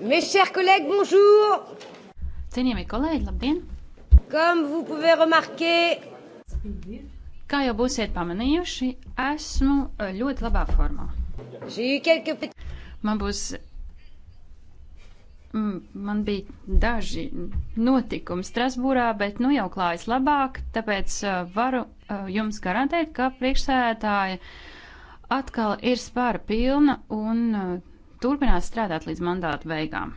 Mes chers collègues, bonjour! Cienījamie kolēģi, labdien! Comme vous pouvez remarquer, kā jau būsiet pamanījuši, esmu e, ļoti labā formā. Man būs man bija daži notikumi Strasbūrā, bet nu jau klājas labāk, tāpēc e, varu e, jums garantēt, ka priekšsēdētāja atkal ir spāra pilna un turpinās strādāt līdz mandātu beigām.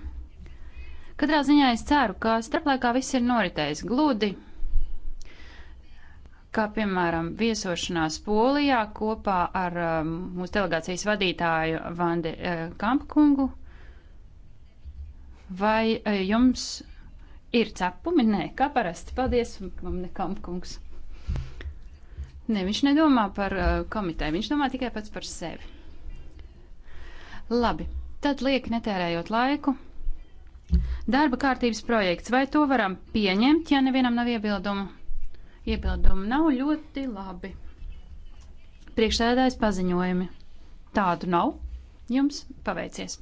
Katrā ziņā es ceru, ka starplaikā viss ir noritējis gludi, kā piemēram viesošanās Polijā kopā ar um, mūsu delegācijas vadītāju Vandi uh, Kampkungu. Vai uh, jums ir cepumi? Nē, kā parasti. Paldies, Vandi Kampkungs. Nē, viņš nedomā par uh, komiteju, viņš domā tikai pats par sevi. Labi, tad liek netērējot laiku. Darba kārtības projekts. Vai to varam pieņemt, ja nevienam nav iebildumu? Iebildumu nav ļoti labi. Priekšsēdājas paziņojumi. Tādu nav. Jums paveicies.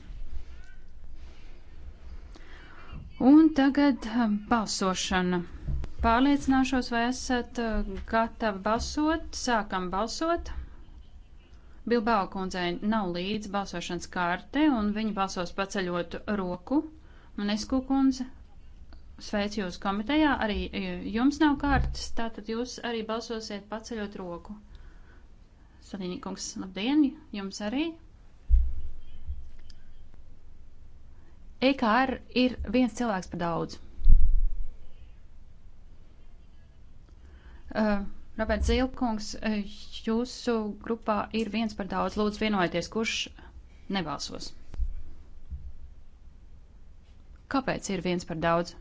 Un tagad um, balsošana. Pārliecināšos, vai esat uh, gatavi balsot. Sākam balsot. Bilbao kundzei nav līdz balsošanas kārte, un viņa balsos paceļot roku. Manesku kundze, sveicu jūs komitejā, arī e, jums nav kārtas, tātad jūs arī balsosiet paceļot roku. Salīni kungs, labdien, jums arī. EKR ir viens cilvēks par daudz. Uh, Robert Zilkungs, eh, jūsu grupā ir viens par daudz. Lūdzu, vienojieties, kurš nebalsos. Kāpēc ir viens par daudz?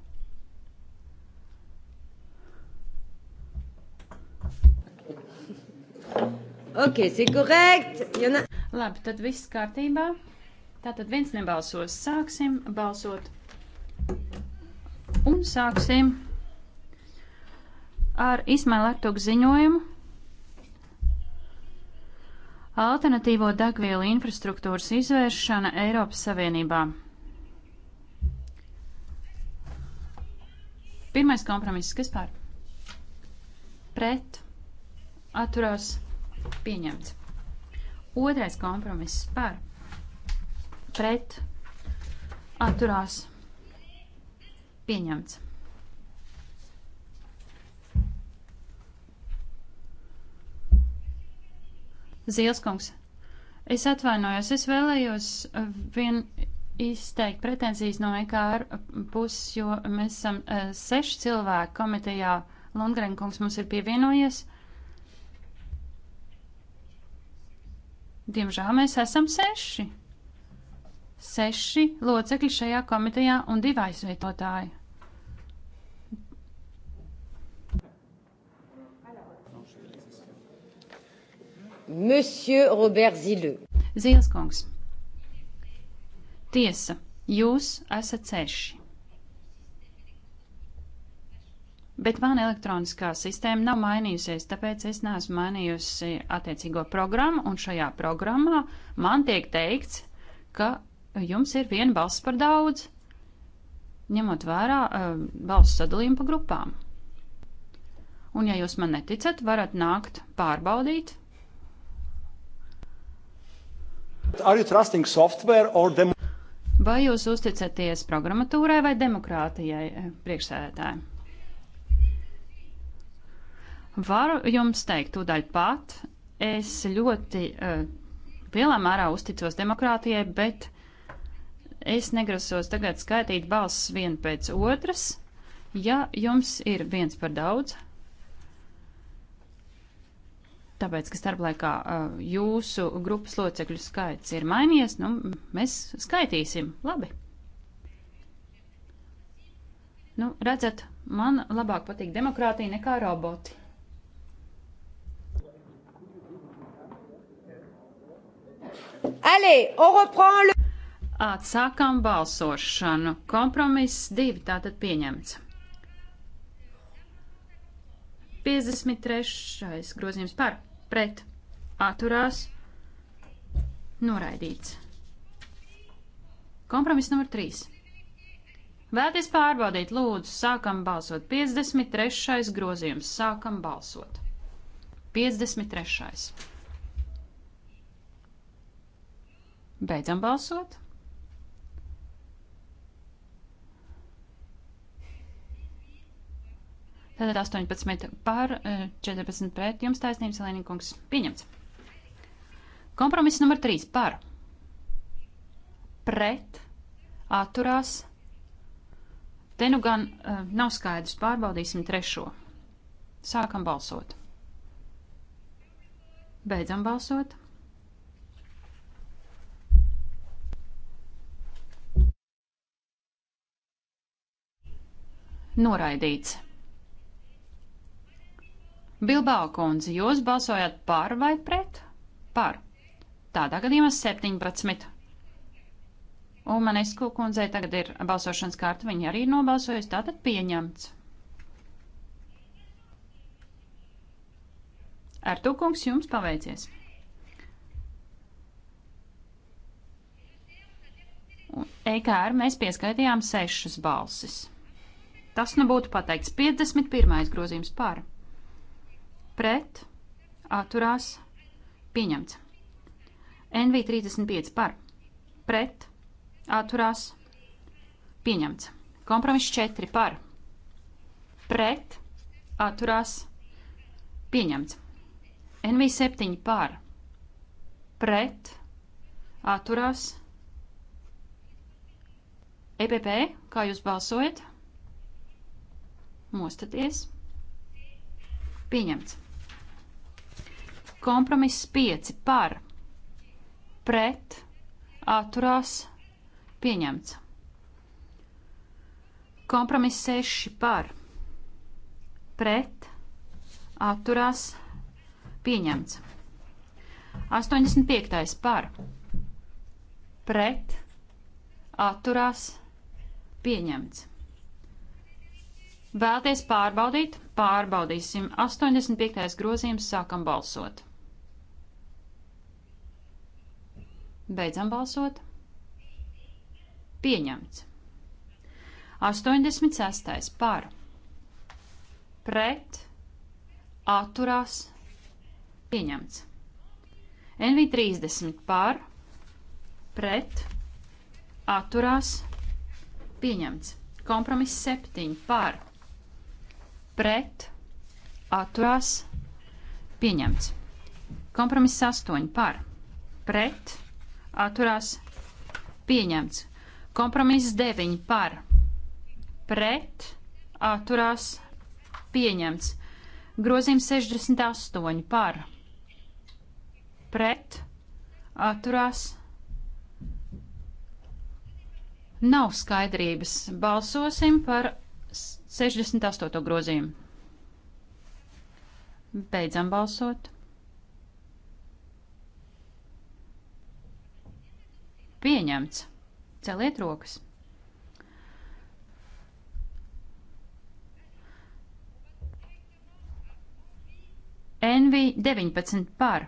Ok, c'est correct. A... Labi, tad viss kārtībā. Tātad viens nebalsos. Sāksim balsot. Un sāksim ar Ismaila Ertuga ziņojumu Alternatīvo degvielu infrastruktūras izvēršana Eiropas Savienībā. Pirmais kompromiss, kas pār? Pret, atturās, pieņemts. Otrais kompromiss par, pret, atturās, pieņemts. Zielskungs, es atvainojos, es vēlējos uh, vien izteikt pretenzijas no EKR puses, jo mēs esam uh, seši cilvēki komitejā. Lundgrenkungs mums ir pievienojies. Diemžēl mēs esam seši. Seši locekļi šajā komitejā un divi aizvietotāji. Monsieur Robert Zilu. Zīles kungs. Tiesa, jūs esat ceši. Bet mana elektroniskā sistēma nav mainījusies, tāpēc es neesmu mainījusi attiecīgo programmu, un šajā programmā man tiek teikts, ka jums ir viena balss par daudz, ņemot vērā uh, balsu sadalījumu pa grupām. Un, ja jūs man neticat, varat nākt pārbaudīt Vai jūs uzticaties programmatūrai vai demokrātijai, eh, priekšsēdētāji? Varu jums teikt, tūdaļ pat, es ļoti uh, lielā mērā uzticos demokrātijai, bet es negrasos tagad skaitīt balsis vienu pēc otras. Ja jums ir viens par daudz, tāpēc, ka starplaikā jūsu grupas locekļu skaits ir mainījies, nu, mēs skaitīsim. Labi. Nu, redzat, man labāk patīk demokrātija nekā roboti. Allez, on reprend le... Atsākam balsošanu. Kompromiss divi tātad pieņemts. 53. grozījums par pret atturās noraidīts. Kompromiss numur 3. Vēlties pārbaudīt, lūdzu, sākam balsot 53. grozījums, sākam balsot. 53. Beidzam balsot. Tātad 18 par 14 e, pret jums taisnības, Lēnīkungs, pieņemts. Kompromiss numur 3 par pret atturās. Te nu gan uh, nav skaidrs, pārbaudīsim trešo. Sākam balsot. Beidzam balsot. Noraidīts. Bilbao kundze, jūs balsojat par vai pret? Par. Tādā gadījumā 17. Un Manesku kundzei tagad ir balsošanas kārta, viņa arī ir nobalsojusi, tātad pieņemts. Ar to kungs jums paveicies. EKR mēs pieskaitījām sešas balsis. Tas nu būtu pateikts 51. grozījums par pret, atturās, pieņemts. NV35 par, pret, atturās, pieņemts. Kompromiss 4 par, pret, atturās, pieņemts. NV7 par, pret, atturās, EPP, kā jūs balsojat? Mostaties. Pieņemts. Kompromiss 5 par, pret, atturās, pieņemts. Kompromiss 6 par, pret, atturās, pieņemts. 85. par, pret, atturās, pieņemts. Vēlties pārbaudīt? Pārbaudīsim. 85. grozījums sākam balsot. Beidzam balsot. Pieņemts. 86. par pret atturās pieņemts. NV30 par pret atturās pieņemts. Kompromiss 7 par pret atturās pieņemts. Kompromiss 8 par pret atturās pieņemts. Kompromiss 9 par pret atturās pieņemts. Grozījums 68 par pret atturās. Nav skaidrības. Balsosim par 68. grozījumu. Beidzam balsot. Pieņemts. Celiet rokas. NV 19 par.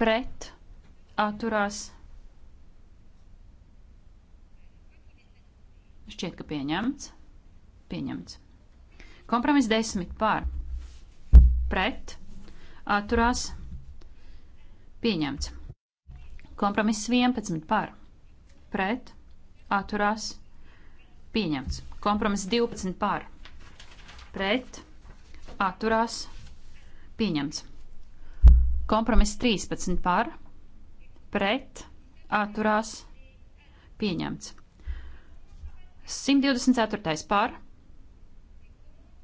Pret. Atturās. Šķiet, ka pieņemts. Pieņemts. Kompromis 10 par. Pret. Atturās. Pieņemts. Kompromiss 11 par, pret, atturās, pieņemts. Kompromiss 12 par, pret, atturās, pieņemts. Kompromiss 13 par, pret, atturās, pieņemts. 124. par,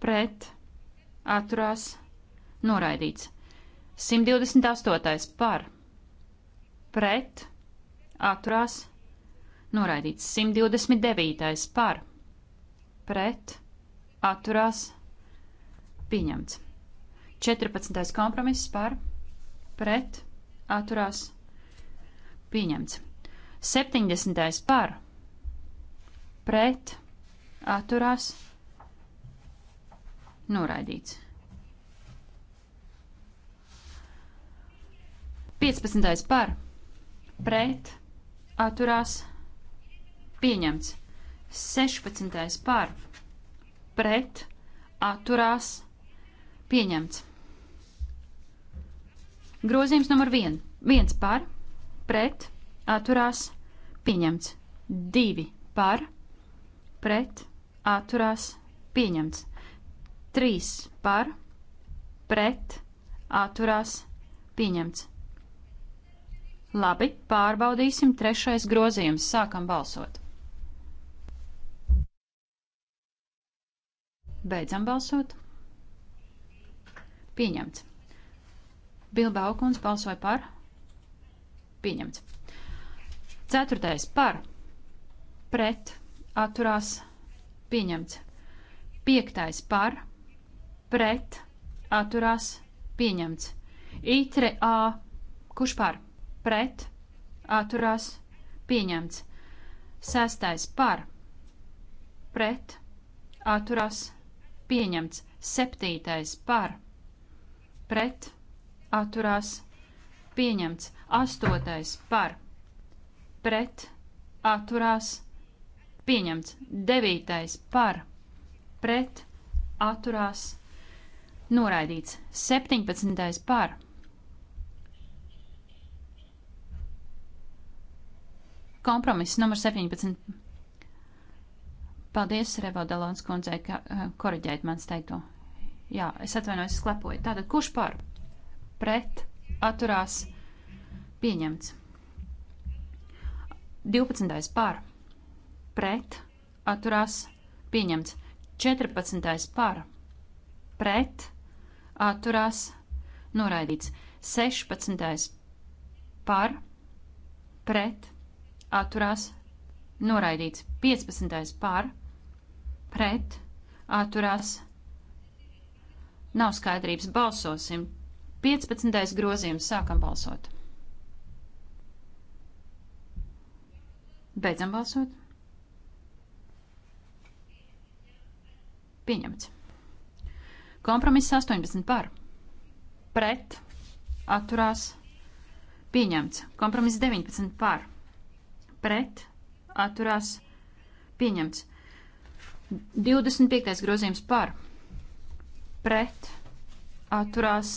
pret, atturās, noraidīts. 128. par, pret, atturās, noraidīts. 129. par, pret, atturās, pieņemts. 14. kompromiss par, pret, atturās, pieņemts. 70. par, pret, atturās, noraidīts. 15. par pret, atturās, pieņemts. 16. par, pret, atturās, pieņemts. Grozījums numur 1. 1 par, pret, atturās, pieņemts. 2 par, pret, atturās, pieņemts. 3 par, pret, atturās, pieņemts. Labi, pārbaudīsim trešais grozījums. Sākam balsot. Beidzam balsot. Pieņemts. Bilbao kundze balsoja par. Pieņemts. Ceturtais par. Pret. Atturās. Pieņemts. Piektais par. Pret. Atturās. Pieņemts. Itre A. Kurš par? pret, atturās, pieņemts. Sestais par, pret, atturās, pieņemts. Septītais par, pret, atturās, pieņemts. Astotais par, pret, atturās, pieņemts. Devītais par, pret, atturās, noraidīts. Septiņpadsmitais par Kompromiss numur 17. Paldies, Revo Dalons kundzei, ka eh, koriģējat mans teikto. Jā, es atvainojos, es klepoju. Tātad, kurš par? Pret, atturās, pieņemts. 12. par, pret, atturās, pieņemts. 14. par, pret, atturās, noraidīts. 16. par, pret, atturās noraidīts. 15. par pret atturās nav skaidrības. Balsosim. 15. grozījums sākam balsot. Beidzam balsot. Pieņemts. Kompromiss 18 par. Pret. Atturās. Pieņemts. Kompromiss 19 par pret, atturās, pieņemts. 25. grozījums par, pret, atturās,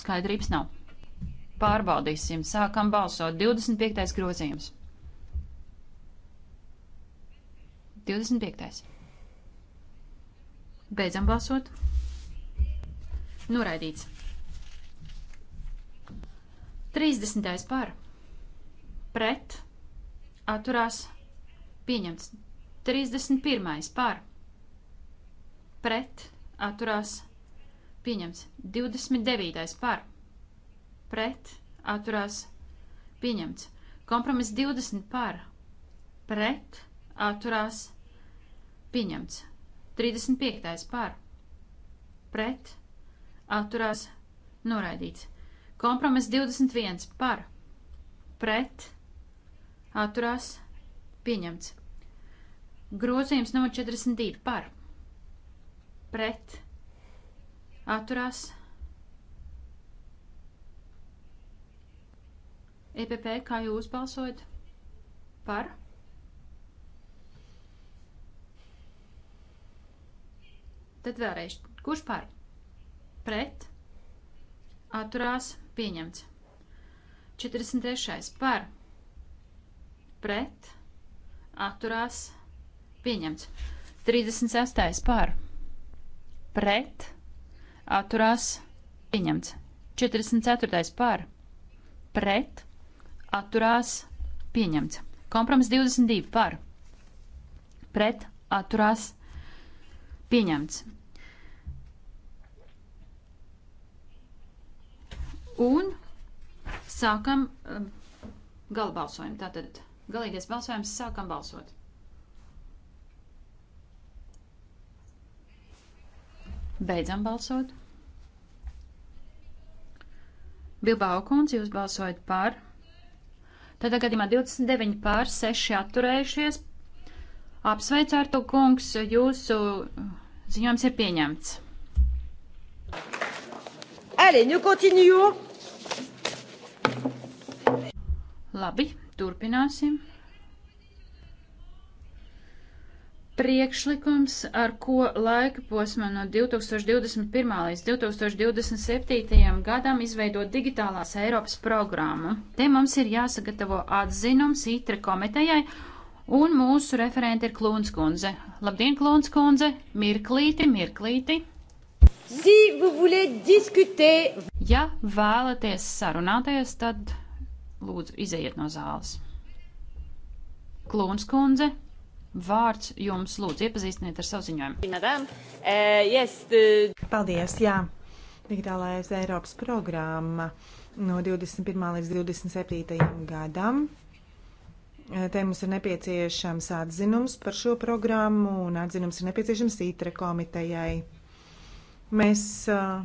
skaidrības nav. Pārbaudīsim, sākam balsot. 25. grozījums. 25. Beidzam balsot. Noraidīts. 30. par pret atturās pieņemts. 31. par pret atturās pieņemts. 29. par pret atturās pieņemts. Kompromiss 20 par pret atturās pieņemts. 35. par pret atturās noraidīts. Kompromiss 21 par, pret, atturās, pieņemts. Grozījums numur 42 par, pret, atturās. EPP, kā jūs balsojat? Par? Tad vēlreiz, kurš par? Pret, atturās, pieņemts Pieņemts. 43. par pret atturās. Pieņemts. 36. par pret atturās. Pieņemts. 44. par pret atturās. Pieņemts. Kompromiss 22 par pret atturās. Pieņemts. Un sākam um, gala balsojumu. Tātad galīgais balsojums sākam balsot. Beidzam balsot. Bilbao kundze, jūs balsojat par. Tādā gadījumā 29 pār 6 atturējušies. Apsveicu ar to kungs, jūsu ziņojums ir pieņemts. Allez, nous continuons. Labi, turpināsim. Priekšlikums, ar ko laika posmā no 2021. līdz 2027. gadam izveidot digitālās Eiropas programmu. Te mums ir jāsagatavo atzinums ITRE komitejai, un mūsu referenti ir Klūns kundze. Labdien, Klūns kundze! Mirklīti, mirklīti! Si vous voulez discuter! Ja vēlaties sarunāties, tad lūdzu izējiet no zāles. Klūns kundze, vārds jums lūdzu iepazīstiniet ar savu ziņojumu. Eh, Paldies, jā. Digitālais Eiropas programma no 21. līdz 27. gadam. Eh, te mums ir nepieciešams atzinums par šo programmu, un atzinums ir nepieciešams ITRE komitejai. Mēs uh,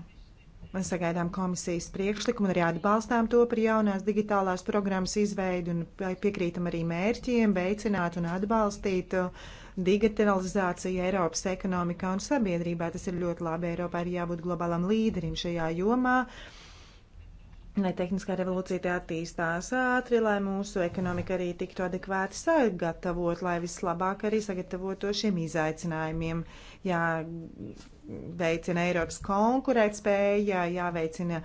Mēs sagaidām komisijas priekšlikumu un arī atbalstām to par jaunās digitālās programmas izveidu un piekrītam arī mērķiem veicināt un atbalstīt uh, digitalizāciju Eiropas ekonomikā un sabiedrībā. Tas ir ļoti labi. Eiropā ir jābūt globālam līderim šajā jomā. Lai tehniskā revolūcija te attīstās ātri, lai mūsu ekonomika arī tiktu adekvāti sagatavot, lai vislabāk arī sagatavoto šiem izaicinājumiem. Jā, veicina Eiropas konkurētspēja, jāveicina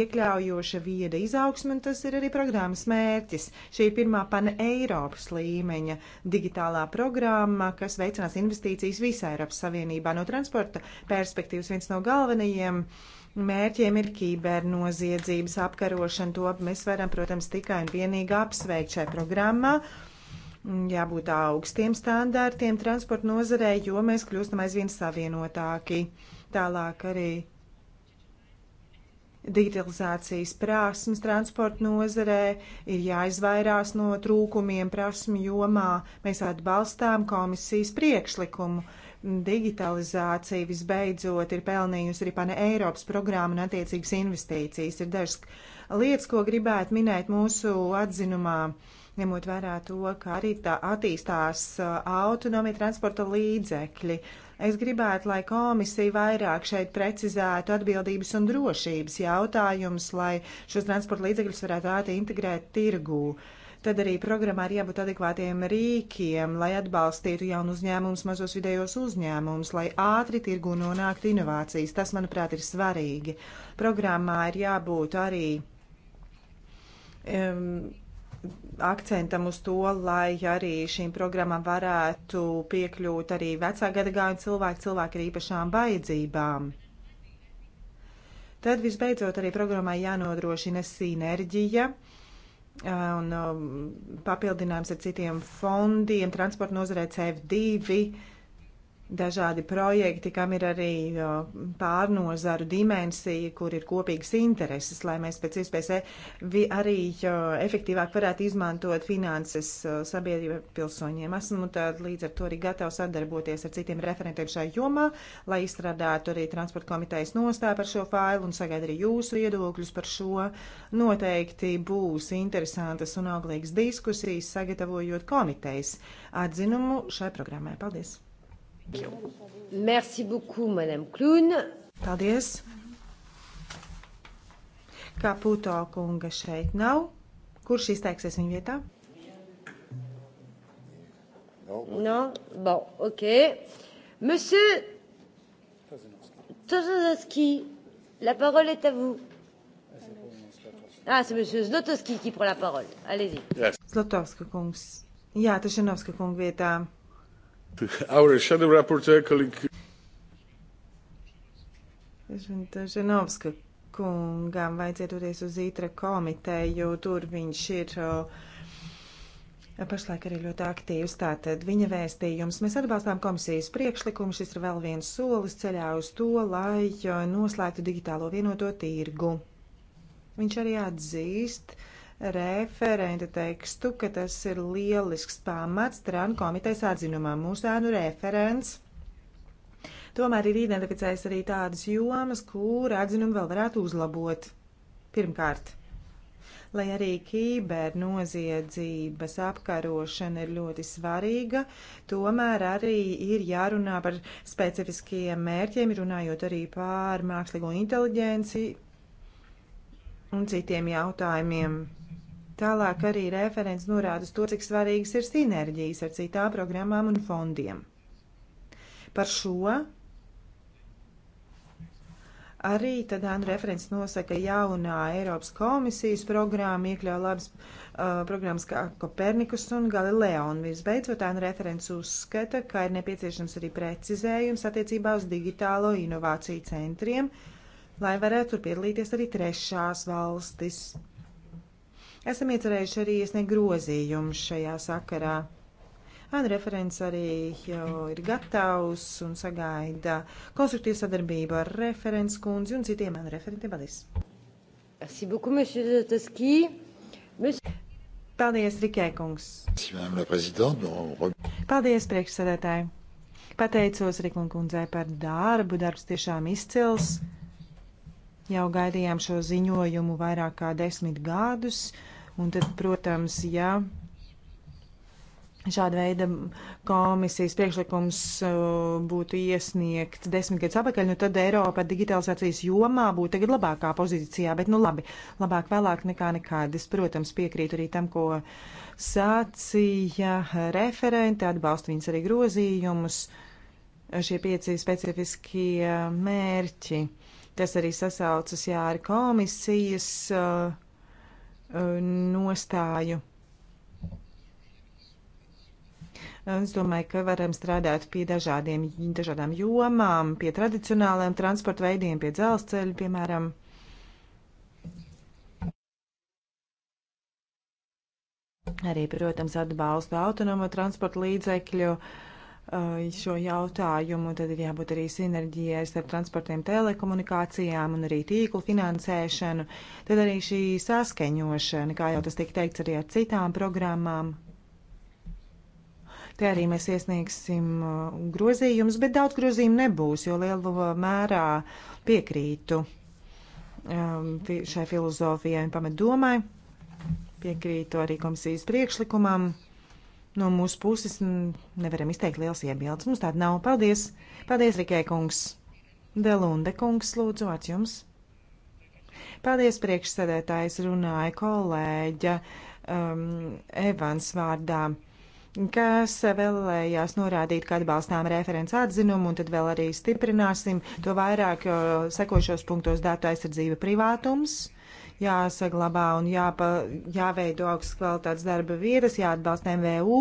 iekļaujoša vieda izaugsme, un tas ir arī programmas mērķis. Šī ir pirmā pana Eiropas līmeņa digitālā programma, kas veicinās investīcijas visā Eiropas Savienībā. No transporta perspektīvas viens no galvenajiem mērķiem ir kibernoziedzības apkarošana. To mēs varam, protams, tikai un vienīgi apsveikt šajā programmā jābūt augstiem standārtiem transporta nozarē, jo mēs kļūstam aizvien savienotāki. Tālāk arī digitalizācijas prasmes transporta nozarē, ir jāizvairās no trūkumiem prasmu jomā. Mēs atbalstām komisijas priekšlikumu. Digitalizācija visbeidzot ir pelnījusi arī pane Eiropas programmu un attiecīgas investīcijas. Ir dažas lietas, ko gribētu minēt mūsu atzinumā. Uh, ņemot vērā to, ka arī tā attīstās uh, autonomija transporta līdzekļi. Es gribētu, lai komisija vairāk šeit precizētu atbildības un drošības jautājumus, lai šos transporta līdzekļus varētu ātri integrēt tirgū. Tad arī programmā ir jābūt adekvātiem rīkiem, lai atbalstītu jaunu uzņēmumus, mazos vidējos uzņēmumus, lai ātri tirgu nonāktu inovācijas. Tas, manuprāt, ir svarīgi. Programmā ir jābūt arī um, akcentam uz to, lai arī šīm programmām varētu piekļūt arī vecā gadagājuma cilvēki, cilvēki ar īpašām vajadzībām. Tad visbeidzot arī programmai jānodrošina sinerģija uh, un um, papildinājums ar citiem fondiem, transporta nozarē CF2 dažādi projekti, kam ir arī pārnozaru dimensija, kur ir kopīgas intereses, lai mēs pēc iespējas e, arī efektīvāk varētu izmantot finanses sabiedrība pilsoņiem. Esmu tad līdz ar to arī gatavs sadarboties ar citiem referentiem šajā jomā, lai izstrādātu arī transporta komitejas nostāju par šo failu un sagaidu arī jūsu iedokļus par šo. Noteikti būs interesantas un auglīgas diskusijas, sagatavojot komitejas atzinumu šai programmai. Paldies! Merci beaucoup, Madame Klun. Paldies. Kā Puto kunga šeit nav, kurš izteiksies viņa vietā? Non, bon, ok. Monsieur Tozoski, la parole est à vous. Ah, c'est monsieur Zlotovski qui prend la parole. Allez-y. Yes. Zlotovska kungs. Jā, Tašanovska kunga vietā. Our shadow rapporteur, colleague. Ženovska kungām vajadzētu doties uz ITRA komiteju, jo tur viņš ir pašlaik arī ļoti aktīvs. Tātad viņa vēstījums. Mēs atbalstām komisijas priekšlikumu. Šis ir vēl viens solis ceļā uz to, lai noslēgtu digitālo vienoto tirgu. Viņš arī atzīst, uh, referenta tekstu, ka tas ir lielisks pamats Trānu komitejas atzinumam. Mūsu ēnu referents tomēr ir identificējis arī tādas jomas, kur atzinumu vēl varētu uzlabot. Pirmkārt, lai arī kibernoziedzības apkarošana ir ļoti svarīga, tomēr arī ir jārunā par specifiskiem mērķiem, runājot arī par mākslīgo inteliģenci un citiem jautājumiem. Tālāk arī referents norāda uz to, cik svarīgas ir sinerģijas ar citām programmām un fondiem. Par šo arī tad Anna referents nosaka jaunā Eiropas komisijas programma, iekļauj labas uh, programmas kā Kopernikus un Galileo. Un visbeidzot, Anna referents uzskata, ka ir nepieciešams arī precizējums attiecībā uz digitālo inovāciju centriem, lai varētu tur piedalīties arī trešās valstis. Esam iecerējuši arī iesniegt grozījumus šajā sakarā. Un referents arī jau ir gatavs un sagaida konstruktīvu sadarbību ar referents kundzi un citiem man referentiem. Paldies! Merci beaucoup, monsieur Zataski. Monsieur... Paldies, Rikē kungs. Paldies, priekšsēdētāji. Pateicos Rikunkundzei par darbu. Darbs tiešām izcils. Mm. Jau gaidījām šo ziņojumu vairāk kā desmit gadus, un tad, protams, ja šāda veida komisijas priekšlikums uh, būtu iesniegts desmit gadus atpakaļ, nu tad Eiropa digitalizācijas jomā būtu tagad labākā pozīcijā, bet nu labi, labāk vēlāk nekā nekad. Es, protams, piekrītu arī tam, ko sācīja referenti, atbalstu viņas arī grozījumus, šie pieci specifiskie mērķi. Tas arī sasaucas jā, ar komisijas uh, uh nostāju. Es domāju, ka varam strādāt pie dažādiem, dažādām jomām, pie tradicionāliem transporta veidiem, pie dzelzceļa, piemēram. Arī, protams, atbalstu autonomo transporta līdzekļu uh, Eh, šo jautājumu, tad ir jābūt arī sinerģijai starp transportiem, telekomunikācijām un arī tīklu finansēšanu. Tad arī šī saskaņošana, kā jau tas tika teikts, arī ar citām programmām. Te arī mēs iesniegsim eh, grozījumus, bet daudz grozījumu nebūs, jo lielu eh, mērā piekrītu šai filozofijai un pamatdomai. Piekrītu arī komisijas priekšlikumam no mūsu puses nevaram izteikt liels iebildes. Mums tāda nav. Paldies! Paldies, Rikē kungs! Delunde kungs, lūdzu, vārds jums! Paldies, priekšsēdētājs runāja kolēģa um, Evans vārdā kas vēlējās norādīt, ka atbalstām referents atzinumu, un tad vēl arī stiprināsim to vairāk uh, sekošos punktos datu aizsardzība privātums. Uh, jāsaglabā un jāpa, jāveido augstas kvalitātes darba vietas, jāatbalsta MVU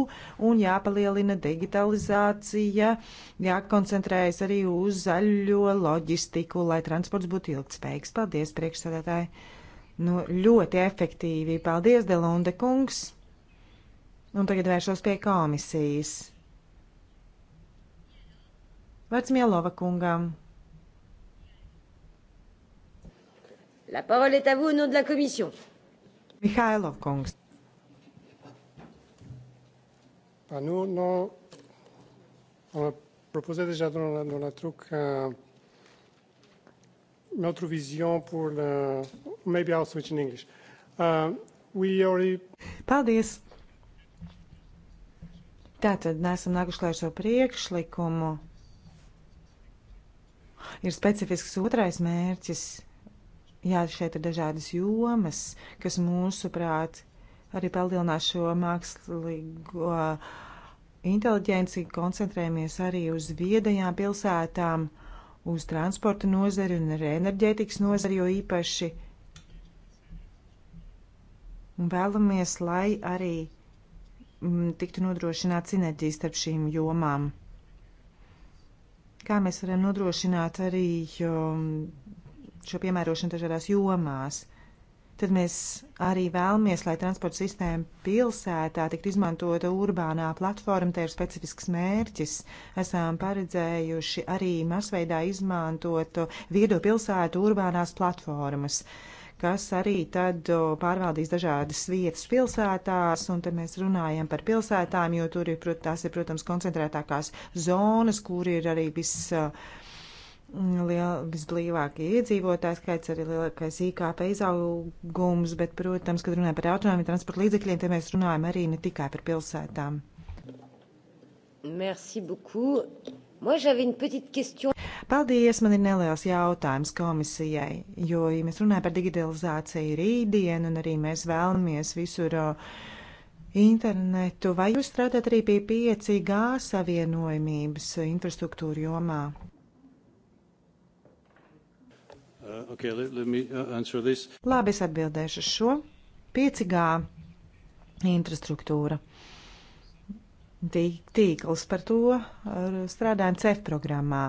un jāpalielina digitalizācija, jākoncentrējas arī uz zaļo loģistiku, lai transports būtu ilgtspējīgs. Paldies, priekšsēdētāji! Nu, ļoti efektīvi. Paldies, Delunde kungs! Un tagad vēršos pie komisijas. Vārds Mielova kungam. La parole est à vous au nom de la Commission. Mihailov kungs. Ah, nu, nu, am proposat deja doamna, doamna Truc uh, notre vision pour the, maybe I'll switch in English. Uh, we already... Paldies! Tātad nesam nākuši lai šo priekšlikumu. Ir specifisks otrais mērķis Jā, šeit ir dažādas jomas, kas mūsuprāt arī palielinās šo mākslīgo uh, inteliģenci, koncentrējamies arī uz viedajām pilsētām, uz transporta nozari un arī enerģētikas nozari, jo īpaši un vēlamies, lai arī m, mm, tiktu nodrošināt sinerģijas starp šīm jomām. Kā mēs varam nodrošināt arī jo, um, šo piemērošanu dažādās jomās, tad mēs arī vēlamies, lai transporta sistēma pilsētā tiktu izmantota urbānā platforma, te ir specifisks mērķis. Esam paredzējuši arī masveidā izmantot viedo pilsētu urbānās platformas kas arī tad pārvaldīs dažādas vietas pilsētās, un te mēs runājam par pilsētām, jo tur ir, prot, tās ir, protams, koncentrētākās zonas, kur ir arī viss uh, lielāks, blīvāk iedzīvotājs skaits, arī lielākais IKP izaugums, bet, protams, kad runājam par autonomiju transporta līdzekļiem, tad mēs runājam arī ne tikai par pilsētām. Merci beaucoup. Moi, j'avais une petite question. Paldies, man ir neliels jautājums komisijai, jo, ja mēs runājam par digitalizāciju rītdien, un arī mēs vēlamies visur internetu, vai jūs strādājat arī pie 5G savienojumības infrastruktūra jomā? Uh, okay, let, let me uh, answer this. Labi, es atbildēšu uz šo. 5G infrastruktūra. Tīkls par to uh, strādājam CEF programmā.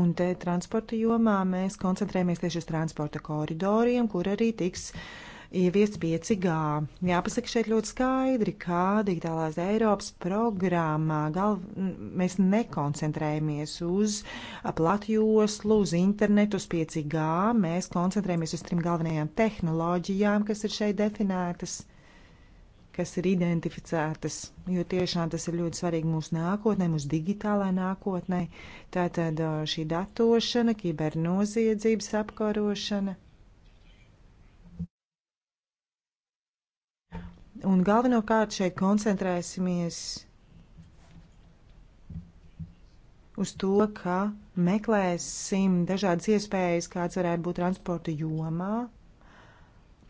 Un te transporta jomā mēs koncentrējamies tieši uz transporta koridoriem, kur arī tiks uh, ieviest 5G. Jāpasaka šeit ļoti skaidri, kā digitālās Eiropas programmā galv... mēs nekoncentrējamies uz platjoslu, uz internetu, uz 5G. Mēs koncentrējamies uz trim galvenajām tehnoloģijām, kas ir šeit definētas kas ir identificētas, jo tiešām tas ir ļoti svarīgi mūsu nākotnē, mūsu digitālā nākotnē. Tātad šī datošana, kibernoziedzības apkarošana, Un galvenokārt šeit koncentrēsimies uz to, ka meklēsim dažādas iespējas, kāds varētu būt transporta jomā.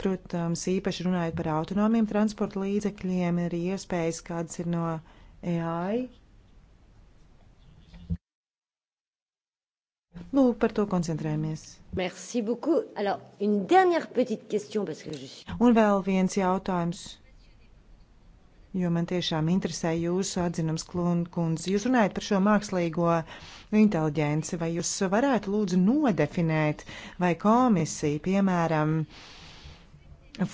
Protams, īpaši runājot par autonomiem transporta līdzekļiem, ir iespējas, kādas ir no AI. Lūk, par to koncentrējamies. Merci beaucoup. Alors, une dernière petite question, parce que je suis... Un vēl viens jautājums jo man tiešām interesē jūsu atzinums, kundze. Jūs runājat par šo mākslīgo inteliģenci, vai jūs varētu lūdzu nodefinēt, vai komisija, piemēram,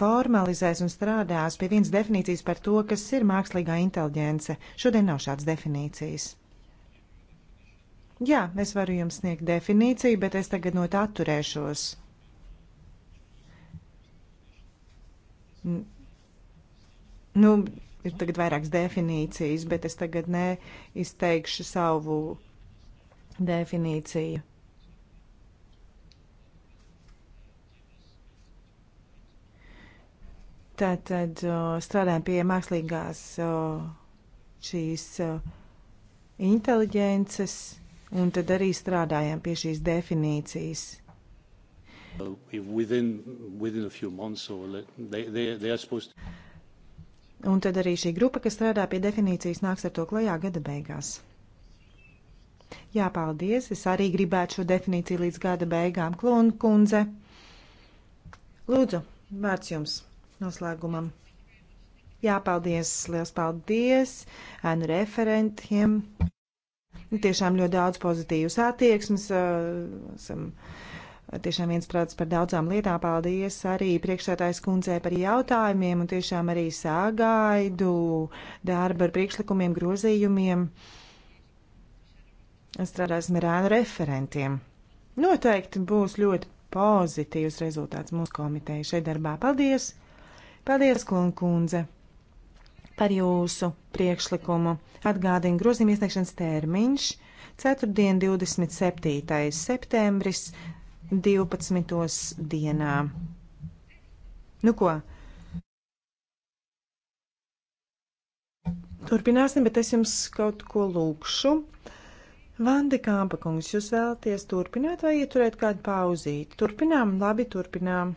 formalizēs un strādās pie vienas definīcijas par to, kas ir mākslīgā inteliģence. Šodien nav šādas definīcijas. Jā, es varu jums sniegt definīciju, bet es tagad no tā atturēšos. Nu, ir tagad vairākas definīcijas, bet es tagad neizteikšu savu definīciju. Tātad strādājam pie mākslīgās šīs inteliģences, un tad arī strādājam pie šīs definīcijas. Within, within a few months, or they, they, they are supposed to. Un tad arī šī grupa, kas strādā pie definīcijas, nāks ar to klajā gada beigās. Jā, paldies. Es arī gribētu šo definīciju līdz gada beigām. Klūna kundze, lūdzu, vārds jums noslēgumam. Jā, paldies, liels paldies ēnu referentiem. Nu, tiešām ļoti daudz pozitīvas attieksmes. Uh, esam, uh, tiešām viensprāts par daudzām lietām. Paldies arī priekšsētājs kundzei par jautājumiem un tiešām arī sāgaidu darbu ar priekšlikumiem, grozījumiem. Strādāsim ar ēnu referentiem. Noteikti būs ļoti pozitīvs rezultāts mūsu komiteja šeit darbā. Paldies! Paldies, Klun kundze, par jūsu priekšlikumu. Atgādina grozījuma iesniegšanas termiņš 4. 27. septembris 12. dienā. Nu ko? Turpināsim, bet es jums kaut ko lūkšu. Vande Kāmpa kungs, jūs vēlaties turpināt vai ieturēt kādu pauzīti? Turpinām, labi, turpinām.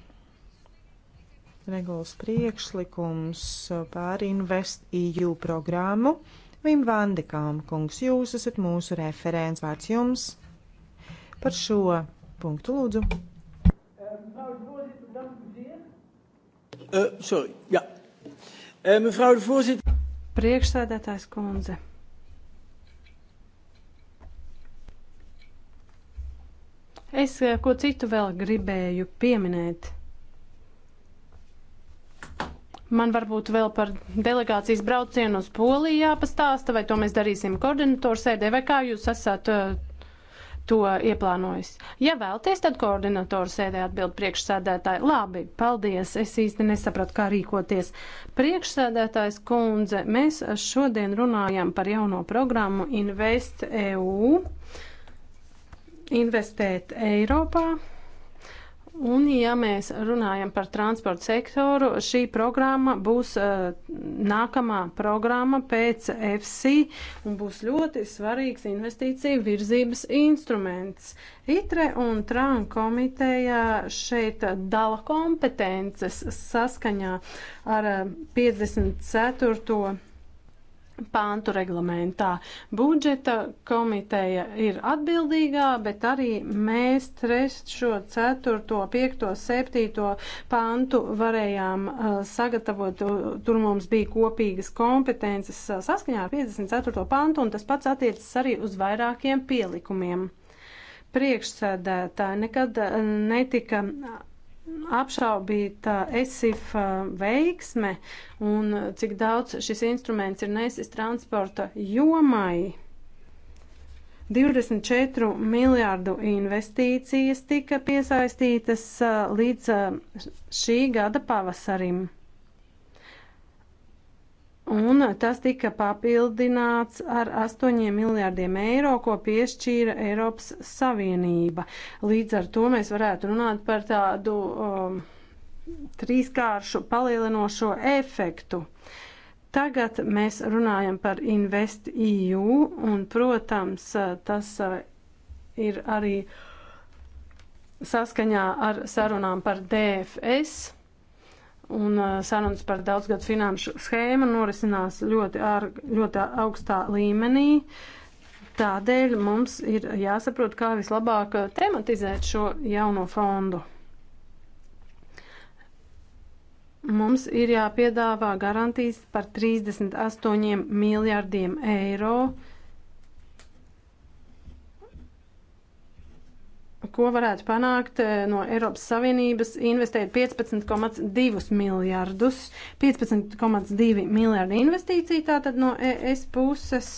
Regulas priekšlikums pār Invest EU programmu. Vim Vande Kāmpa kungs, jūs esat mūsu referents vārds jums par šo punktu. Lūdzu. Uh, sorry, jā. Uh, eh, mevrouw de voorzitter. Priekšsēdētājs kundze. Es eh, ko citu vēl gribēju pieminēt. Man varbūt vēl par delegācijas braucienu uz Poliju jāpastāsta, vai to mēs darīsim koordinatoru sēdē, vai kā jūs esat to ieplānojis. Ja vēlties, tad koordinatoru sēdē atbild priekšsēdētāji. Labi, paldies, es īsti nesapratu, kā rīkoties. Priekšsēdētājs kundze, mēs šodien runājam par jauno programmu Invest EU, investēt Eiropā. Un, ja mēs runājam par transporta sektoru, šī programma būs uh, nākamā programma pēc FC un būs ļoti svarīgs investīcija virzības instruments. ITRE un TRAN komiteja šeit dala kompetences saskaņā ar uh, 54 pāntu reglamentā. Budžeta komiteja ir atbildīgā, bet arī mēs 3, 4, 5, 7 pāntu varējām uh, sagatavot. Tur mums bija kopīgas kompetences uh, saskaņā ar 54. pāntu, un tas pats attiecas arī uz vairākiem pielikumiem. Priekšsēdētāji nekad uh, netika apšaubīta ESIF uh, veiksme un cik daudz šis instruments ir nesis transporta jomai. 24 miljārdu investīcijas tika piesaistītas uh, līdz uh, šī gada pavasarim. Un tas tika papildināts ar 8 miljārdiem eiro, ko piešķīra Eiropas Savienība. Līdz ar to mēs varētu runāt par tādu um, trīskāršu palielinošo efektu. Tagad mēs runājam par InvestEU, un, protams, tas uh, ir arī saskaņā ar sarunām par DFS un uh, sarunas par daudzgadu finanšu schēmu norisinās ļoti, ar, ļoti augstā līmenī. Tādēļ mums ir jāsaprot, kā vislabāk tematizēt šo jauno fondu. Mums ir jāpiedāvā garantijas par 38 miljardiem eiro. Uh, ko varētu panākt eh, no Eiropas Savienības, investēt 15,2 miljardus, 15,2 miljardi investīciju tātad no ES puses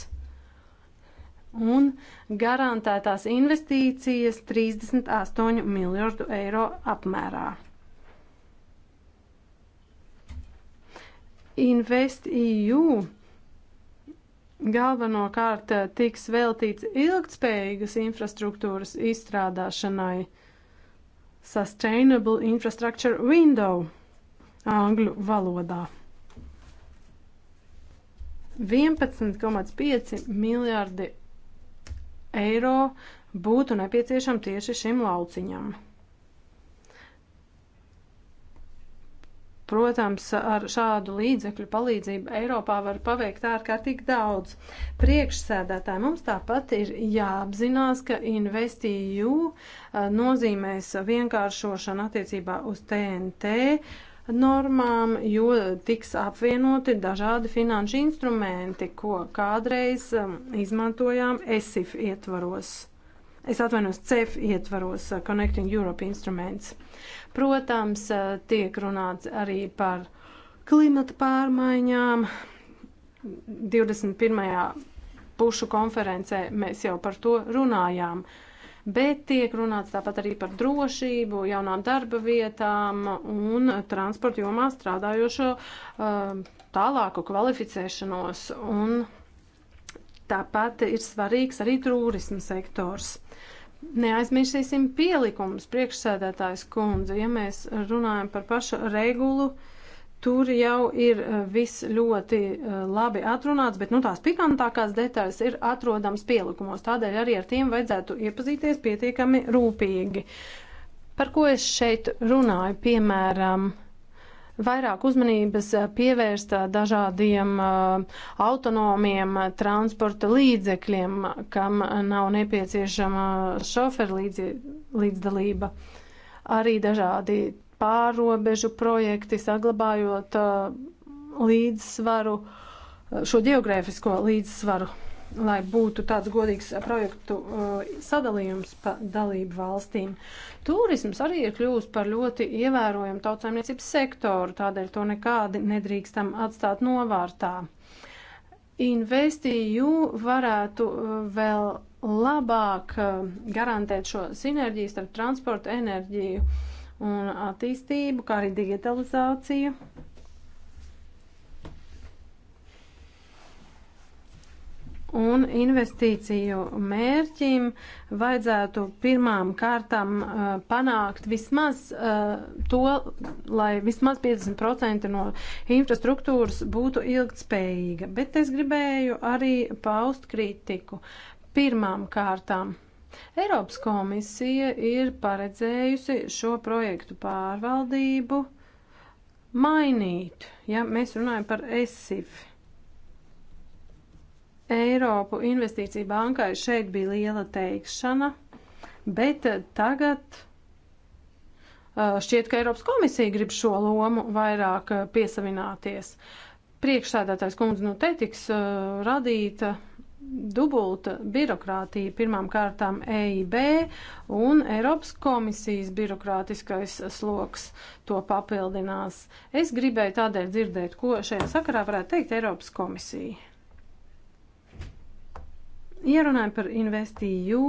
un garantētās investīcijas 38 miljardu eiro apmērā. InvestEU galvenokārt eh, tiks veltīts ilgtspējīgas infrastruktūras izstrādāšanai Sustainable Infrastructure Window angļu valodā. 11,5 miljardi eiro būtu nepieciešami tieši šim lauciņam. Protams, ar šādu līdzekļu palīdzību Eiropā var paveikt ārkārtīgi daudz. Priekšsēdētāji mums tāpat ir jāapzinās, ka investīju e eh, nozīmēs vienkāršošana attiecībā uz TNT normām, jo tiks apvienoti dažādi finanšu instrumenti, ko kādreiz eh, izmantojām ESIF ietvaros es atvainos CEF ietvaros uh, Connecting Europe instruments. Protams, uh, tiek runāts arī par klimata pārmaiņām. 21. pušu konferencē mēs jau par to runājām bet tiek runāts tāpat arī par drošību, jaunām darba vietām un transporta jomā strādājošo um, tālāku kvalificēšanos. Un tāpat ir svarīgs arī turisma sektors. Neaizmirsīsim pielikumus priekšsēdētājs kundze, ja mēs runājam par pašu regulu. Tur jau ir eh, viss ļoti eh, labi atrunāts, bet nu, tās pikantākās detaļas ir atrodamas pielikumos. Tādēļ arī ar tiem vajadzētu iepazīties pietiekami rūpīgi. Par ko es šeit runāju? Piemēram, uh, vairāk uzmanības eh, pievērst eh, dažādiem eh, autonomiem transporta līdzekļiem, kam nav nepieciešama šoferu līdzdalība. Arī dažādi pārobežu projekti saglabājot līdzsvaru, šo geogrāfisko līdzsvaru lai būtu tāds godīgs projektu uh, sadalījums pa dalību valstīm. Turisms arī ir kļūst par ļoti ievērojumu tautsēmniecības sektoru, tādēļ to nekādi nedrīkstam atstāt novārtā. Investīju varētu uh, vēl labāk uh, garantēt šo sinerģiju starp transportu, enerģiju un attīstību, kā arī digitalizāciju. un investīciju mērķim vajadzētu pirmām kārtām uh, panākt vismaz uh, to, lai vismaz 50% no infrastruktūras būtu ilgtspējīga. Bet es gribēju arī paust kritiku. Pirmām kārtām. Eiropas komisija ir paredzējusi šo projektu pārvaldību mainīt, ja mēs runājam par ESIFI Eiropu investīcija bankai šeit bija liela teikšana, bet eh, tagad eh, šķiet, ka Eiropas komisija grib šo lomu vairāk eh, piesavināties. Priekšsēdētājs kundze, nu te tiks radīta dubulta birokrātija pirmām kārtām EIB un Eiropas komisijas birokrātiskais sloks to papildinās. Es gribēju tādēļ dzirdēt, ko šajā sakarā varētu teikt Eiropas komisija. Ierunājam par investīju,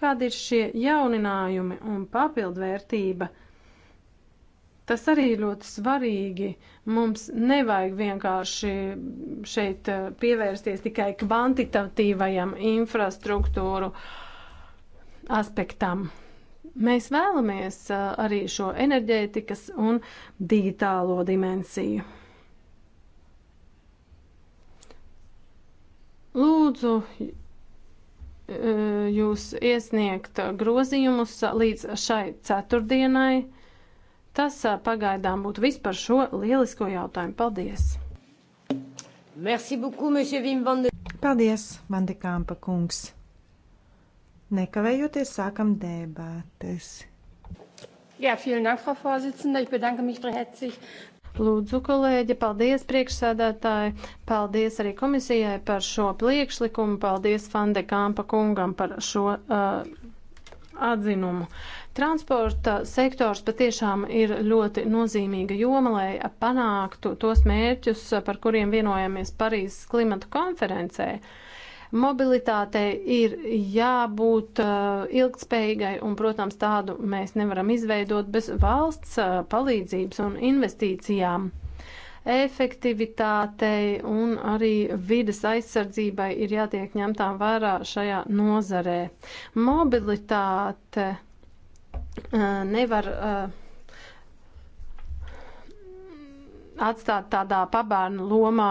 kādi ir šie jauninājumi un papildvērtība. Tas arī ir ļoti svarīgi. Mums nevajag vienkārši šeit eh, pievērsties tikai kvantitatīvajam infrastruktūru aspektam. Mēs vēlamies eh, arī šo enerģētikas un digitālo dimensiju. Lūdzu e, jūs iesniegt grozījumus līdz šai ceturtdienai. Tas e, pagaidām būtu viss par šo lielisko jautājumu. Paldies! Merci beaucoup, monsieur Vim van de... Paldies, Vandekāmpa kungs! Nekavējoties sākam dēbēties. Ja, vielen Dank, Frau Vorsitzende. Ich bedanke mich recht herzlich Lūdzu, kolēģi, paldies priekšsēdētāji, paldies arī komisijai par šo priekšlikumu, paldies Fande Kampa kungam par šo uh, atzinumu. Transporta sektors patiešām ir ļoti nozīmīga joma, lai panāktu tos mērķus, par kuriem vienojamies Parīzes klimata konferencē. Uh, Mobilitātei ir jābūt uh, ilgtspējīgai, un, protams, tādu mēs nevaram izveidot bez valsts uh, palīdzības un investīcijām efektivitātei un arī vides aizsardzībai ir jātiek ņemtām vērā šajā nozarē. Mobilitāte uh, nevar atstāt tādā pabērnu lomā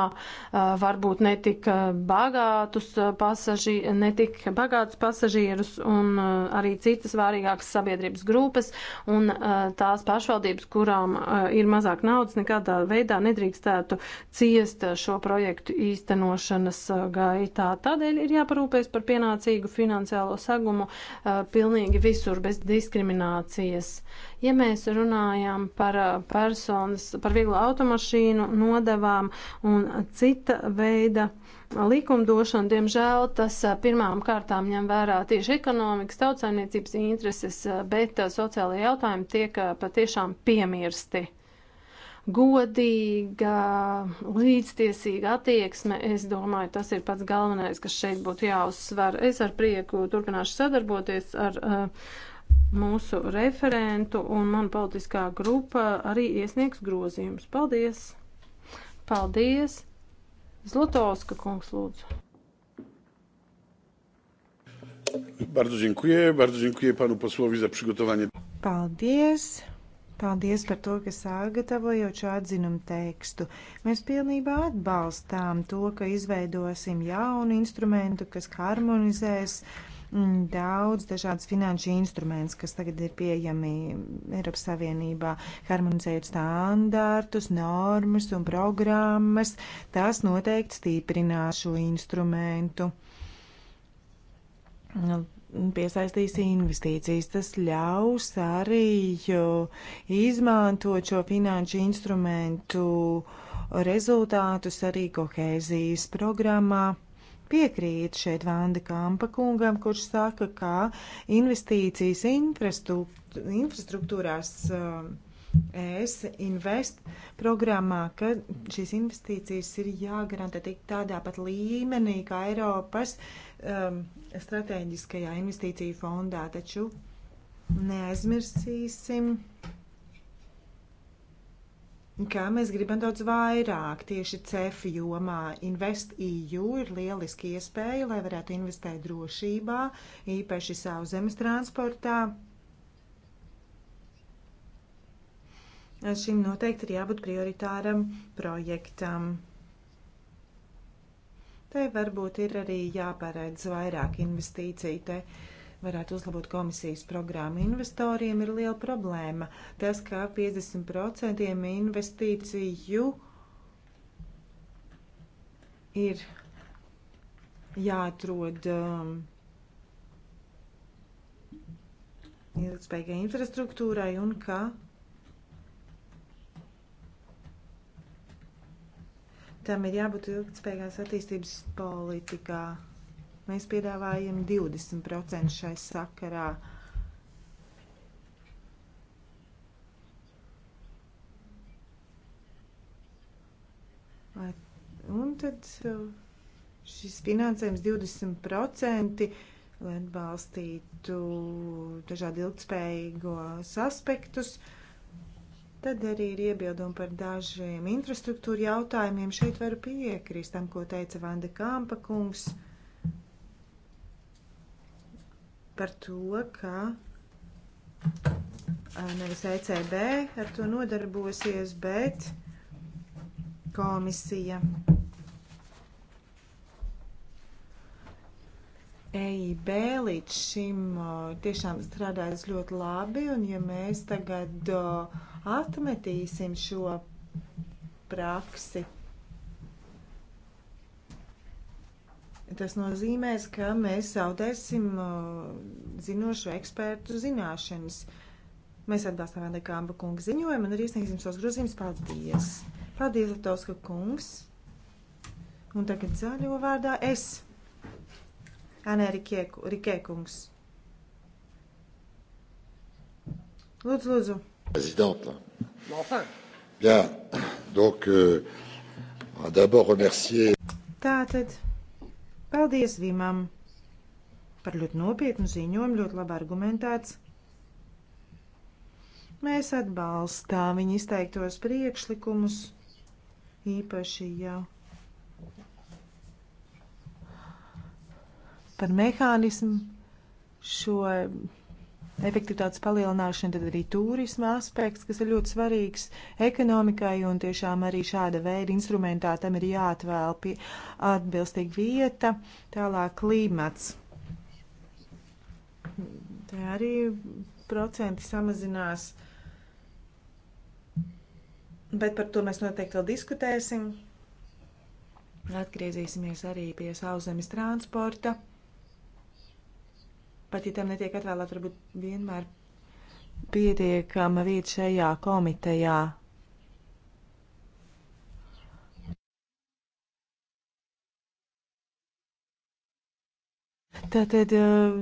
varbūt netik bagātus, pasaži, netik bagātus pasažierus un arī citas vārīgākas sabiedrības grupas un tās pašvaldības, kurām ir mazāk naudas, nekādā veidā nedrīkstētu ciest šo projektu īstenošanas gaitā. Tādēļ ir jāparūpēs par pienācīgu finansiālo segumu pilnīgi visur bez diskriminācijas. Uh, Ja mēs runājam par uh, personas, par vieglu automašīnu nodevām un cita veida likumdošanu, diemžēl tas uh, pirmām kārtām ņem vērā tieši ekonomikas, tautsaimniecības intereses, uh, bet sociālajie jautājumi tiek patiešām piemirsti godīga, līdztiesīga attieksme. Es domāju, tas ir pats galvenais, kas šeit būtu jāuzsver. Es ar prieku turpināšu sadarboties ar uh, mūsu referentu, un man politiskā grupa arī iesniegs grozījumus. Paldies! Paldies! Zlotovska kungs lūdzu. Bardzo dziękuję, bardzo dziękuję panu posłowi za przygotowanie. Paldies! Paldies par to, ka sagatavojot šo atzinumu tekstu. Mēs pilnībā atbalstām to, ka izveidosim jaunu instrumentu, kas harmonizēs uh, Mm, daudz dažādas finanšu instruments, kas tagad ir pieejami Eiropas Savienībā, harmonizējot standārtus, normas un programmas. Tas noteikti stiprinās šo instrumentu. Nu, piesaistīs investīcijas. Tas ļaus arī izmantot šo finanšu instrumentu rezultātus arī kohēzijas programmā Piekrīt šeit Vanda Kampa kungam, kurš saka, ka investīcijas infrastruktūrās um, ES Invest programmā, ka šīs investīcijas ir jāgarantē tik tādā pat līmenī kā Eiropas um, strateģiskajā investīciju fondā, taču neaizmirsīsim kā mēs gribam daudz vairāk tieši cefi jomā. Invest EU ir lieliski iespēja, lai varētu investēt drošībā, īpaši savu zemes transportā. Šim noteikti ir jābūt prioritāram projektam. Te varbūt ir arī jāparedz vairāk investīciju. Te varētu uzlabot komisijas programmu. Investoriem ir liela problēma tas, ka 50% investīciju ir jāatrod um, ilgspējīgai infrastruktūrai un ka tam ir jābūt ilgspējīgās attīstības politikā. Mēs piedāvājam 20% šai sakarā. Un tad uh, šis finansējums 20%, lai atbalstītu dažādi ilgspējīgos aspektus. Tad arī ir iebildumi par dažiem infrastruktūra jautājumiem. Šeit varu piekrist tam, ko teica Vanda Kampa kungs. Uh, par to, ka nevis ECB ar to nodarbosies, bet komisija. EIB līdz šim tiešām strādājas ļoti labi, un ja mēs tagad atmetīsim šo praksi, Tas nozīmēs, ka mēs zaudēsim uh, zinošo ekspertu zināšanas. Mēs atbalstām Vēnē Kāmba kunga ziņojumu un arī sniegsim savus grozījumus. Paldies! Paldies, Latovska kungs! Un tagad zaļo vārdā es, Anē Rikē kungs. Lūdzu, lūdzu. Prezidenta. Enfin. Bien. Donc, euh, d'abord remercier. Tātad. Paldies Vimam par ļoti nopietnu ziņojumu, ļoti labi argumentēts. Mēs atbalstām viņa izteiktos priekšlikumus, īpaši jau par mehānismu šo efektivitātes palielināšana, tad arī turisma aspekts, kas ir ļoti svarīgs ekonomikai, un tiešām arī šāda veida instrumentā tam ir jāatvēl pie atbilstīga vieta, tālāk klimats. Te arī procenti samazinās, bet par to mēs noteikti vēl diskutēsim. Atgriezīsimies arī pie sauszemes transporta pat ja tam netiek atvēlēt, varbūt vienmēr pietiekama vieta šajā komitejā. Tātad eh,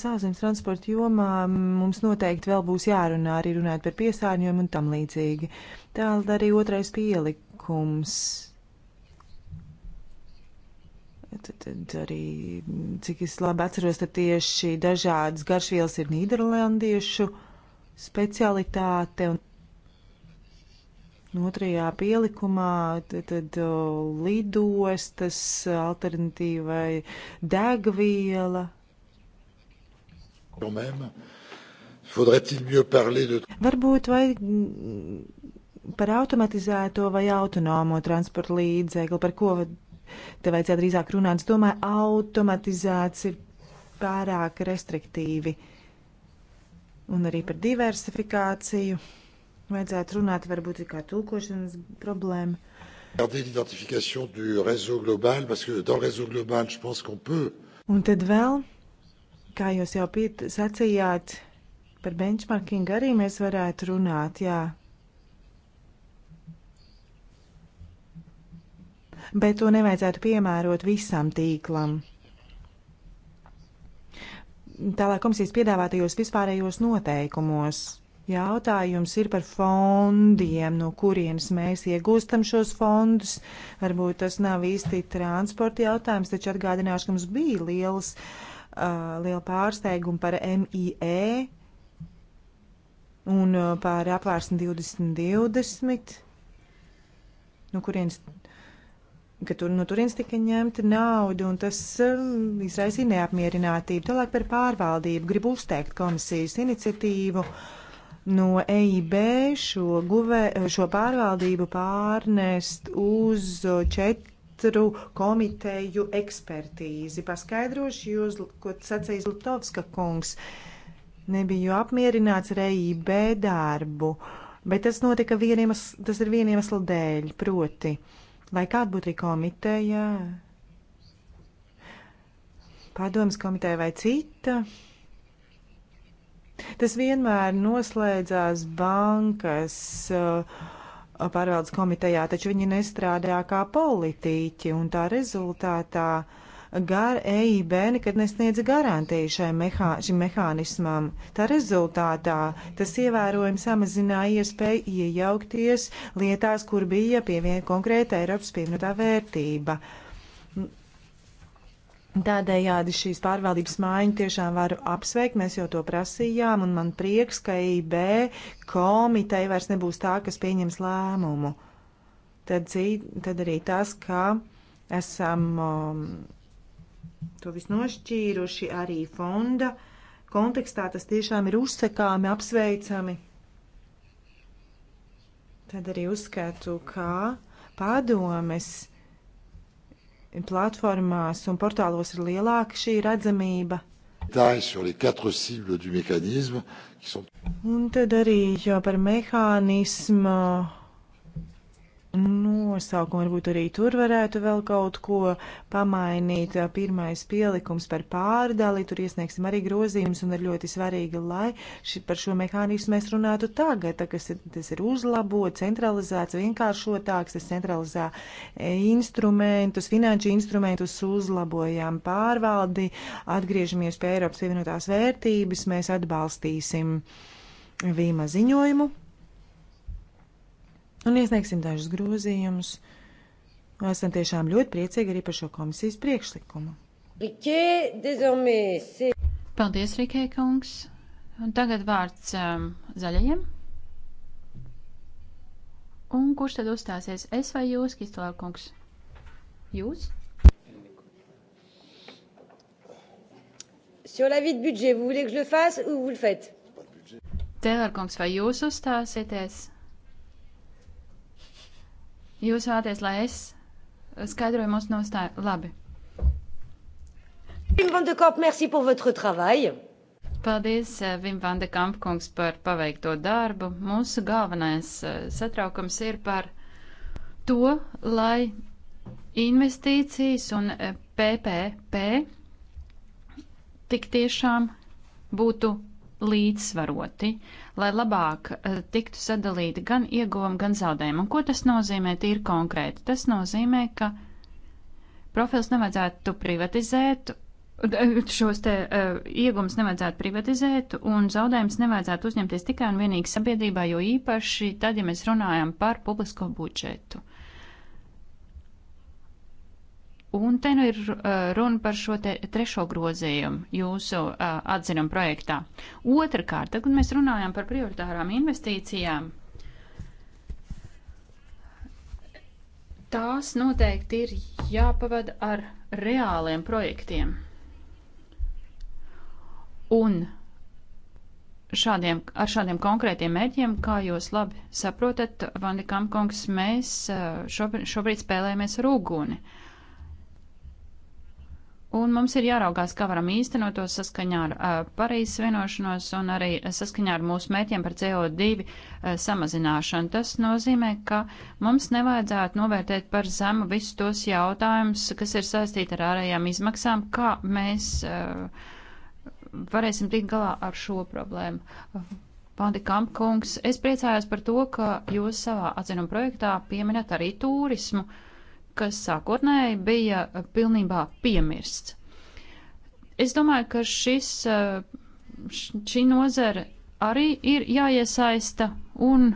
sauszemes transporta jomā mums noteikti vēl būs jārunā arī runājot par piesārņojumu un tam līdzīgi. Tālāk arī otrais pielikums Tad, tad arī, cik es labi atceros, tad tieši dažādas garšvielas ir nīderlandiešu specialitāte. Un, un otrajā pielikumā tad, tad lidostas, alternatīvai degviela. Varbūt vai mm, par automatizēto vai autonomo transporta līdzekli, par ko Te vajadzētu drīzāk runāt. Es domāju, automatizēts ir pārāk restriktīvi. Un arī par diversifikāciju vajadzētu runāt, varbūt ir kā tulkošanas problēma. Un tad vēl, kā jūs jau sacījāt, par benchmarking arī mēs varētu runāt, jā, bet to nevajadzētu piemērot visam tīklam. Tālāk komisijas piedāvātajos vispārējos noteikumos. Jautājums ir par fondiem, no kurienes mēs iegūstam šos fondus. Varbūt tas nav īsti transporta jautājums, taču atgādināšu, ka mums bija liels, uh, liela pārsteiguma par MIE un uh, par apvārsni 2020, no kurienes ka tur no nu, turienes tika ņemta nauda, un tas um, izraisīja neapmierinātību. Tālāk par pārvaldību gribu uzteikt komisijas iniciatīvu no EIB šo, guve, šo pārvaldību pārnest uz četru komiteju ekspertīzi. Paskaidrošu jūs, ko sacīs Lutovska kungs. Nebiju apmierināts ar EIB darbu, bet tas notika vieniem, tas ir vieniem sladēļ, proti. Uh, Lai kāda būtu arī komiteja, padomas komiteja vai cita, tas vienmēr noslēdzās bankas uh, pārvaldes komitejā, taču viņi nestrādā kā politiķi, un tā rezultātā uh, gar EIB nekad nesniedza garantiju šai mehā, šim mehānismam. Tā rezultātā tas ievērojami samazināja iespēju iejaukties lietās, kur bija pieviena konkrēta Eiropas pievienotā vērtība. Tādējādi šīs pārvaldības mājiņu tiešām varu apsveikt, mēs jau to prasījām, un man prieks, ka e IB komiteja vairs nebūs tā, kas pieņems lēmumu. Tad, tad arī tas, ka esam. Um, to visu nošķīruši arī fonda kontekstā. Tas tiešām ir uzsekāmi, apsveicami. Tad arī uzskatu, kā padomes platformās un portālos ir lielāka šī redzamība. Un tad arī jau par mehānismu nosaukumu varbūt arī tur varētu vēl kaut ko pamainīt. Pirmais pielikums par pārdali, tur iesniegsim arī grozījumus un ir ļoti svarīgi, lai ši, par šo mehānismu mēs runātu tagad, tā, kas ir, tas ir uzlabot, centralizēts, vienkāršotāks, tas centralizē instrumentus, finanšu instrumentus uzlabojām pārvaldi, atgriežamies pie Eiropas pievienotās vērtības, mēs atbalstīsim Vīma ziņojumu un iesniegsim dažus grozījumus. Esam tiešām ļoti priecīgi arī par šo komisijas priekšlikumu. Paldies, Rikē kungs. Un tagad vārds um, zaļajiem. Un kurš tad uzstāsies? Es vai jūs, Kistolār kungs? Jūs? Sur l'avis de budget, vous voulez que je le fasse ou vous le faites? Tēlārkungs, vai jūs uzstāsieties? Jūs vēlaties, lai es skaidroju mūsu nostāju? Labi. Vim van de Kamp, merci par votre travail. Paldies, Vim eh, van de Kamp kungs, par paveikto darbu. Mūsu galvenais eh, satraukums ir par to, lai investīcijas un PPP eh, tik tiešām būtu līdzsvaroti, lai labāk eh, tiktu sadalīti gan ieguvumi, gan zaudējumi. Un ko tas nozīmē tīri konkrēti? Tas nozīmē, ka profils nevajadzētu privatizēt, šos te uh, iegums nevajadzētu privatizēt un zaudējums nevajadzētu uzņemties tikai un vienīgi sabiedrībā, jo īpaši tad, ja mēs runājam par publisko budžetu. Un te nu ir uh, runa par šo te trešo grozījumu jūsu uh, atzinumu projektā. Otrakārt, kad mēs runājam par prioritārām investīcijām, tās noteikti ir jāpavada ar reāliem projektiem. Un šādiem, ar šādiem konkrētiem mērķiem, kā jūs labi saprotat, Vandikam kungs, mēs uh, šobrīd, šobrīd spēlējamies ar uguni. Uh, Un mums ir jāraugās, kā varam īstenot to saskaņā ar uh, Parīzes vienošanos un arī saskaņā ar mūsu mērķiem par CO2 uh, samazināšanu. Tas nozīmē, ka mums nevajadzētu novērtēt par zemu visus tos jautājumus, kas ir saistīti ar ārējām izmaksām, kā mēs uh, varēsim tikt galā ar šo problēmu. Pandi Kampkungs, es priecājos par to, ka jūs savā atzinuma projektā pieminat arī turismu. Uh, kas sākotnēji bija pilnībā piemirsts. Es domāju, ka šis, šī nozara arī ir jāiesaista un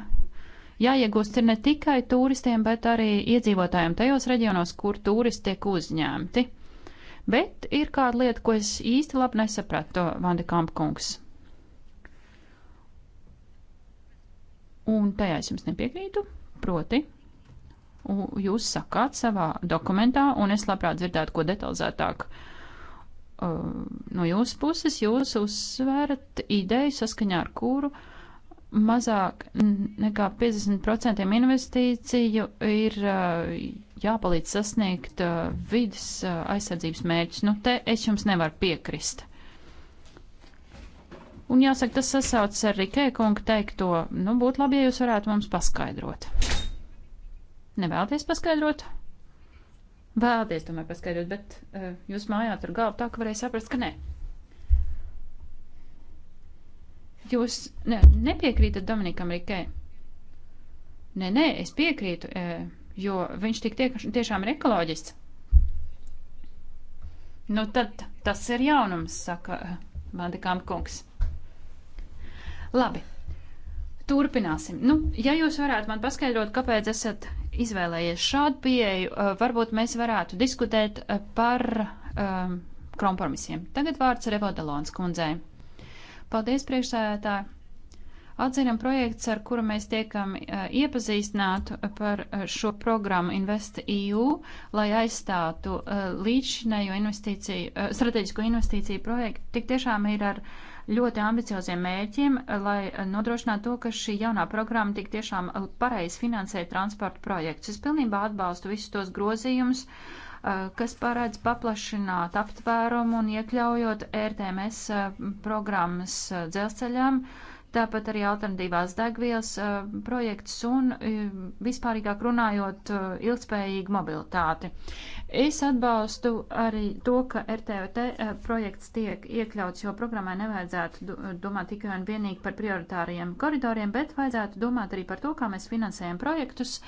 jāiegūst ir ne tikai turistiem, bet arī iedzīvotājiem tajos reģionos, kur turisti tiek uzņemti. Bet ir kāda lieta, ko es īsti labi nesapratu, Vandi Kampkungs. Un tajā es jums nepiekrītu, proti jūs sakāt savā dokumentā, un es labprāt dzirdētu ko detalizētāk. Uh, no jūsu puses jūs uzsverat ideju, saskaņā ar kuru mazāk nekā 50% investīciju ir uh, jāpalīdz sasniegt uh, vidas aizsardzības mērķus. Nu, te es jums nevaru piekrist. Un jāsaka, tas sasaucas ar Rikē kunga teikto, nu, būtu labi, ja jūs varētu mums paskaidrot. Nevēlties paskaidrot? Vēlties, domāju, paskaidrot, bet uh, jūs mājāt ar galvu tā, ka varēja saprast, ka nē. Jūs ne, nepiekrītat Dominikam Rikē? Nē, nē, es piekrītu, uh, jo viņš tik tiek, tiešām ir ekoloģists. Nu tad tas ir jaunums, saka uh, eh, Vandekām kungs. Labi. Turpināsim. Nu, ja jūs varētu man paskaidrot, kāpēc esat izvēlējies šādu pieeju, eh, varbūt mēs varētu diskutēt eh, par um, kompromisiem. Tagad vārds Revodalons kundzei. Paldies, priekšsēdētāji! Atzinam projekts, ar kuru mēs tiekam eh, iepazīstināti par eh, šo programmu Invest EU, lai aizstātu eh, līdzšinējo investīciju, strateģisko investīciju projektu. Tik tiešām ir ar ļoti ambicioziem mērķiem, lai nodrošinātu to, ka šī jaunā programma tik tiešām pareizi finansē transporta projektus. Es pilnībā atbalstu visus tos grozījumus, kas paredz paplašināt aptvērumu un iekļaujot RTMS programmas dzelzceļām. Uh, tāpat arī alternatīvās degvielas uh, projekts un uh, vispārīgāk runājot uh, ilgspējīgu mobilitāti. Es atbalstu arī to, ka RTVT projekts tiek iekļauts, jo programmai nevajadzētu domāt tikai un vienīgi par prioritāriem koridoriem, bet vajadzētu domāt arī par to, kā mēs finansējam projektus,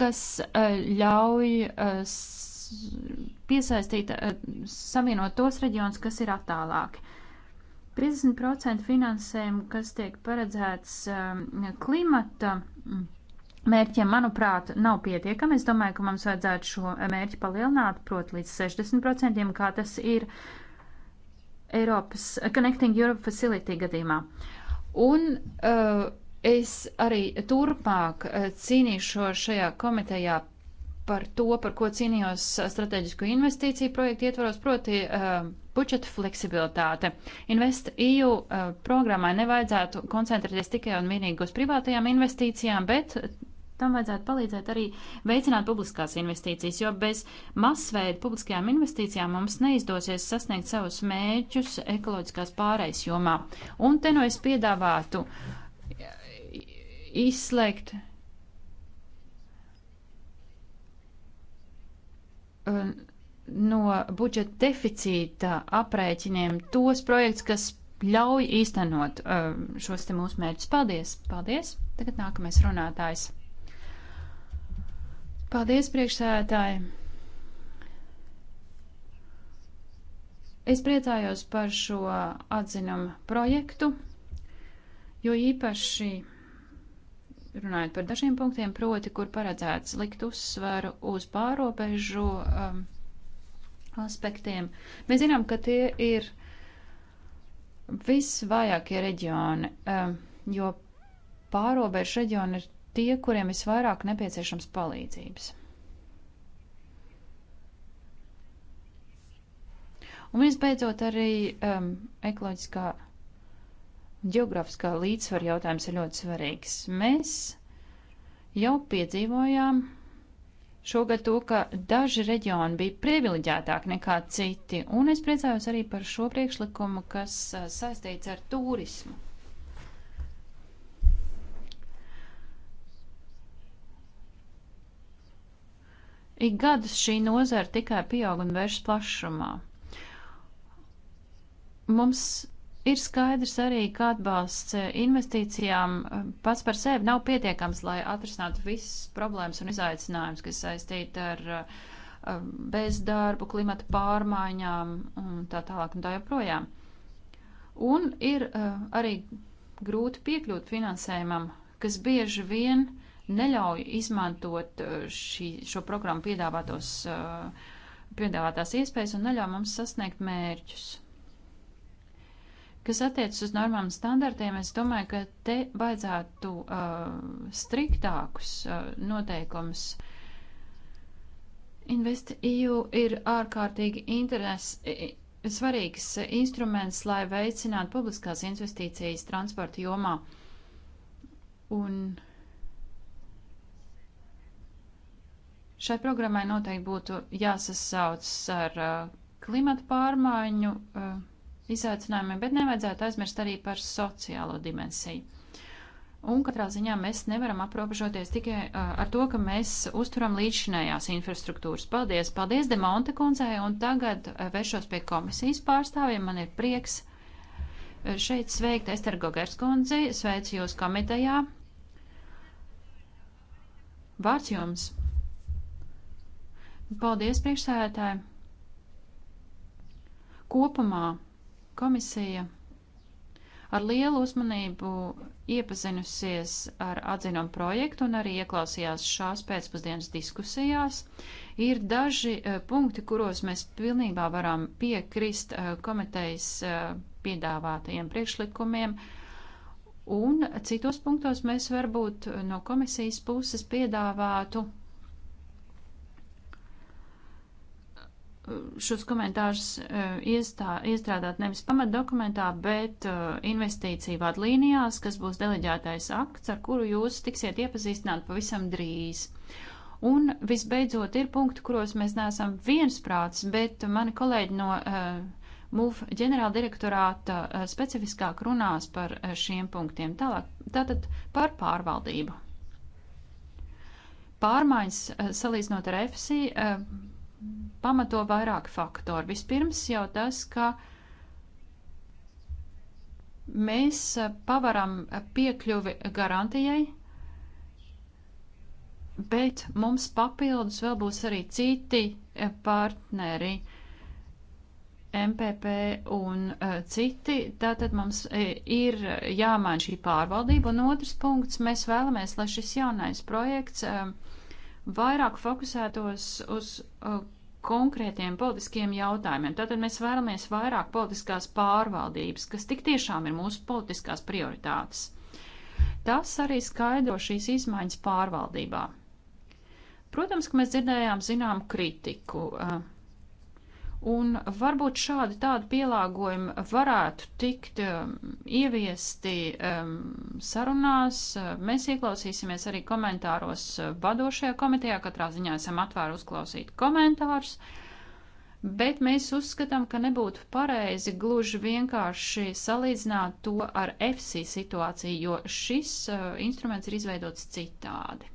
kas ļauj piesaistīt, savienot tos reģionus, kas ir attālāki. 50% finansējumu, kas tiek paredzēts um, klimata mm, mērķiem, manuprāt, nav pietiekami. Es domāju, ka mums vajadzētu šo mērķi palielināt, proti, līdz 60%, kā tas ir Eiropas Connecting Europe Facility gadījumā. Un uh, es arī turpmāk uh, cīnīšos šajā komitejā par to, par ko cīnījos strateģisko investīciju projektu ietvaros, proti uh, budžeta fleksibilitāte. Invest EU uh, programmai nevajadzētu koncentrēties tikai un vienīgi uz privātajām investīcijām, bet tam vajadzētu palīdzēt arī veicināt publiskās investīcijas, jo bez masveida publiskajām investīcijām mums neizdosies sasniegt savus mēģus ekoloģiskās pārejas jomā. Un te no nu es piedāvātu izslēgt no budžeta deficīta aprēķiniem tos projekts, kas ļauj īstenot um, šos te mūsu mērķus. Paldies! Paldies! Tagad nākamais runātājs. Paldies, priekšsēdētāji! Es priecājos par šo atzinumu projektu, jo īpaši runājot par dažiem punktiem, proti, kur paredzēts likt uzsvaru uz pārobežu um, aspektiem. Mēs zinām, ka tie ir visvājākie reģioni, um, jo pārobežu reģioni ir tie, kuriem visvairāk nepieciešams palīdzības. Un visbeidzot arī um, ekoloģiskā geogrāfiskā līdzsvara jautājums ir ļoti svarīgs. Mēs jau piedzīvojām šogad to, ka daži reģioni bija privileģētāki nekā citi, un es priecājos arī par šo priekšlikumu, kas saistīts ar turismu. Ik gadus šī nozara tikai pieaug un vēršas plašumā. Mums Ir skaidrs arī, ka atbalsts eh, investīcijām eh, pats par sevi nav pietiekams, lai atrisinātu visas problēmas un izaicinājumus, kas saistīti ar eh, bezdarbu, klimata pārmaiņām un tā tālāk un tā joprojām. Un ir arī grūti piekļūt finansējumam, kas bieži vien neļauj izmantot šī, šo programmu piedāvātos, piedāvātās iespējas un neļauj mums sasniegt mērķus. Kas attiecas uz normām standartiem, es domāju, ka te vajadzētu uh, striktākus uh, noteikumus. InvestEU ir ārkārtīgi interes, svarīgs instruments, lai veicinātu publiskās investīcijas transporta jomā. Un Šai programmai noteikti būtu jāsasaucas ar uh, klimatu pārmaiņu uh, izaicinājumiem, bet nevajadzētu aizmirst arī par sociālo dimensiju. Un katrā ziņā mēs nevaram aprobežoties tikai uh, ar to, ka mēs uzturam līdzšinējās infrastruktūras. Paldies, paldies Demonte kundzei, un tagad uh, vēršos pie komisijas pārstāvjiem. Man ir prieks uh, šeit sveikt Ester Gogers kundzi, sveicu jūs komitejā. Vārds jums. Paldies, priekšsēdētāji. Kopumā Komisija ar lielu uzmanību iepazinusies ar atzinumu projektu un arī ieklausījās šās pēcpusdienas diskusijās. Ir daži uh, punkti, kuros mēs pilnībā varam piekrist uh, komitejas uh, piedāvātajiem priekšlikumiem, un citos punktos mēs varbūt no komisijas puses piedāvātu šos komentārus e, iestā, iestrādāt nevis pamatdokumentā, bet e, investīciju vadlīnijās, kas būs deleģētais akts, ar kuru jūs tiksiet iepazīstināt pavisam drīz. Un visbeidzot ir punkti, kuros mēs neesam viensprāts, bet mani kolēģi no uh, e, MUF ģenerāla direktorāta uh, specifiskāk runās par uh, šiem punktiem. Tālāk, tātad par pārvaldību. Pārmaiņas uh, salīdzinot ar FSI. Uh, pamato vairāk faktori. Vispirms jau tas, ka mēs eh, pavaram eh, piekļuvi garantijai, bet mums papildus vēl būs arī citi eh, partneri, MPP un uh, citi. Tātad mums ir jāmaina šī pārvaldība. Un otrs punkts, mēs vēlamies, lai šis jaunais projekts uh, vairāk fokusētos uz uh, konkrētiem politiskiem jautājumiem. Tātad mēs vēlamies vairāk politiskās pārvaldības, kas tik tiešām ir mūsu politiskās prioritātes. Tas arī skaidro šīs izmaiņas pārvaldībā. Protams, ka mēs dzirdējām zinām kritiku. Uh, Un varbūt šādi tādi pielāgojumi varētu tikt um, ieviesti um, sarunās. Mēs ieklausīsimies arī komentāros uh, vadošajā komitejā. Katrā ziņā esam atvēri uzklausīt komentārus. Bet mēs uzskatām, ka nebūtu pareizi gluži vienkārši salīdzināt to ar FC situāciju, jo šis uh, instruments ir izveidots citādi.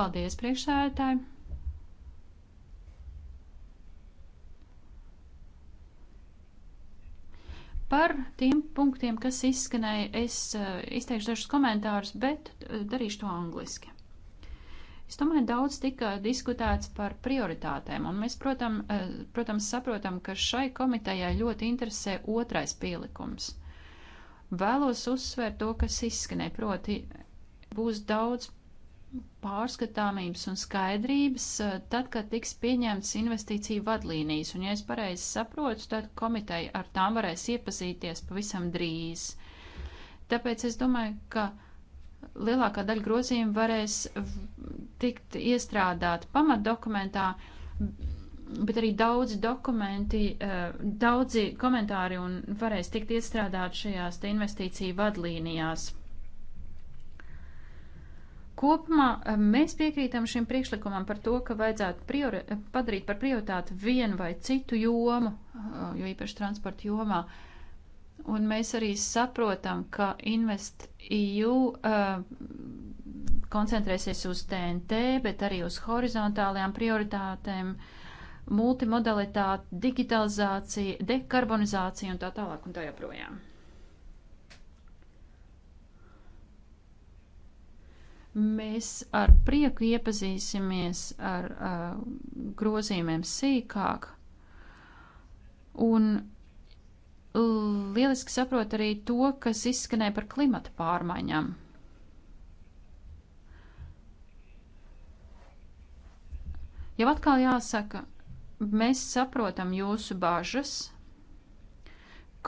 Paldies, priekšsēdētāji! Par tiem punktiem, kas izskanēja, es eh, izteikšu dažus komentārus, bet eh, darīšu to angliski. Es domāju, daudz tika diskutēts par prioritātēm, un mēs, protam, eh, protams, saprotam, ka šai komitejai ļoti interesē otrais pielikums. Vēlos uzsvērt to, kas izskanē, proti būs daudz pārskatāmības un skaidrības, eh, tad, kad tiks pieņemts investīciju vadlīnijas, un, ja es pareizi saprotu, tad komiteja ar tām varēs iepazīties pavisam drīz. Tāpēc es domāju, ka lielākā daļa grozījumu varēs tikt iestrādāt pamatdokumentā, bet arī daudzi dokumenti, eh, daudzi komentāri un varēs tikt iestrādāt šajās investīciju vadlīnijās. Kopumā eh, mēs piekrītam šim priekšlikumam par to, ka vajadzētu priori, padarīt par prioritāti vienu vai citu jomu, eh, jo īpaši transporta jomā. Un mēs arī saprotam, ka InvestEU uh, koncentrēsies uz TNT, bet arī uz horizontālajām prioritātēm, multimodalitāti, digitalizācija, dekarbonizācija un tā tālāk un tā joprojām. Mēs ar prieku iepazīsimies ar uh, grozījumiem sīkāk un lieliski saprot arī to, kas izskanēja par klimata pārmaiņām. Jau atkal jāsaka, mēs saprotam jūsu bažas,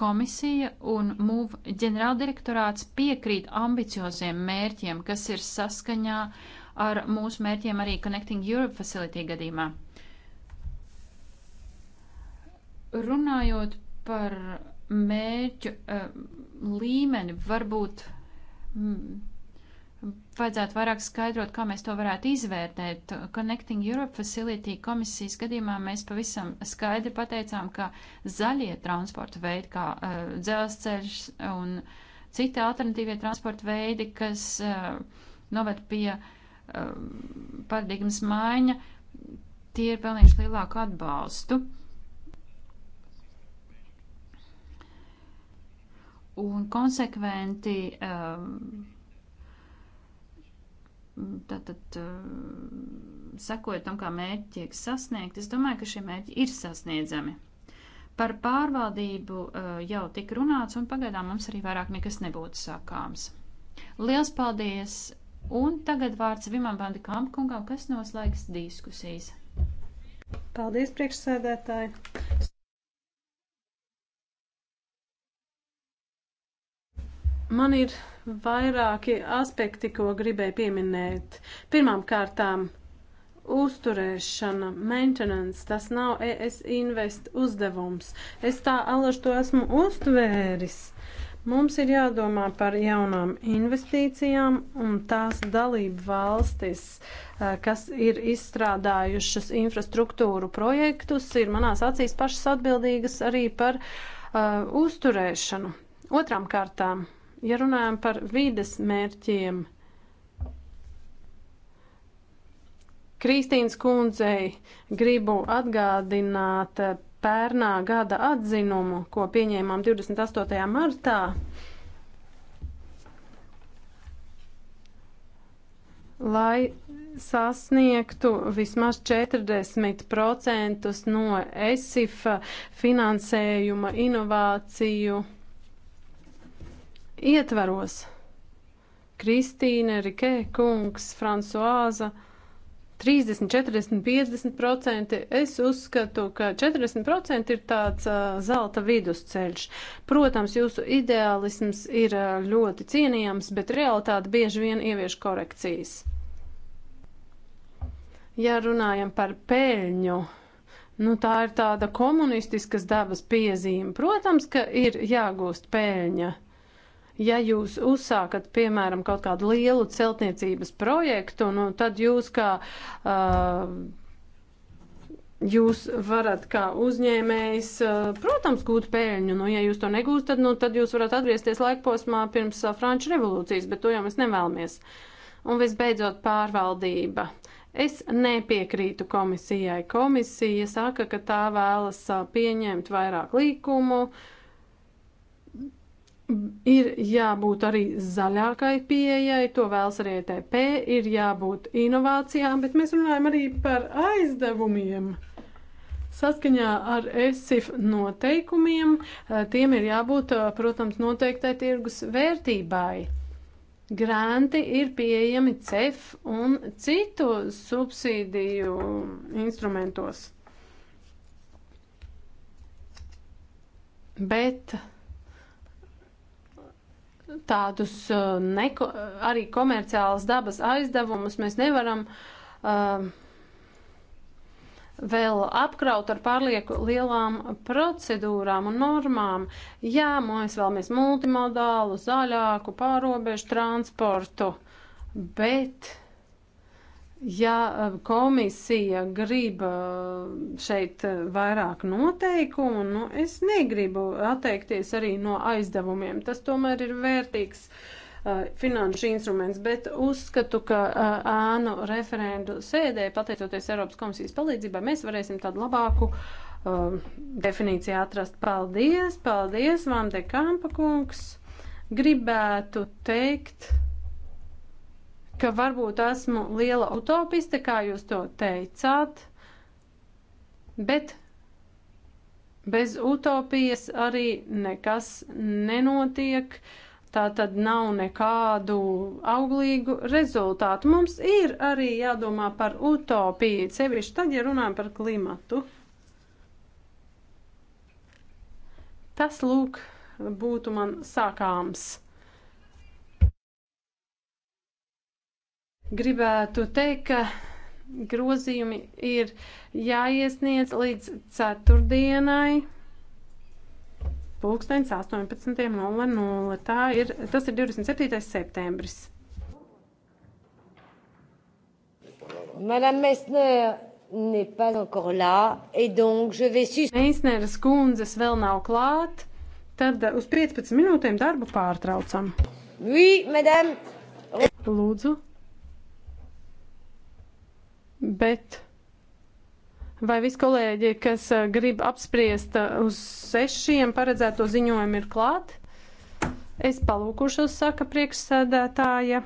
Komisija un MUV ģenerāldirektorāts piekrīt ambicioziem mērķiem, kas ir saskaņā ar mūsu mērķiem arī Connecting Europe Facility gadījumā. Runājot par mērķu uh, līmeni, varbūt mm, Vajadzētu vairāk skaidrot, kā mēs to varētu izvērtēt. Connecting Europe Facility komisijas gadījumā mēs pavisam skaidri pateicām, ka zaļie transporta veidi, kā uh, dzelzceļš un citi alternatīvie transporta veidi, kas uh, noved pie uh, paradigmas maiņa, tie ir pelnījuši lielāku atbalstu. Un konsekventi. Uh, tātad sekoja tam, kā mērķi tiek sasniegti. Es domāju, ka šie mērķi ir sasniedzami. Par pārvaldību jau tik runāts, un pagaidām mums arī vairāk nekas nebūtu sakāms. Liels paldies! Un tagad vārds Vimam Bandikām kungam, kas noslēgs diskusijas. Paldies, priekšsēdētāji! Man ir vairāki aspekti, ko gribēju pieminēt. Pirmām kārtām uzturēšana, maintenance, tas nav ES invest uzdevums. Es tā alaž to esmu uztvēris. Mums ir jādomā par jaunām investīcijām un tās dalību valstis, eh, kas ir izstrādājušas infrastruktūru projektus, ir manās acīs pašas atbildīgas arī par uh, uzturēšanu. Otrām kārtām Ja runājam par vides mērķiem, Kristīnas kundzei gribu atgādināt pērnā gada atzinumu, ko pieņēmām 28. martā. Lai sasniegtu vismaz 40% no ESIF finansējuma inovāciju ietvaros. Kristīne, Rikē, Kungs, Fransuāza. 30, 40, 50%. Es uzskatu, ka 40% ir tāds uh, zelta vidusceļš. Protams, jūsu ideālisms ir uh, ļoti cienījams, bet realitāte bieži vien ievieš korekcijas. Ja runājam par peļņu, nu tā ir tāda komunistiskas dabas piezīme. Protams, ka ir jāgūst peļņa ja jūs uzsākat, piemēram, kaut kādu lielu celtniecības projektu, nu, tad jūs kā. Uh, Jūs varat kā uzņēmējs, uh, protams, gūt pēļņu, nu, ja jūs to negūstat, tad, nu, tad jūs varat atgriezties laikposmā pirms uh, Franču revolūcijas, bet to jau mēs nevēlamies. Un visbeidzot pārvaldība. Es nepiekrītu komisijai. Komisija saka, ka tā vēlas pieņemt vairāk līkumu, uh, Ir jābūt arī zaļākai pieejai, to vēlas arī ETP, ir jābūt inovācijām, bet mēs runājam arī par aizdevumiem. Saskaņā ar ESIF noteikumiem eh, tiem ir jābūt, eh, protams, noteiktai tirgus vērtībai. Granti ir pieejami CEF un citu subsīdiju instrumentos. Bet tādus uh, neko, arī komerciālas dabas aizdevumus mēs nevaram uh, vēl apkraut ar pārlieku lielām procedūrām un normām. Jā, mēs vēlamies multimodālu, zaļāku, pārobežu transportu, bet Ja eh, komisija grib eh, šeit eh, vairāk noteikumu, nu es negribu atteikties arī no aizdevumiem. Tas tomēr ir vērtīgs uh, finanšu instruments, bet uzskatu, ka uh, ānu referendu sēdē, pateicoties Eiropas komisijas palīdzībai, mēs varēsim tādu labāku uh, definīciju atrast. Paldies, paldies, Vande Kampa kungs. Gribētu teikt ka varbūt esmu liela utopiste, kā jūs to teicāt, bet bez utopijas arī nekas nenotiek. Tā tad nav nekādu auglīgu rezultātu. Mums ir arī jādomā par utopiju, sevišķi tad, ja runājam par klimatu. Tas, lūk, būtu man sākāms. gribētu teikt, ka grozījumi ir jāiesniedz līdz ceturtdienai. Pulkstenis 18.00. Tā ir, tas ir 27. septembris. Madame Messner n'est pas encore là, et donc je vais suspendre. Meisneras kundzes vēl nav klāt, tad uz 15 minūtēm darbu pārtraucam. Oui, madame. Lūdzu bet vai visi kolēģi, kas eh, grib apspriest eh, uz sešiem paredzēto ziņojumu, ir klāt? Es palūkušos, saka priekšsēdētāja.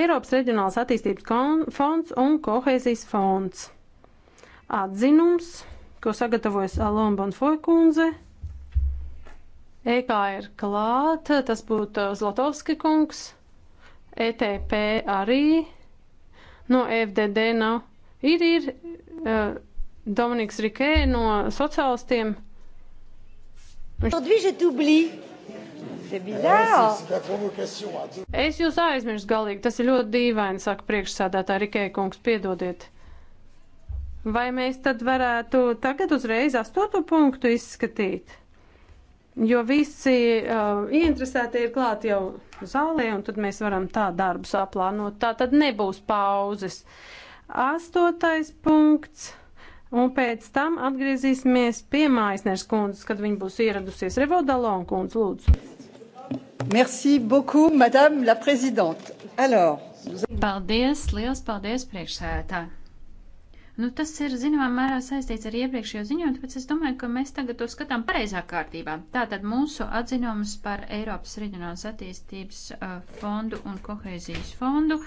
Eiropas Reģionāls attīstības fonds un kohēzijas fonds. Atzinums, ko sagatavojas Alon Bonfoy kundze. EK ir klāt, tas būtu eh, Zlatovski kungs, ETP arī no FDD nav. Ir, ir uh, Dominiks Rikē no sociālistiem. Es jūs aizmirsu galīgi, tas ir ļoti dīvaini, saka priekšsādātā Rikē kungs, piedodiet. Vai mēs tad varētu tagad uzreiz astoto punktu izskatīt? jo visi uh, ieinteresētie ir klāt jau zālē, un tad mēs varam tā darbu saplānot. Tā tad nebūs pauzes. Astotais punkts. Un pēc tam atgriezīsimies pie Maisners kundzes, kad viņa būs ieradusies. Revodalon kundze, lūdzu. Merci beaucoup, madame la présidente. Alors. Paldies, liels paldies priekšsētāji. Nu, tas ir, zināmā mērā, saistīts ar iepriekšējo ziņojumu, tāpēc es domāju, ka mēs tagad to skatām pareizā kārtībā. Tātad mūsu atzinums par Eiropas reģionālas attīstības uh, fondu un kohēzijas fondu.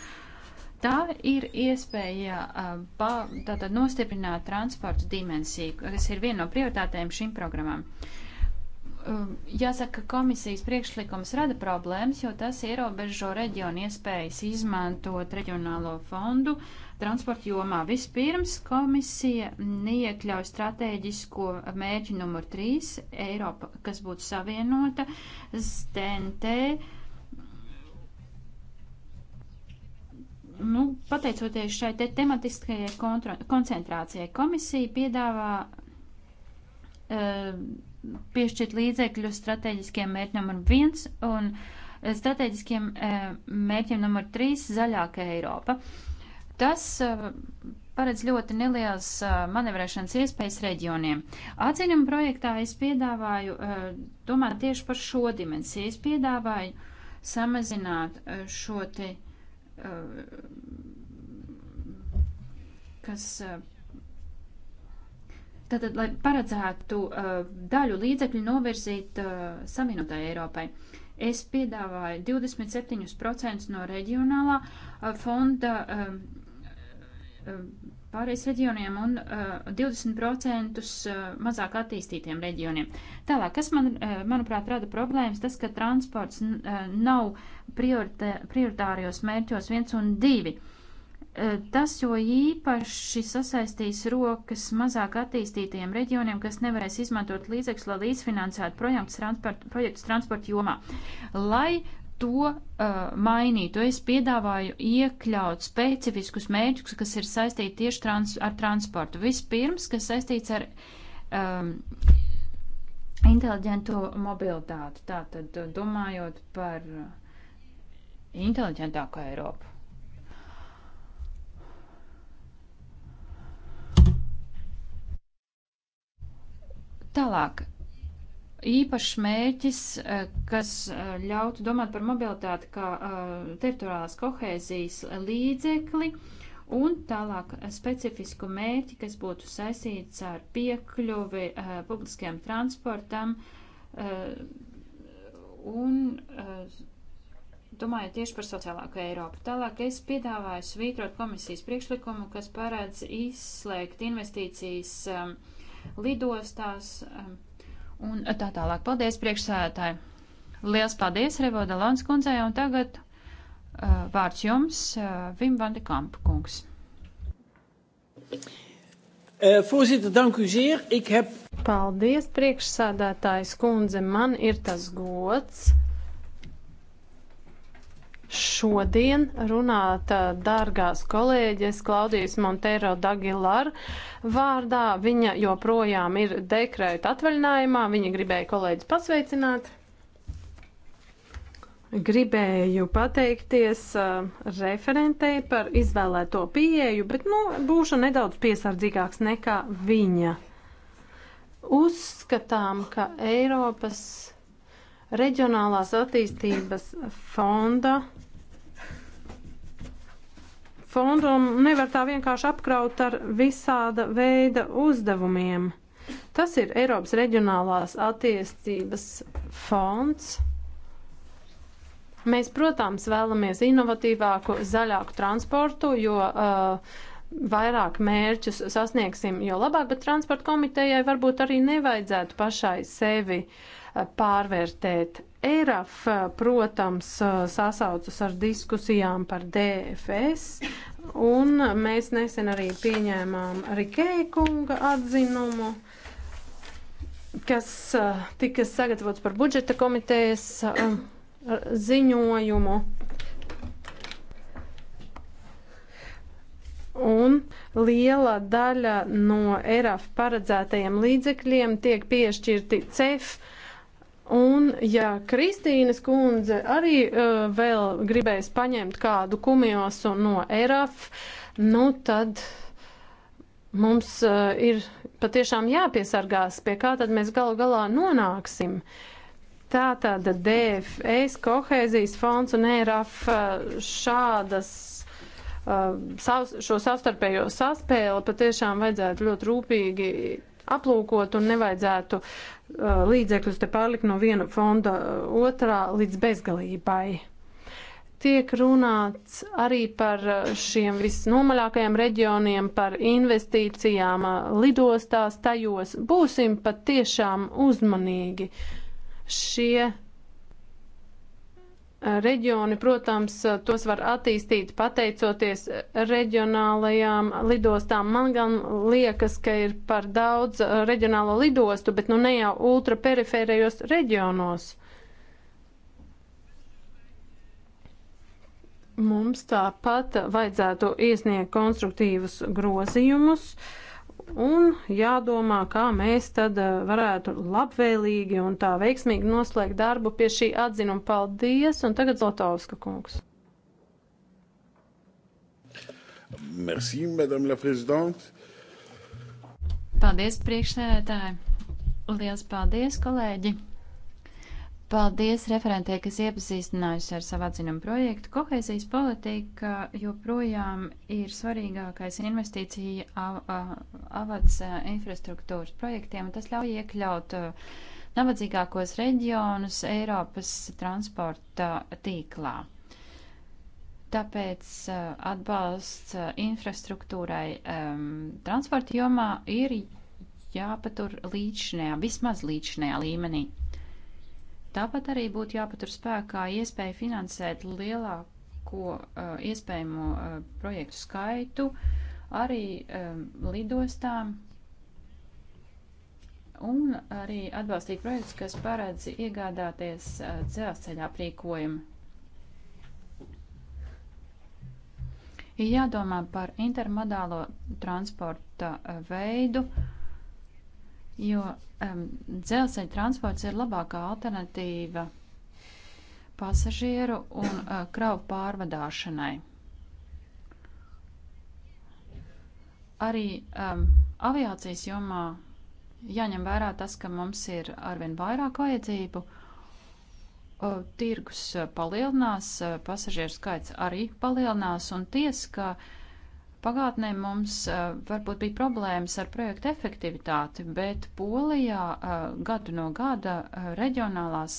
Tā ir iespēja uh, tātad nostiprināt transporta dimensiju, kas ir viena no prioritātēm šīm programmām. Uh, jāsaka, ka komisijas priekšlikums rada problēmas, jo tas ierobežo reģionu iespējas izmantot reģionālo fondu uh, transporta jomā. Vispirms komisija neiekļauj strateģisko mērķi numur 3 - Eiropa, kas būtu savienota, TNT. Nu, pateicoties šai te tematiskajai kontra, koncentrācijai, komisija piedāvā uh, piešķirt līdzekļu strateģiskiem mērķiem numur viens un e, strateģiskiem uh, mērķiem numur trīs - zaļāka Eiropa. Uh, Tas uh, paredz ļoti nelielas uh, manevrēšanas iespējas reģioniem. Atziņuma projektā es piedāvāju uh, domāt tieši par šo dimensiju. Es piedāvāju samazināt šo te, kas. Tātad, lai paredzētu uh, daļu līdzekļu novirzīt uh, saminotai Eiropai. Uh, es piedāvāju 27% no reģionālā fonda um, pārējais reģioniem un uh, 20% uh, mazāk attīstītiem reģioniem. Tālāk, kas man, uh, manuprāt, rada problēmas, tas, ka transports uh, nav prioritē, prioritārijos mērķos viens un divi. Uh, tas jo īpaši sasaistīs rokas mazāk attīstītajiem reģioniem, kas nevarēs izmantot līdzekļus, lai līdzfinansētu projektus transporta, projektus transporta jomā. Lai to uh, mainītu. Es piedāvāju iekļaut specifiskus mērķus, kas ir saistīti tieši trans ar transportu. Vispirms, kas saistīts ar um, inteliģento mobilitāti, tātad uh, domājot par uh, inteliģentāku Eiropu. Tālāk, īpašs mēķis, eh, kas eh, ļautu domāt par mobilitāti kā eh, teritoriālās kohēzijas līdzekli un tālāk specifisku mēķi, kas būtu saistīts ar piekļuvi publiskajam transportam un domājot tieši par sociālāku Eiropu. Tālāk es piedāvāju svītrot komisijas priekšlikumu, kas paredz izslēgt investīcijas lidostās. Um, un tā tālāk. Paldies priekšsēdētāji! Liels paldies Revoda Lons kundzei un tagad uh, vārds jums, uh, Vim van de Kamp kungs. Uh, voorzitter, dank u zeer. Ik heb... Paldies, priekšsādātājs kundze. Man ir tas gods šodien runāt dārgās kolēģis Klaudijas Montero Dagilar vārdā. Viņa joprojām ir dekrēta atvaļinājumā, viņa gribēja kolēģis pasveicināt. Gribēju pateikties uh, referentei par izvēlēto pieeju, bet nu, būšu nedaudz piesardzīgāks nekā viņa. Uzskatām, ka Eiropas reģionālās attīstības fonda fondu un nevar tā vienkārši apkraut ar visāda veida uzdevumiem. Tas ir Eiropas reģionālās attiecības fonds. Mēs, protams, vēlamies inovatīvāku, zaļāku transportu, jo uh, vairāk mērķus sasniegsim, jo labāk, bet transporta komitejai varbūt arī nevajadzētu pašai sevi uh, pārvērtēt. ERAF, protams, sasaucas ar diskusijām par DFS, un mēs nesen arī pieņēmām Rikēja kunga atzinumu kas tika sagatavots par budžeta komitejas ziņojumu. Un liela daļa no ERAF paredzētajiem līdzekļiem tiek piešķirti CEF uh, Un, ja Kristīnas kundze arī uh, vēl gribēs paņemt kādu kumiosu no ERAF, nu tad mums uh, ir patiešām jāpiesargās, pie kā tad mēs galu galā nonāksim. Tātad DFS, kohēzijas fonds un ERAF uh, šādas uh, savs, šo savstarpējo saspēli patiešām vajadzētu ļoti rūpīgi aplūkot un nevajadzētu uh, līdzekļus te pārlikt no viena fonda uh, otrā līdz bezgalībai. Tiek runāts arī par uh, šiem visnomaļākajiem reģioniem, par investīcijām uh, lidostās tajos. Būsim pat tiešām uzmanīgi. Šie reģioni, protams, tos var attīstīt pateicoties reģionālajām lidostām. Man gan liekas, ka ir par daudz reģionālo lidostu, bet nu ne jau ultraperifērējos reģionos. Mums tāpat vajadzētu iesniegt konstruktīvus grozījumus. Uh, un jādomā, kā mēs tad eh, varētu labvēlīgi un tā veiksmīgi noslēgt darbu pie šī atzinuma. Paldies, un tagad Zlatovska kungs. Merci, madame la présidente. Paldies, priekšsēdētāji. Lielas paldies, kolēģi. Paldies referentē, kas iepazīstinājusi ar savu atzinumu projektu. Kohēzijas politika joprojām ir svarīgākais investīcija av avats infrastruktūras projektiem, un tas ļauj iekļaut nabadzīgākos reģionus Eiropas transporta tīklā. Tāpēc atbalsts infrastruktūrai um, transporta jomā ir jāpatur līdšanējā, vismaz līdšanējā līmenī. Tāpat arī būtu jāpatur spēkā iespēja finansēt lielāko uh, iespējamo uh, projektu skaitu arī um, lidostām un arī atbalstīt projektus, kas paredz iegādāties uh, dzelzceļa aprīkojumu. ir jādomā par intermodālo transporta veidu, jo um, dzelzceļa transports ir labākā alternatīva pasažieru un uh, kravu pārvadāšanai. Arī um, aviācijas jomā jāņem vērā tas, ka mums ir arvien vairāk vajadzību. Uh, tirgus e, palielinās, uh, pasažieru skaits arī palielinās, un ties, ka uh, Pagātnē mums varbūt bija problēmas ar projektu efektivitāti, bet Polijā gadu no gada reģionālās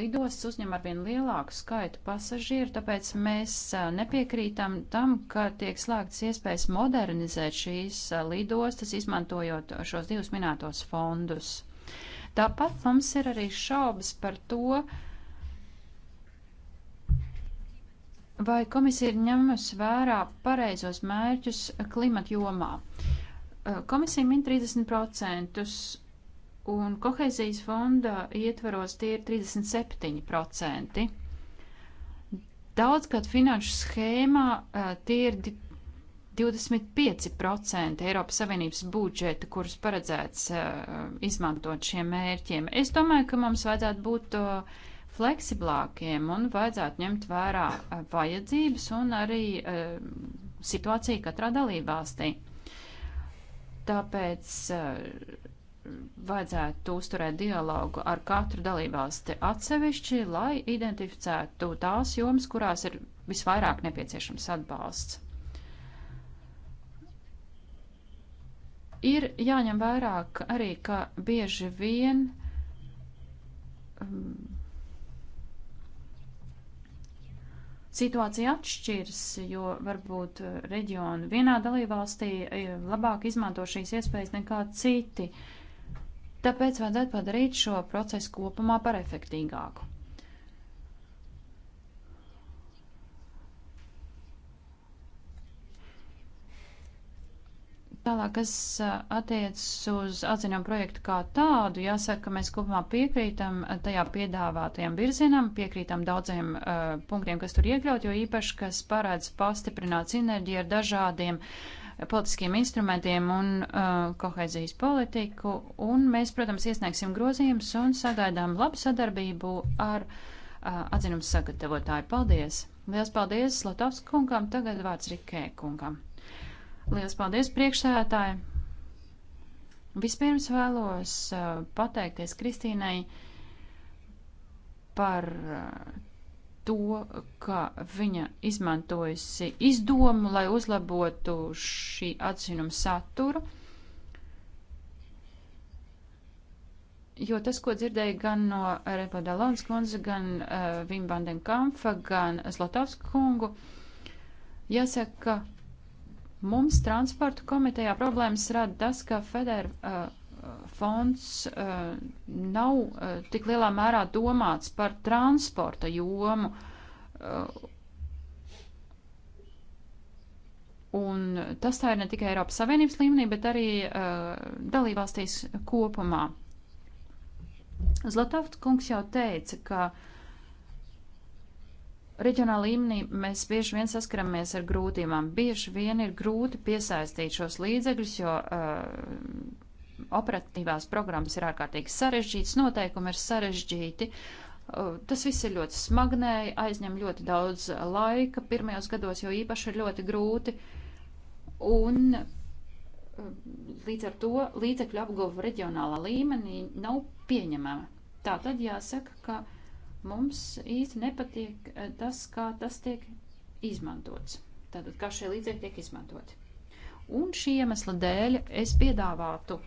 lidostas uzņem arvien lielāku skaitu pasažieru, tāpēc mēs nepiekrītam tam, ka tiek slēgts iespējas modernizēt šīs lidostas, izmantojot šos divus minētos fondus. Tāpat mums ir arī šaubas par to, uh, Vai komisija ir ņemusi vērā pareizos mērķus klimata jomā? Komisija min 30% un kohēzijas fonda ietvaros tie ir 37%. Daudzgad finanšu schēmā tie ir 25% Eiropas Savienības budžeta, kurus paredzēts izmantot šiem mērķiem. Es domāju, ka mums vajadzētu būt fleksiblākiem un vajadzētu ņemt vērā eh, vajadzības un arī eh, situāciju katrā dalībvalstī. Tāpēc eh, vajadzētu uzturēt dialogu ar katru dalībvalsti atsevišķi, lai identificētu tās jomas, kurās ir visvairāk nepieciešams atbalsts. Ir jāņem vairāk arī, ka bieži vien um, situācija atšķiras, jo varbūt eh, reģioni vienā dalībvalstī eh, labāk izmanto šīs iespējas nekā citi. Tāpēc vajadzētu padarīt šo procesu kopumā par efektīgāku. Tālāk, kas attiecas uz atziņām projektu kā tādu, jāsaka, ka mēs kopumā piekrītam tajā piedāvātajam virzienam, piekrītam daudziem uh, punktiem, kas tur iekļaut, jo īpaši, kas parāds pastiprināt sinerģiju ar dažādiem politiskiem instrumentiem un uh, kohēzijas politiku. Un mēs, protams, iesniegsim grozījumus un sagaidām labu sadarbību ar uh, atzinumu sagatavotāju. Paldies! Liels paldies Latovskungam, tagad vārds Rikē kungam. Lielas paldies priekšsēdētāji! Vispirms vēlos uh, pateikties Kristīnai par uh, to, ka viņa izmantojusi izdomu, lai uzlabotu šī atzinuma saturu. Jo tas, ko dzirdēju gan no Repo Dalons kundze, gan uh, Vim Bandem Kampfa, gan Zlatovska kungu, jāsaka, ka Mums transportu komitejā problēmas rada tas, ka Feder uh, fonds uh, nav uh, tik lielā mērā domāts par transporta jomu. Uh, un tas tā ir ne tikai Eiropas Savienības līmenī, bet arī uh, dalībvalstīs kopumā. Zlatovs kungs jau teica, ka uh, Reģionāla līmenī mēs bieži vien saskaramies ar grūtībām. Bieži vien ir grūti piesaistīt šos līdzekļus, jo uh, operatīvās programmas ir ārkārtīgi sarežģītas, noteikumi ir sarežģīti. Uh, tas viss ir ļoti smagnēji, aizņem ļoti daudz laika, pirmajos gados jau īpaši ir ļoti grūti. Un uh, līdz ar to līdzekļu apguva reģionālā līmenī nav pieņemama. Tā tad jāsaka, ka Mums īsti nepatīk eh, tas, kā tas tiek izmantots. Tātad, kā šie līdzekļi tiek izmantoti. Un šī iemesla dēļ es piedāvātu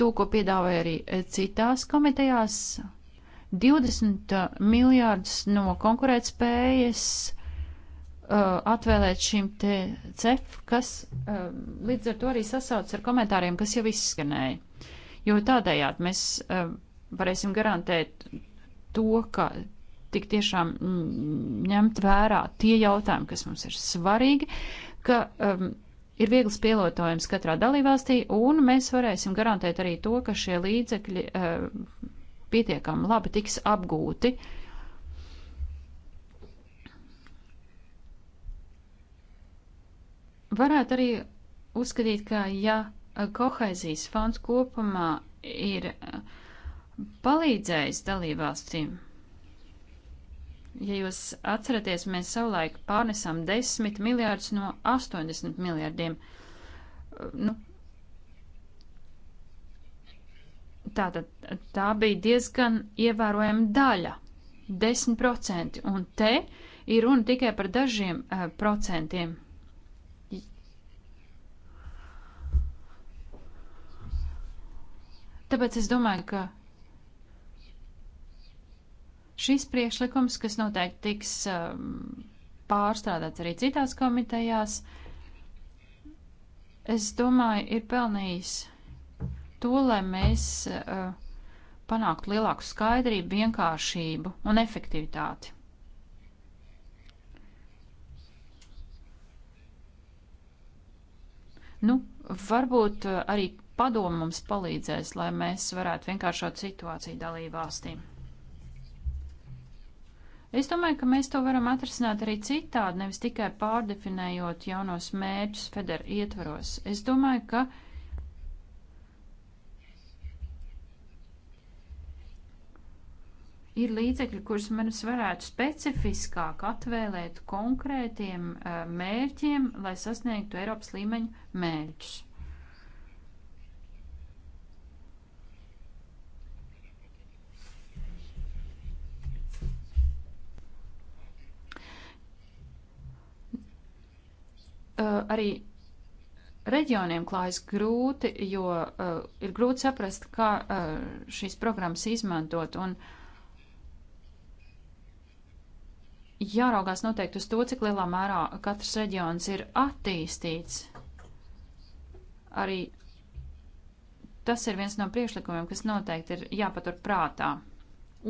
to, ko piedāvāja arī eh, citās komitejās, 20 eh, miljārdus no konkurētspējas uh, atvēlēt šim te cef, kas uh, līdz ar to arī sasauc ar komentāriem, kas jau izskanēja jo tādējādi mēs eh, varēsim garantēt to, ka tik tiešām mm, ņemt vērā tie jautājumi, kas mums ir svarīgi, ka um, ir viegls pielietojums katrā dalībvalstī, un mēs varēsim garantēt arī to, ka šie līdzekļi uh, eh, pietiekami labi tiks apgūti. Varētu arī uzskatīt, ka ja kohēzijas fonds kopumā ir uh, palīdzējis dalībvalstīm. Ja jūs atceraties, mēs savulaik pārnesām 10 miljārdus no 80 miljārdiem. Uh, nu, tātad tā bija diezgan ievērojama daļa - 10%, un te ir runa tikai par dažiem uh, procentiem. Tāpēc es domāju, ka šis priekšlikums, kas noteikti tiks um, pārstrādāts arī citās komitejās, es domāju, ir pelnījis to, lai mēs uh, panāktu lielāku skaidrību, vienkāršību un efektivitāti. Nu, varbūt uh, arī padomu mums palīdzēs, lai mēs varētu vienkāršot situāciju dalībvalstīm. Es domāju, ka mēs to varam atrisināt arī citādi, nevis tikai pārdefinējot jaunos mērķus federa ietvaros. Es domāju, ka ir līdzekļi, kurus mēs varētu specifiskāk atvēlēt konkrētiem eh, mērķiem, lai sasniegtu Eiropas līmeņa mērķus. Eh, arī reģioniem klājas grūti, jo uh, ir grūti saprast, kā uh, šīs programmas izmantot. Un jāraugās noteikti uz to, cik lielā mērā katrs reģions ir attīstīts. Arī tas ir viens no priekšlikumiem, kas noteikti ir jāpatur prātā.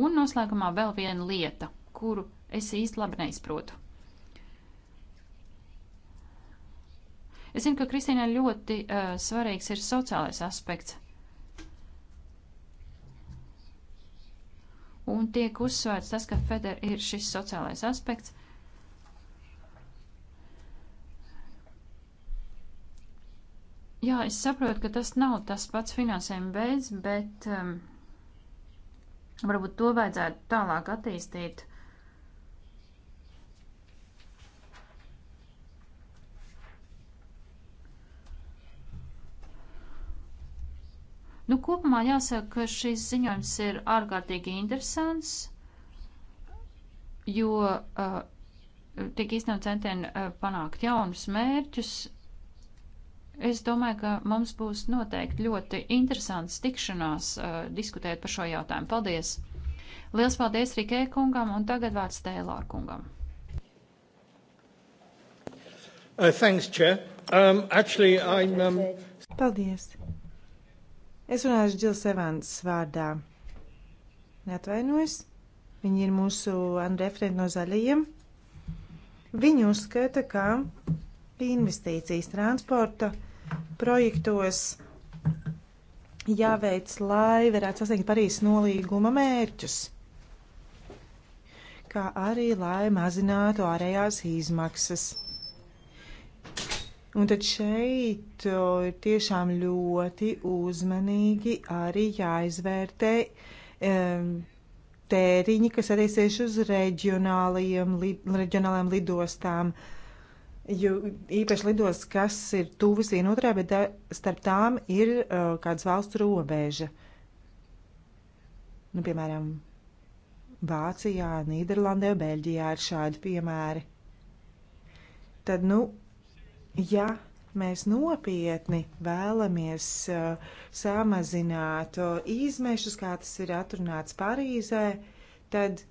Un noslēgumā vēl viena lieta, kuru es īsti labi neizprotu. Es zinu, ka Kristīnai ļoti uh, svarīgs ir sociālais aspekts. Un tiek uzsvērts tas, ka Feder ir šis sociālais aspekts. Jā, es saprotu, ka tas nav tas pats finansējuma veids, bet um, varbūt to vajadzētu tālāk attīstīt. Nu, kopumā jāsaka, ka šis ziņojums ir ārkārtīgi interesants, jo uh, tiek īstenot centieni uh, panākt jaunus mērķus. Es domāju, ka mums būs noteikti ļoti interesants tikšanās uh, diskutēt par šo jautājumu. Paldies! Liels paldies Rikē kungam un tagad vārds Tēlār kungam. Uh, thanks, Chair. Um, actually, I'm, um... Paldies. Es runāšu Džils Evans vārdā. Neatvainojos. Viņi ir mūsu referenti no zaļajiem. Viņi uzskata, ka investīcijas transporta projektos jāveic, lai varētu sasniegt Parīzes nolīguma mērķus, kā arī lai mazinātu ārējās izmaksas. Un tad šeit ir tiešām ļoti uzmanīgi arī jāizvērtē um, tēriņi, kas attiecies uz reģionālajiem, li, reģionālajām lidostām. Jo īpaši lidos, kas ir tuvis vienotrā, bet da, starp tām ir uh, kāds valsts robeža. Nu, piemēram, Vācijā, Nīderlandē, Beļģijā ir šādi piemēri. Tad, nu, ja mēs nopietni vēlamies uh, samazināt uh, izmešus, kā tas ir atrunāts Parīzē, tad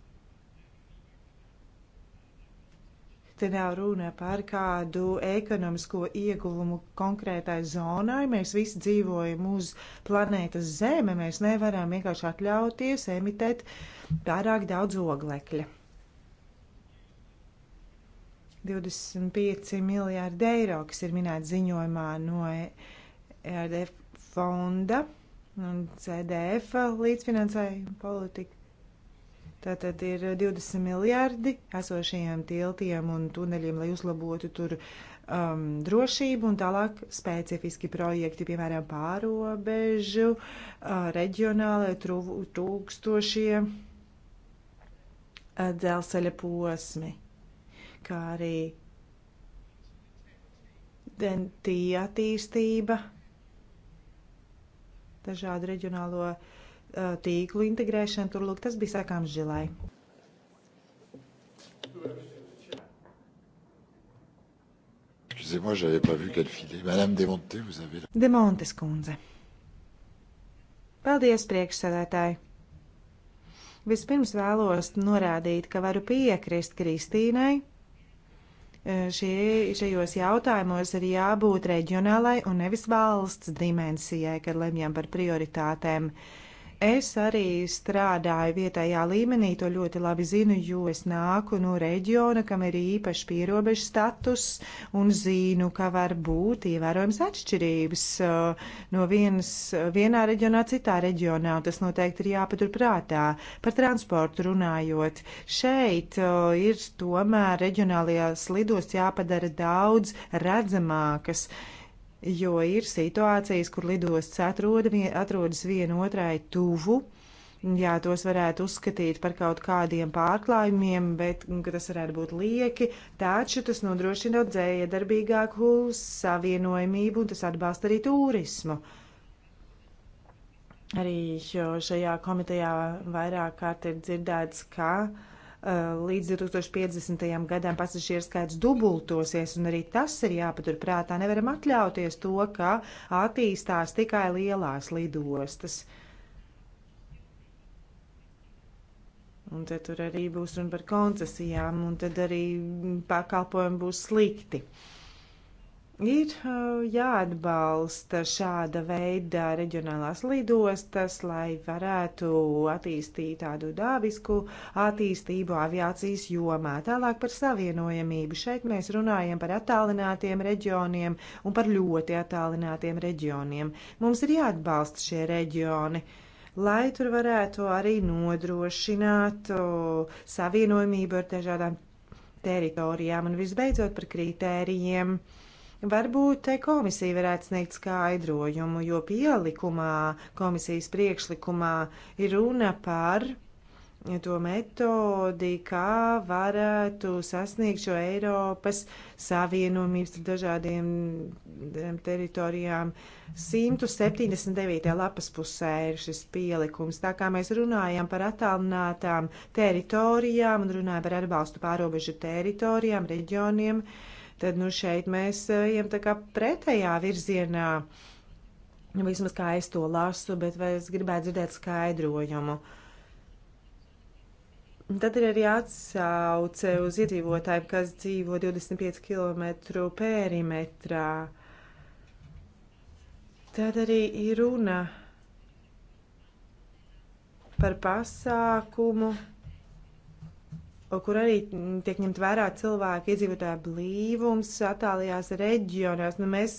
Te nav runa par kādu ekonomisko ieguvumu konkrētai zonai. Mēs visi dzīvojam uz planētas Zeme. Mēs nevaram vienkārši atļauties emitēt pārāk daudz oglekļa. 25 miljārdi eiro, kas ir minēti ziņojumā no e RDF fonda un CDF līdzfinansējuma politika. Tātad ir 20 miljārdi esošajiem tiltiem un tuneļiem, lai uzlabotu tur um, drošību un tālāk specifiski projekti, piemēram, pārobežu, uh, reģionālai trūkstošie uh, dzelzceļa posmi kā arī dentī attīstība, dažādu reģionālo uh, tīklu integrēšana. Tur lūk, tas bija sākām žilai. Excusez-moi, j'avais pas vu qu'elle filait. Madame Demonte, vous avez la... Demontes kundze. Paldies, priekšsēdētāji. Vispirms vēlos norādīt, ka varu piekrist Kristīnai šie, šajos jautājumos ir jābūt reģionālai un nevis valsts dimensijai, kad lemjam par prioritātēm. Uh, Es arī strādāju vietējā līmenī, to ļoti labi zinu, jo es nāku no reģiona, kam ir īpaši pierobežu status un zinu, ka var būt ievērojams atšķirības uh, no vienas, vienā reģionā citā reģionā. Tas noteikti ir jāpatur prātā. Par transportu runājot, šeit uh, ir tomēr reģionālajās lidos jāpadara daudz redzamākas. Uh, jo ir situācijas, kur lidosts atroda, atrodas vienotrai tuvu. Jā, tos varētu uzskatīt par kaut kādiem pārklājumiem, bet mm, tas varētu būt lieki. Taču tas nodrošina daudz dziedarbīgāku savienojumību un tas atbalsta arī turismu. Arī šajā komitejā vairāk kārt ir dzirdēts, ka uh, Eh, līdz 2050. gadam pasažieru skaits dubultosies, un arī tas ir jāpaturprātā. Nevaram atļauties to, ka attīstās tikai lielās lidostas. Un tad tur arī būs runa par koncesijām, un tad arī pakalpojumi būs slikti. Uh, Ir uh, jāatbalsta šāda veida reģionālās lidostas, lai varētu attīstīt tādu dāvisku attīstību aviācijas jomā. Tālāk par savienojamību. Šeit mēs runājam par attālinātiem reģioniem un par ļoti attālinātiem reģioniem. Mums ir jāatbalsta šie reģioni lai tur varētu arī nodrošināt uh, savienojamību ar dažādām teritorijām un visbeidzot par kritērijiem. Uh, Varbūt te komisija varētu sniegt skaidrojumu, jo pielikumā, komisijas priekšlikumā ir runa par to metodi, kā varētu sasniegt šo Eiropas savienojumības ar dažādiem teritorijām. 179. lapas pusē ir šis pielikums. Tā kā mēs runājam par attālinātām teritorijām un runājam par atbalstu pārobežu teritorijām, reģioniem, uh, Tad nu šeit mēs eh, ejam tā kā pretējā virzienā. Nu, vismaz kā es to lasu, bet vai es gribētu dzirdēt skaidrojumu. Tad ir arī atsauce uz iedzīvotājiem, kas dzīvo 25 km perimetrā. Tad arī ir runa par pasākumu, kur arī tiek ņemt vērā cilvēku iedzīvotāju blīvums attālajās reģionās. Nu, mēs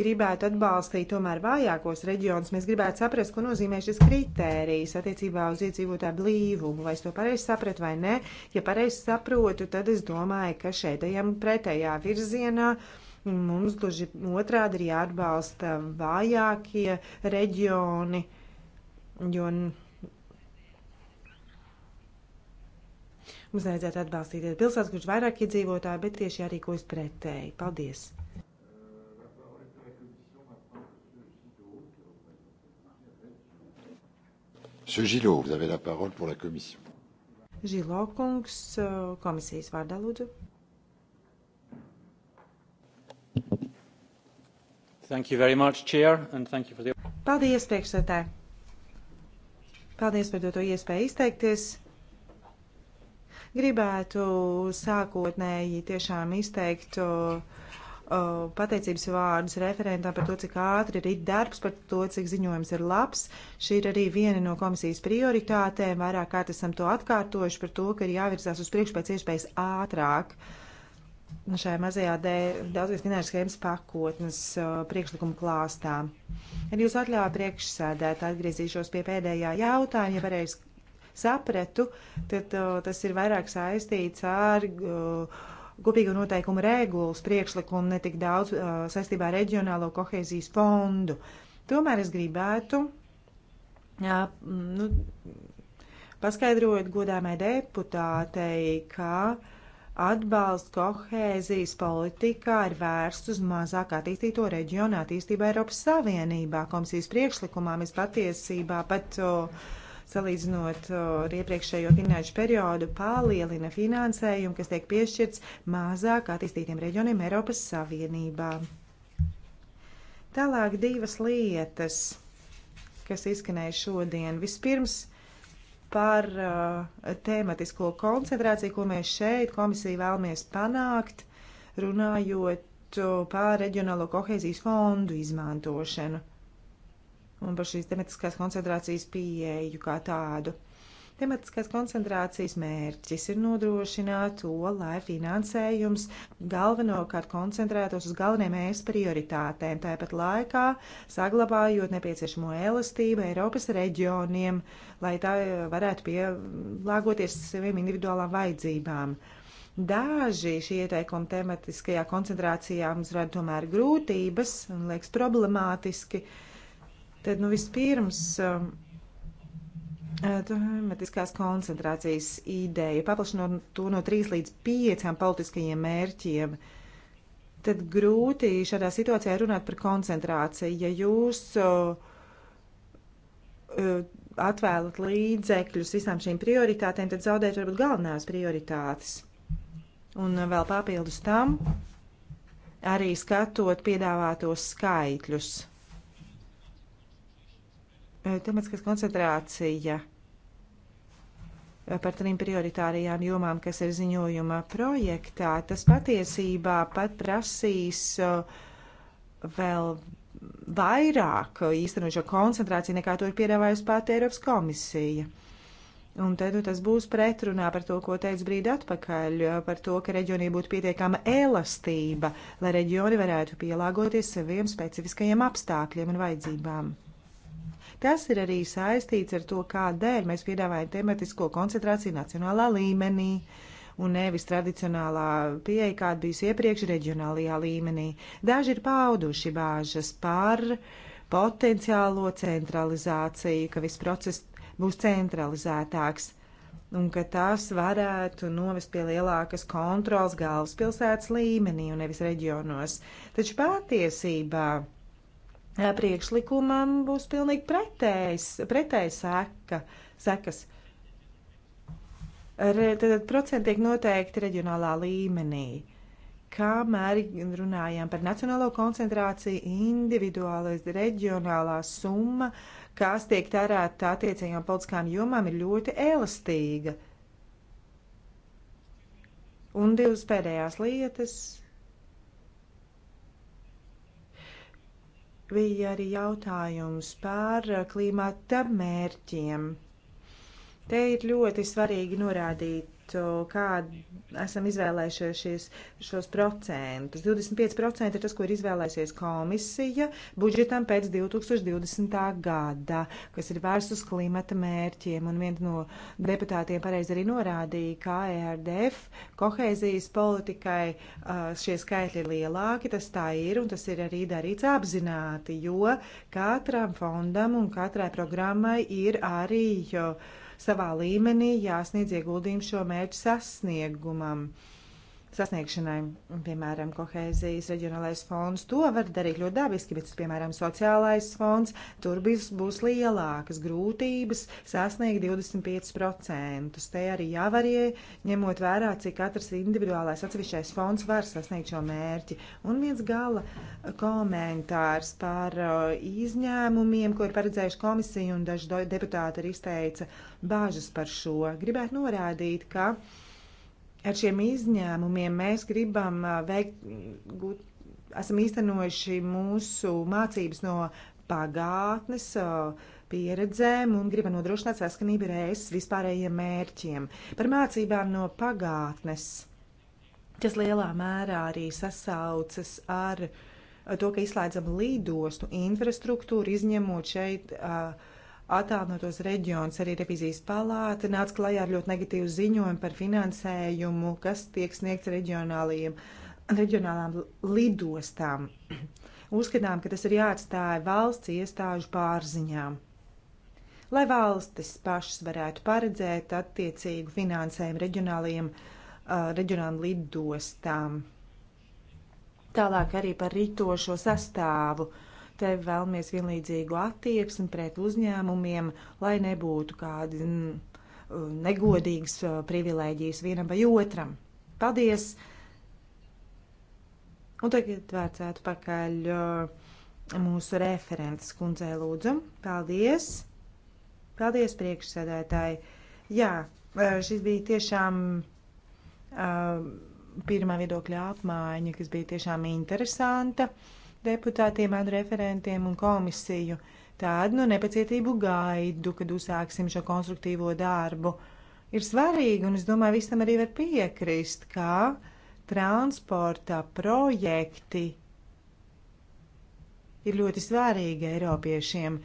gribētu atbalstīt tomēr vājākos reģionus. Mēs gribētu saprast, ko nozīmē šis kritērijs attiecībā uz iedzīvotāju blīvumu. Vai es to pareizi sapratu vai nē? Ja pareizi saprotu, tad es domāju, ka šeit ejam pretējā virzienā. Mums gluži otrādi ir jāatbalsta vājākie reģioni, jo Mums vajadzētu atbalstīt pilsētas, kurš vairāk iedzīvotāji, bet tieši arī ko es pretēji. Paldies! Monsieur Gillot, vous avez la parole pour la commission. Gillot kungs, komisijas vārdā lūdzu. Thank you very much, Chair, and thank you for the... Paldies, priekšsētāji. Paldies par doto iespēju izteikties. Gribētu sākotnēji tiešām izteikt pateicības vārdus referentam par to, cik ātri ir it darbs, par to, cik ziņojums ir labs. Šī ir arī viena no komisijas prioritātēm. Vairāk kārt esam to atkārtojuši par to, ka ir jāvirzās uz priekšu pēc iespējas ātrāk. Nu, šajā mazajā daudzgad finanšu schēmas pakotnes uh, priekšlikuma klāstā. Ar jūsu atļauju priekšsēdēt atgriezīšos pie pēdējā jautājuma, ja pareizi sapratu, tad uh, tas ir vairāk saistīts ar uh, kopīgo noteikumu regulas priekšlikumu, ne tik daudz uh, saistībā ar reģionālo kohēzijas fondu. Tomēr es gribētu, jā, mm, nu, paskaidrojot godāmai deputātei, ka uh, atbalsts kohēzijas politikā ir vērsts uz mazāk attīstīto reģionu attīstību Eiropas Savienībā. Komisijas priekšlikumā mēs patiesībā pat uh, salīdzinot ar iepriekšējo finanšu periodu, palielina finansējumu, kas tiek piešķirts mazāk attīstītiem reģioniem Eiropas Savienībā. Tālāk divas lietas, kas izskanēja šodien. Vispirms par uh, tēmatisko koncentrāciju, ko mēs šeit komisija vēlamies panākt, runājot par reģionālo kohēzijas fondu izmantošanu un par šīs tematiskās koncentrācijas pieeju kā tādu. Tematiskās koncentrācijas mērķis ir nodrošināt to, lai finansējums galvenokārt koncentrētos uz galveniem ēst prioritātēm, tāpat laikā saglabājot nepieciešamo elastību Eiropas reģioniem, lai tā eh, varētu pielāgoties saviem individuālām vajadzībām. Daži šie ieteikumi tematiskajā koncentrācijā mums rada tomēr grūtības un liekas problemātiski. Uh, Tad nu vispirms um, uh, tematiskās koncentrācijas ideja, paplašinot to no 3 līdz 5 politiskajiem mērķiem. Tad grūti šādā situācijā runāt par koncentrāciju. Ja jūs uh, uh atvēlat līdzekļus visām šīm prioritātēm, tad zaudēt varbūt galvenās prioritātes. Un uh, vēl papildus tam arī skatot piedāvātos skaitļus Eh, tematiskās koncentrācija eh, par trim prioritārajām jomām, kas ir ziņojuma projektā, tas patiesībā pat prasīs eh, vēl vairāk īstenot šo koncentrāciju, nekā to ir piedāvājusi pati Eiropas komisija. Un tad nu, tas būs pretrunā par to, ko teicu brīdi atpakaļ, par to, ka reģionī būtu pietiekama elastība, lai reģioni varētu pielāgoties saviem specifiskajiem apstākļiem un vajadzībām. Tas ir arī saistīts ar to, kādēļ mēs piedāvājam tematisko koncentrāciju nacionālā līmenī un nevis tradicionālā pieeja, kāda bijusi iepriekš reģionālajā līmenī. Daži ir pauduši bāžas par potenciālo centralizāciju, ka viss process būs centralizētāks un ka tas varētu novest pie lielākas kontrolas galvaspilsētas līmenī un nevis reģionos. Taču patiesībā priekšlikumam būs pilnīgi pretējs, pretējs seka, sekas. Re, tad procenti tiek noteikti reģionālā līmenī. Kamēr runājām par nacionālo koncentrāciju, individuālais reģionālā summa, kas tiek tērēta attiecīgām politiskām jomām, ir ļoti elastīga. Un divas pēdējās lietas bija arī jautājums par klimata mērķiem. Te ir ļoti svarīgi norādīt kā esam izvēlējušies šos procentus. 25% ir tas, ko ir izvēlējusies komisija budžetam pēc 2020. gada, kas ir vērsts uz klimata mērķiem. Un viens no deputātiem pareizi arī norādīja, ka ERDF kohēzijas politikai uh, šie skaitļi ir lielāki, tas tā ir, un tas ir arī darīts apzināti, jo katram fondam un katrai programmai ir arī. Jo, uh, savā līmenī jāsniedz ieguldījums šo mērķu sasniegumam. Uh, sasniegšanai. Piemēram, kohēzijas reģionālais fonds to var darīt ļoti dabiski, bet, piemēram, sociālais fonds, tur būs, būs lielākas grūtības sasniegt 25%. Te arī jāvar ņemot vērā, cik katrs individuālais atsevišķais fonds var sasniegt šo mērķi. Un viens gala komentārs par uh, izņēmumiem, ko ir paredzējuši komisija un daži deputāti arī izteica bāžas par šo. Gribētu norādīt, ka ar šiem izņēmumiem mēs gribam uh, veikt, mm, gūt, esam īstenojuši mūsu mācības no pagātnes uh, pieredzēm un gribam nodrošināt saskanību ar ES vispārējiem mērķiem. Par mācībām no pagātnes, kas lielā mērā arī sasaucas ar to, ka izslēdzam lidostu infrastruktūru, izņemot šeit uh, attālinotos reģionus. Arī revizijas palāta nāca klajā ar ļoti negatīvu ziņojumu par finansējumu, kas tiek sniegts reģionālajiem, reģionālām lidostām. Uzskatām, ka tas ir jāatstāja valsts iestāžu pārziņām lai valstis pašas varētu paredzēt attiecīgu finansējumu reģionālajiem, uh, reģionālām lidostām. Tālāk arī par rītošo sastāvu. Uh, te vēlamies vienlīdzīgu attieksmi pret uzņēmumiem, lai nebūtu kādi negodīgas uh, privilēģijas vienam vai otram. Paldies! Un tagad vērtētu pakaļ uh, mūsu referentes kundzē lūdzu. Paldies! Paldies, priekšsēdētāji! Jā, uh, šis bija tiešām. Uh, pirmā viedokļa apmaiņa, kas bija tiešām interesanta. Uh, deputātiem, ādu referentiem un komisiju. Tādu no nepacietību gaidu, kad uzsāksim šo konstruktīvo darbu. Ir svarīgi, un es domāju, visam arī var piekrist, kā transporta projekti ir ļoti svarīgi Eiropiešiem,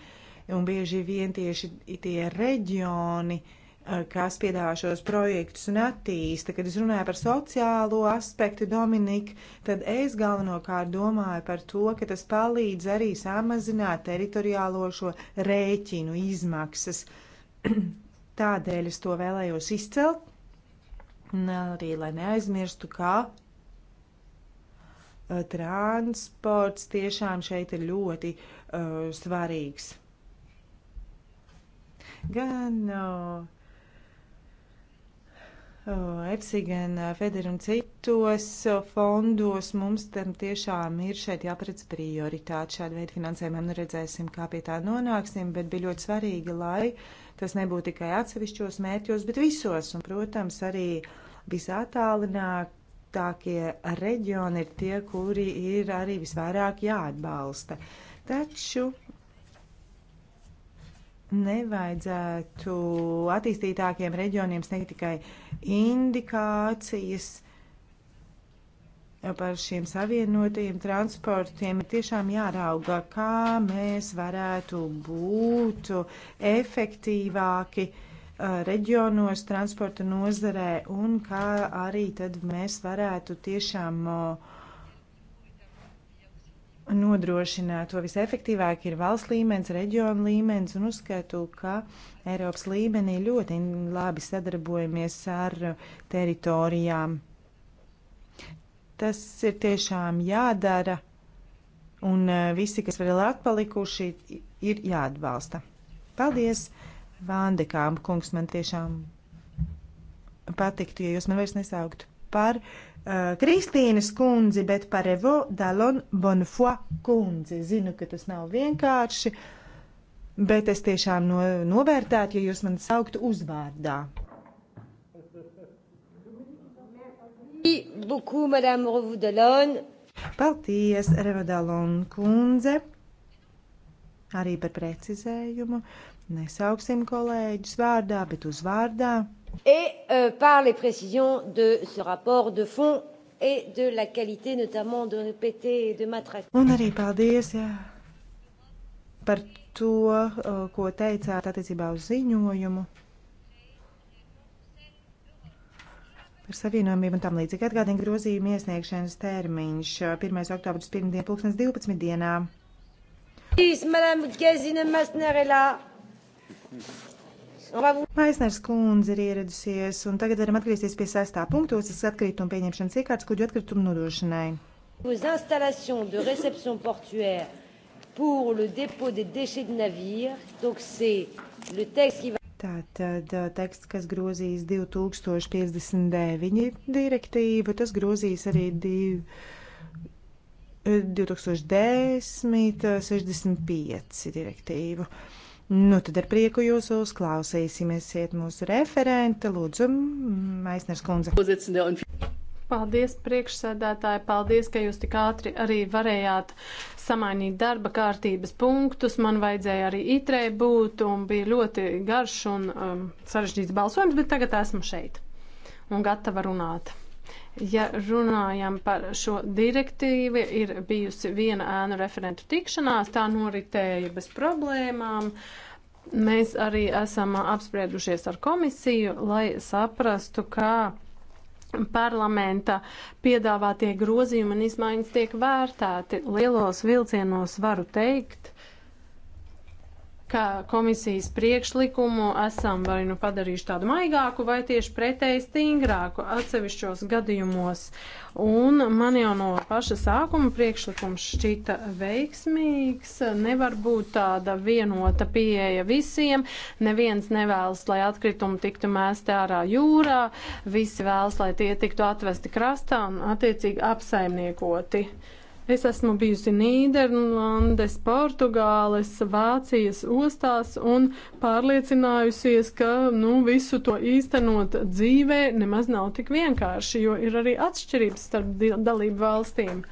un bieži vien tieši tie reģioni, uh, Eh, kas piedāvā šos projektus un attīsta. Kad es runāju par sociālo aspektu, Dominika, tad es galvenokārt domāju par to, ka tas palīdz arī samazināt teritoriālo šo rēķinu izmaksas. Tādēļ es to vēlējos izcelt, un arī lai neaizmirstu, kā eh, transports tiešām šeit ir ļoti uh, svarīgs. Gan uh, Eh, EPSI, gan eh, FEDER un citos eh, fondos mums tam tiešām ir šeit jāparedz prioritāte šāda veida finansējumam. Nu redzēsim, kā pie tā nonāksim, bet bija ļoti svarīgi, lai tas nebūtu tikai atsevišķos mērķos, bet visos. Un, protams, arī visattālinātākie reģioni ir tie, kuri ir arī visvairāk jāatbalsta. Taču nevajadzētu attīstītākiem reģioniem sniegt tikai indikācijas par šiem savienotajiem transportiem. Ir tiešām jārauga, kā mēs varētu būt efektīvāki uh, reģionos transporta nozarē un kā arī tad mēs varētu tiešām uh, nodrošināt to visefektīvāk ir valsts līmenis, reģionu līmenis, un uzskatu, ka Eiropas līmenī ļoti labi sadarbojamies ar teritorijām. Tas ir tiešām jādara, un e, visi, kas vēl atpalikuši, ir jāatbalsta. Paldies, Vandekām, kungs, man tiešām patiktu, ja jūs man vairs nesauktu par uh, uh, eh, Kristīnas kundzi, bet par Evo Dalon Bonfoy kundzi. Zinu, ka tas nav vienkārši, bet es tiešām no, novērtētu, ja jūs mani sauktu uzvārdā. Beaucoup, Madame Revaudalon. Paldies, Revaudalon kundze, arī par precizējumu. Nesauksim kolēģis vārdā, bet uzvārdā et euh, par les précisions de ce rapport de fond et de la qualité notamment de répéter et de matraquer. Un arī paldies jā, par to, ko teicāt attiecībā uz ziņojumu. Par savienojumiem un tam līdzīgi atgādina grozījuma iesniegšanas termiņš 1. oktobris 1. pulkstens 12. dienā. Madame Gazine Masner est là. Maisners kundze ir ieradusies, un tagad varam atgriezties pie sestā punktu, tas atkrituma pieņemšanas iekārtas kuģu atkritumu nodošanai. Uz instalāciju de reception portuaire pour le dépôt des déchets de navires, donc c'est le texte qui va... Tātad teksts, kas grozīs 2059 direktīvu, tas grozīs arī 2010, 65 direktīvu. Uh, Nu, tad ar prieku jūs uzklausīsimies. Iet mūsu referente, lūdzu, Maisners kundze. Paldies, priekšsēdētāji, paldies, ka jūs tik ātri arī varējāt samainīt darba kārtības punktus. Man vajadzēja arī itrē būt un bija ļoti garš un um, sarežģīts balsojums, bet tagad esmu šeit un gatava runāt. Ja runājam par šo direktīvu, ir bijusi viena ēnu referentu tikšanās, tā noritēja bez problēmām. Mēs arī esam apspriedušies ar komisiju, lai saprastu, kā parlamenta piedāvātie grozījumi un izmaiņas tiek vērtēti. Lielos vilcienos varu teikt, ka komisijas priekšlikumu esam vai nu padarījuši tādu maigāku, vai tieši pretēji stingrāku atsevišķos gadījumos. Un man jau no paša sākuma priekšlikums šķita veiksmīgs. Nevar būt tāda vienota pieeja visiem. Neviens nevēlas, lai atkritumi tiktu mēsti ārā jūrā. Visi vēlas, lai tie tiktu atvesti krastā un attiecīgi apsaimniekoti. Uh, Es esmu bijusi Nīderlandes, Portugāles, Vācijas ostās un pārliecinājusies, ka nu, visu to īstenot dzīvē nemaz nav tik vienkārši, jo ir arī atšķirības starp dalību valstīm.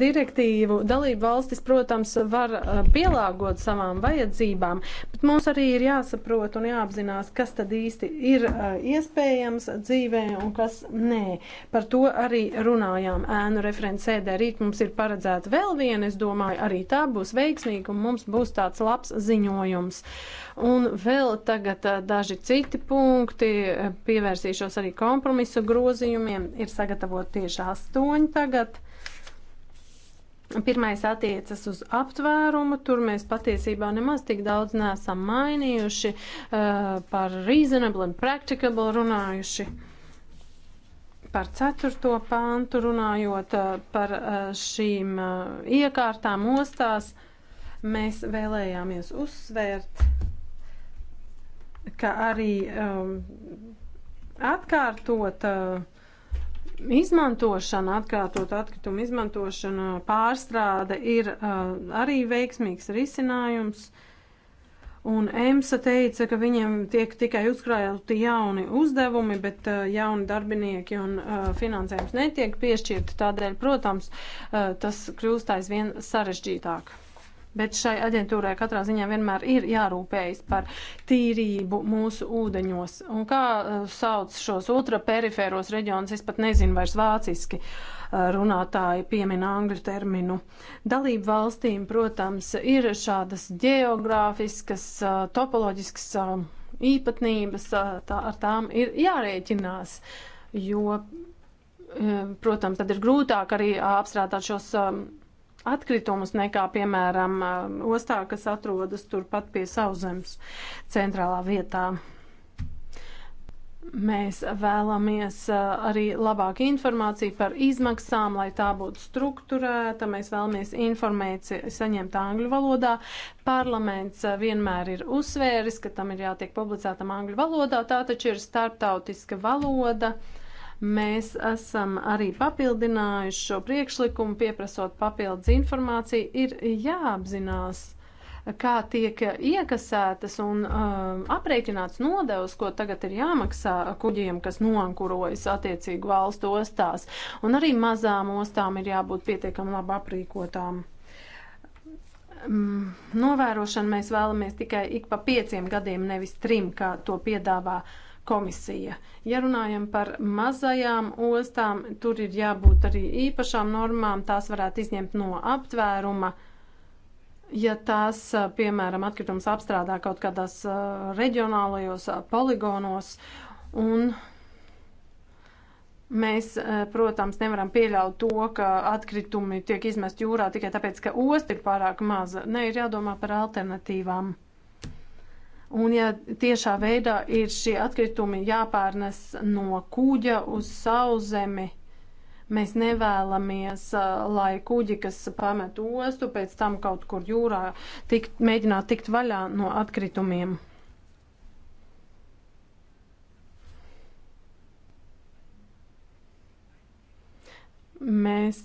direktīvu dalību valstis, protams, var eh, pielāgot savām vajadzībām, bet mums arī ir jāsaprot un jāapzinās, kas tad īsti ir eh, iespējams dzīvē un kas nē. Par to arī runājām ēnu referents sēdē. Rīt mums ir paredzēta vēl viena, es domāju, arī tā būs veiksmīga un mums būs tāds labs ziņojums. Un vēl tagad eh, daži citi punkti, pievērsīšos arī kompromisu grozījumiem, ir sagatavot tieši astoņi tagad. Pirmais attiecas uz aptvērumu, tur mēs patiesībā nemaz tik daudz nesam mainījuši, uh, par reasonable and practicable runājuši. Par ceturto pāntu runājot uh, par uh, šīm iekārtām ostās, mēs vēlējāmies uzsvērt, ka arī um, atkārtot uh, Izmantošana, atkārtot atkritumu izmantošana, pārstrāde ir uh, arī veiksmīgs risinājums. Un EMSA teica, ka viņiem tiek tikai uzkrājoti jauni uzdevumi, bet uh, jauni darbinieki un uh, finansējums netiek piešķirti. Tādēļ, protams, uh, tas kļūst aizvien sarežģītāk. Bet šai aģentūrai katrā ziņā vienmēr ir jārūpējas par tīrību mūsu ūdeņos. Un kā eh, sauc šos ultraperifēros reģionus, es pat nezinu vairs vāciski. Eh, runātāji piemina angļu terminu. Dalību valstīm, protams, ir šādas geogrāfiskas, eh, topoloģiskas īpatnības, tā, ar tām ir jārēķinās, jo, protams, tad ir grūtāk arī apstrādāt šos atkritumus nekā, piemēram, ostā, kas atrodas turpat pie sauszemes centrālā vietā. Mēs vēlamies arī labāku informāciju par izmaksām, lai tā būtu struktūrēta. Mēs vēlamies informāciju saņemt angļu valodā. Parlaments vienmēr ir uzsvēris, ka tam ir jātiek publicētam angļu valodā. Tā taču ir starptautiska valoda. Uh, Mēs esam arī papildinājuši šo priekšlikumu, pieprasot papildus informāciju. Ir jāapzinās, kā tiek iekasētas un um, aprēķināts nodevs, ko tagad ir jāmaksā kuģiem, kas noankurojas attiecīgu valstu ostās. Un arī mazām ostām ir jābūt pietiekami labi aprīkotām. Um, novērošanu mēs vēlamies tikai ik pa pieciem gadiem, nevis trim, kā to piedāvā uh, komisija. Ja runājam par mazajām ostām, tur ir jābūt arī īpašām normām, tās varētu izņemt no aptvēruma. Ja tās, piemēram, atkritums apstrādā kaut kādās reģionālajos poligonos un Mēs, protams, nevaram pieļaut to, ka atkritumi tiek izmest jūrā tikai tāpēc, ka osta ir pārāk maza. Nē, ir jādomā par alternatīvām. Un ja tiešā veidā ir šie atkritumi jāpārnes no kuģa uz sauszemi, mēs nevēlamies, lai kuģi, kas pamet ostu, pēc tam kaut kur jūrā tikt, mēģinātu tikt vaļā no atkritumiem. Mēs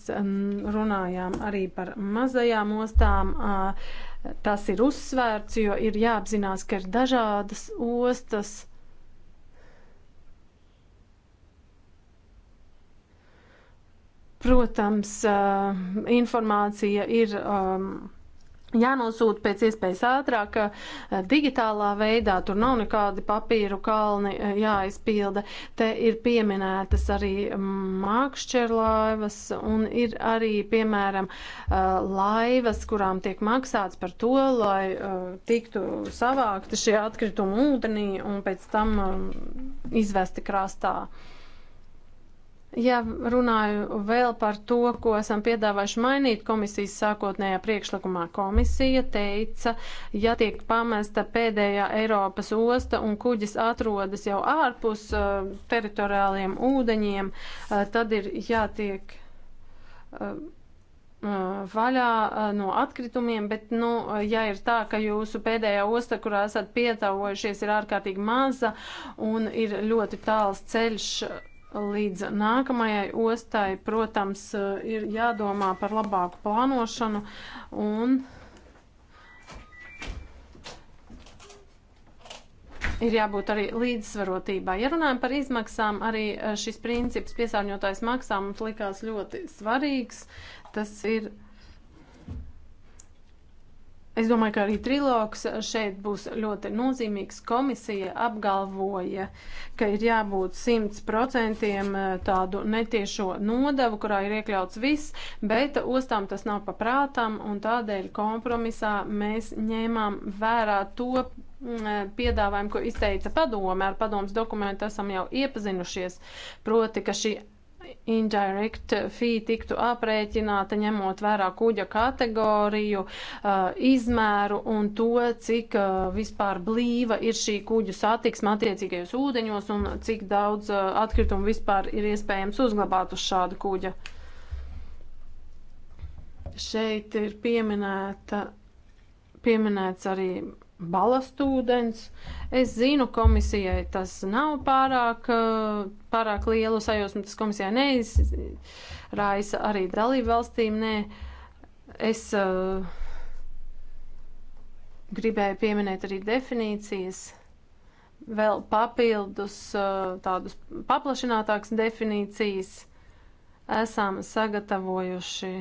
runājām arī par mazajām ostām. Uh, tas ir uzsvērts, jo ir jāapzinās, ka ir dažādas ostas. Protams, eh, informācija ir. Um, jānosūta pēc iespējas ātrāk, eh, digitālā veidā, tur nav nekādi papīru kalni eh, jāizpilda. Te ir pieminētas arī mm, mākšķerlaivas un ir arī, piemēram, eh, laivas, kurām tiek maksāts par to, lai tiktu savākti šie atkritumi ūdenī un pēc tam izvesti krastā. Ja runāju vēl par to, ko esam piedāvājuši mainīt komisijas sākotnējā priekšlikumā, komisija teica, ja tiek pamesta pēdējā Eiropas osta un kuģis atrodas jau ārpus uh, teritoriāliem ūdeņiem, uh, tad ir jātiek. Uh, uh vaļā uh, no atkritumiem, bet, nu, ja ir tā, ka jūsu pēdējā osta, kurā esat pietavojušies, ir ārkārtīgi maza un ir ļoti tāls ceļš līdz nākamajai ostai, protams, ir jādomā par labāku plānošanu un ir jābūt arī līdzsvarotībai. Ja runājam par izmaksām, arī eh, šis princips piesārņotājs maksā mums likās ļoti svarīgs. Tas ir Es domāju, ka arī trilogs šeit būs ļoti nozīmīgs. Komisija apgalvoja, ka ir jābūt 100% eh, tādu netiešo nodevu, kurā ir iekļauts viss, bet ostām tas nav paprātām, un tādēļ kompromisā mēs ņēmām vērā to mm, eh, piedāvājumu, ko izteica padome. Ar padomas dokumentu esam jau iepazinušies, proti, ka šī indirect fee tiktu aprēķināta ņemot vērā kuģa kategoriju, uh, izmēru un to, cik uh, vispār blīva ir šī kuģa satiksme attiecīgajos ūdeņos un cik daudz uh, atkritumu vispār ir iespējams uzglabāt uz šādu kuģa. Šeit ir pieminēta, pieminēts arī balastūdens. Es zinu, komisijai tas nav pārāk, eh, pārāk lielu sajūsmu, tas komisijai neizraisa arī dalību valstīm. Nē. Es uh, gribēju pieminēt arī definīcijas, vēl papildus uh, eh, tādus paplašinātāks definīcijas esam sagatavojuši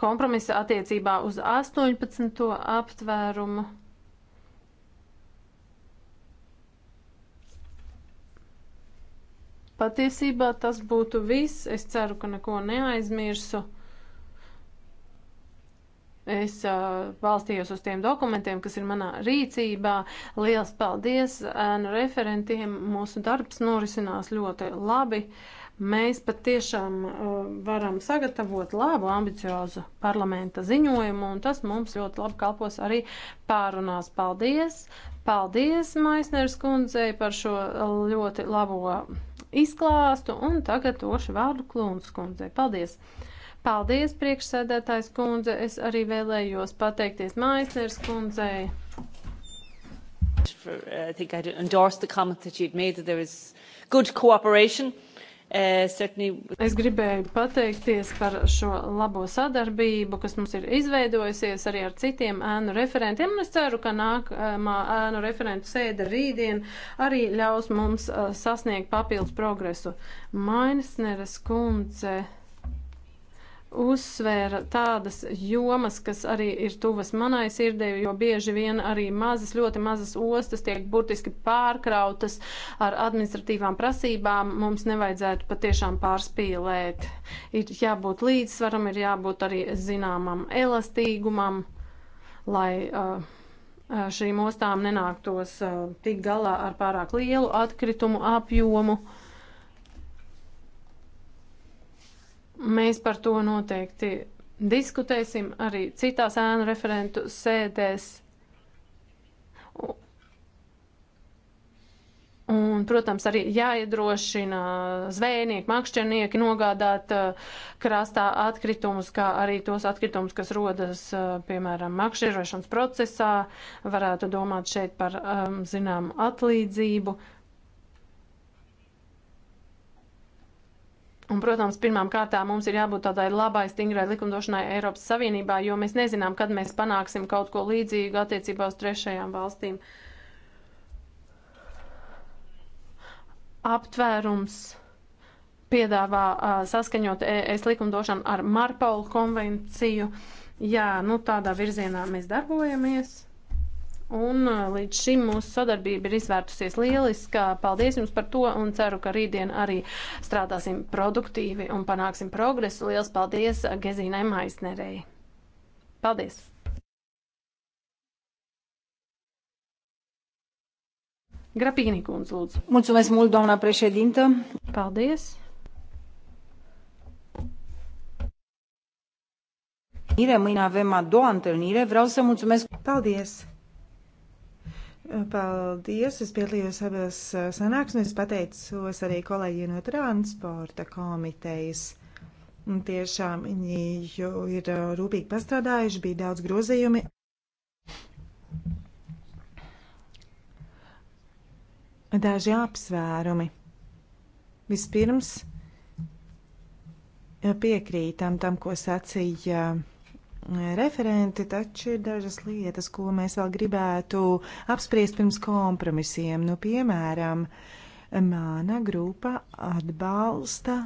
kompromisa attiecībā uz 18. aptvērumu. Patiesībā tas būtu viss. Es ceru, ka neko neaizmirsu. Es uh, balstījos uz tiem dokumentiem, kas ir manā rīcībā. Lielas paldies ēnu referentiem. Mūsu darbs norisinās ļoti labi. Uh, mēs patiešām uh, varam sagatavot labu, ambiciozu parlamenta ziņojumu, un tas mums ļoti labi kalpos arī pārunās. Paldies! Paldies, Maisners kundzei, par šo ļoti labo izklāstu, un tagad došu vārdu Klūnas kundzei. Paldies! Paldies, priekšsēdētājs kundze! Es arī vēlējos pateikties Maisners kundzei. For, uh, I think I'd endorse the comment that you'd made that there is good cooperation. Uh, Eh, es gribēju pateikties par šo labo sadarbību, kas mums ir izveidojusies arī ar citiem ēnu referentiem. Es ceru, ka nākamā ēnu referentu sēde rītdien arī ļaus mums eh, sasniegt papildus progresu. Mainsneres kundze uzsvēra tādas jomas, kas arī ir tuvas manai sirdē, jo bieži vien arī mazas, ļoti mazas ostas tiek burtiski pārkrautas ar administratīvām prasībām. Mums nevajadzētu patiešām pārspīlēt. Ir jābūt līdzsvaram, ir jābūt arī zināmam elastīgumam, lai uh, šīm ostām nenāktos uh, tik galā ar pārāk lielu atkritumu apjomu. Uh, Mēs par to noteikti diskutēsim arī citās ēnu referentu sēdēs. Un, protams, arī jāiedrošina zvejnieki, makšķernieki nogādāt eh, krastā atkritumus, kā arī tos atkritumus, kas rodas, eh, piemēram, makšķerošanas procesā. Varētu domāt šeit par, ehm, zinām, atlīdzību. Un, protams, pirmām kārtām mums ir jābūt tādai labai, stingrai likumdošanai Eiropas Savienībā, jo mēs nezinām, kad mēs panāksim kaut ko līdzīgu attiecībā uz trešajām valstīm. Aptvērums piedāvā uh, saskaņot ES likumdošanu ar Marpolu konvenciju. Jā, nu tādā virzienā mēs darbojamies. Un līdz šim mūsu sadarbība ir izvērtusies lieliskā. Paldies jums par to un ceru, ka rītdien arī strādāsim produktīvi un panāksim progresu. Liels paldies Gezīnai Maisnerei. Paldies! Grapīnī kundze, lūdzu. Mulțumesc mult, doamna președintă. Paldies! Mâine avem a doua întâlnire. Vreau să mulțumesc. Paldies! Paldies! Es piedalījos abās sanāksmēs, pateicos arī kolēģiem no transporta komitejas. Tiešām viņi jau ir rūpīgi pastrādājuši, bija daudz grozījumi. Daži apsvērumi. Vispirms piekrītam tam, ko sacīja. Uh, referenti, taču ir dažas lietas, ko mēs vēl gribētu apspriest pirms kompromisiem. Nu, piemēram, mana grupa atbalsta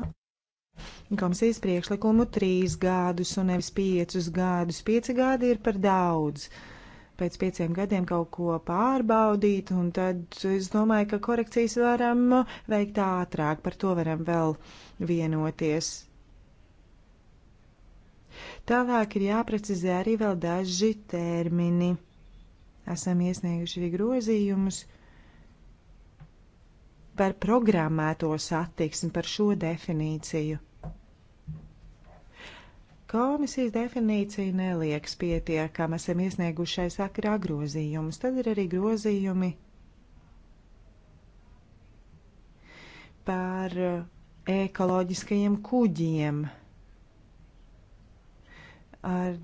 Komisijas priekšlikumu trīs gadus un nevis piecus gadus. Pieci gadi ir par daudz. Pēc pieciem gadiem kaut ko pārbaudīt, un tad es domāju, ka korekcijas varam veikt ātrāk. Par to varam vēl vienoties. Tālāk ir jāprecizē arī vēl daži termini. Esam iesnieguši arī grozījumus par programmēto satiksmi, par šo definīciju. Komisijas definīcija nelieks pietiekama, esam iesniegušai sakarā grozījumus. Tad ir arī grozījumi par eh, ekoloģiskajiem kuģiem ar,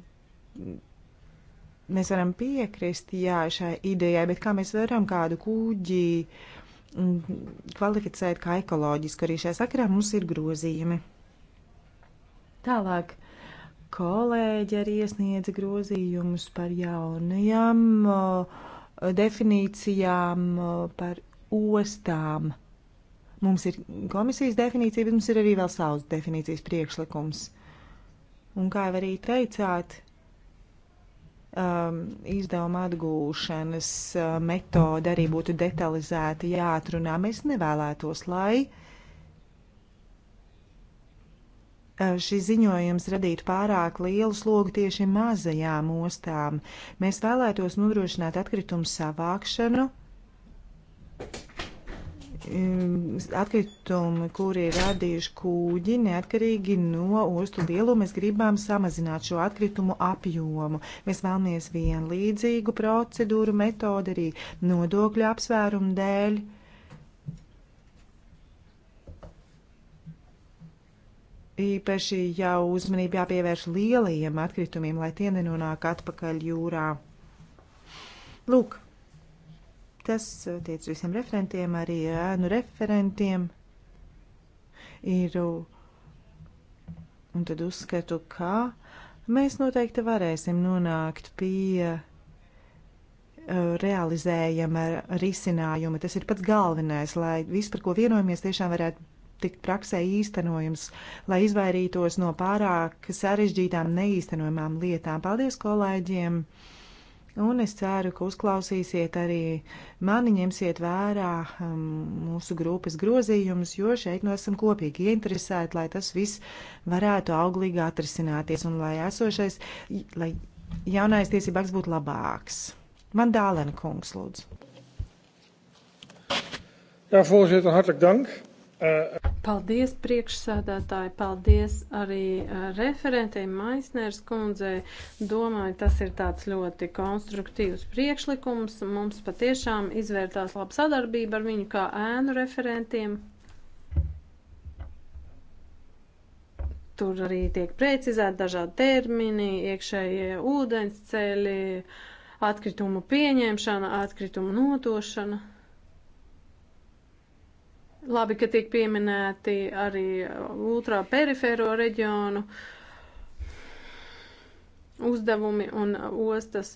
mēs varam piekrist, jā, šai idejai, bet kā mēs varam kādu kuģi mm, kvalificēt kā ekoloģisku, arī šajā sakarā mums ir grozījumi. Tālāk kolēģi arī iesniedza grozījumus par jaunajām definīcijām par ostām. Mums ir komisijas definīcija, bet mums ir arī vēl savs definīcijas priekšlikums. Un kā jau arī teicāt, um, izdevuma atgūšanas uh, metode arī būtu detalizēta jāatrunā. Mēs nevēlētos, lai uh, šis ziņojums radītu pārāk lielu slogu tieši mazajām ostām. Mēs vēlētos nodrošināt atkritumu savākšanu atkritumi, kuri ir radījuši kūģi, neatkarīgi no ostu lieluma, mēs gribam samazināt šo atkritumu apjomu. Mēs vēlamies vienlīdzīgu procedūru metodi arī nodokļu apsvērumu dēļ. Īpaši jau uzmanību jāpievērš lielajiem atkritumiem, lai tie nenonāk atpakaļ jūrā. Lūk, Tas eh, tiec visiem referentiem, arī ēnu referentiem. Ir, un tad uzskatu, ka mēs noteikti varēsim nonākt pie eh, realizējama eh, risinājuma. Tas ir pats galvenais, lai viss, par ko vienojamies, tiešām varētu tikt praksē īstenojums, lai izvairītos no pārāk sarežģītām neīstenojumām lietām. Paldies kolēģiem! un es ceru, ka uzklausīsiet arī mani, ņemsiet vērā um, mūsu grupas grozījumus, jo šeit mēs nu esam kopīgi ieinteresēti, lai tas viss varētu auglīgi atrisināties un lai esošais, lai jaunais tiesībāks būtu labāks. Man dālēna kungs, lūdzu. Jā, voorzitter, hartelijk dank. Paldies priekšsādātāji, paldies arī eh, referentei Maisners kundzei. Domāju, tas ir tāds ļoti konstruktīvs priekšlikums. Mums patiešām izvērtās laba sadarbība ar viņu kā ēnu referentiem. Tur arī tiek precizēti dažādi termini, iekšējie ūdensceļi, atkritumu pieņemšana, atkritumu nodošana. Labi, ka tiek pieminēti arī ultraperifēro reģionu uzdevumi un ostas.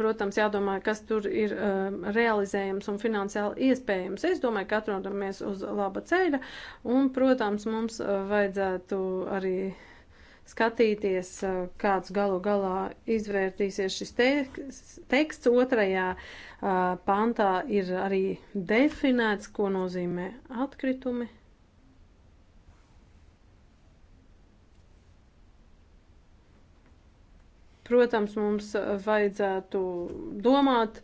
Protams, jādomā, kas tur ir um, realizējams un finansiāli iespējams. Es domāju, ka atrodamies uz laba ceļa un, protams, mums vajadzētu arī skatīties, kāds galu galā izvērtīsies šis teksts. Otrajā pantā ir arī definēts, ko nozīmē atkritumi. Protams, mums vajadzētu domāt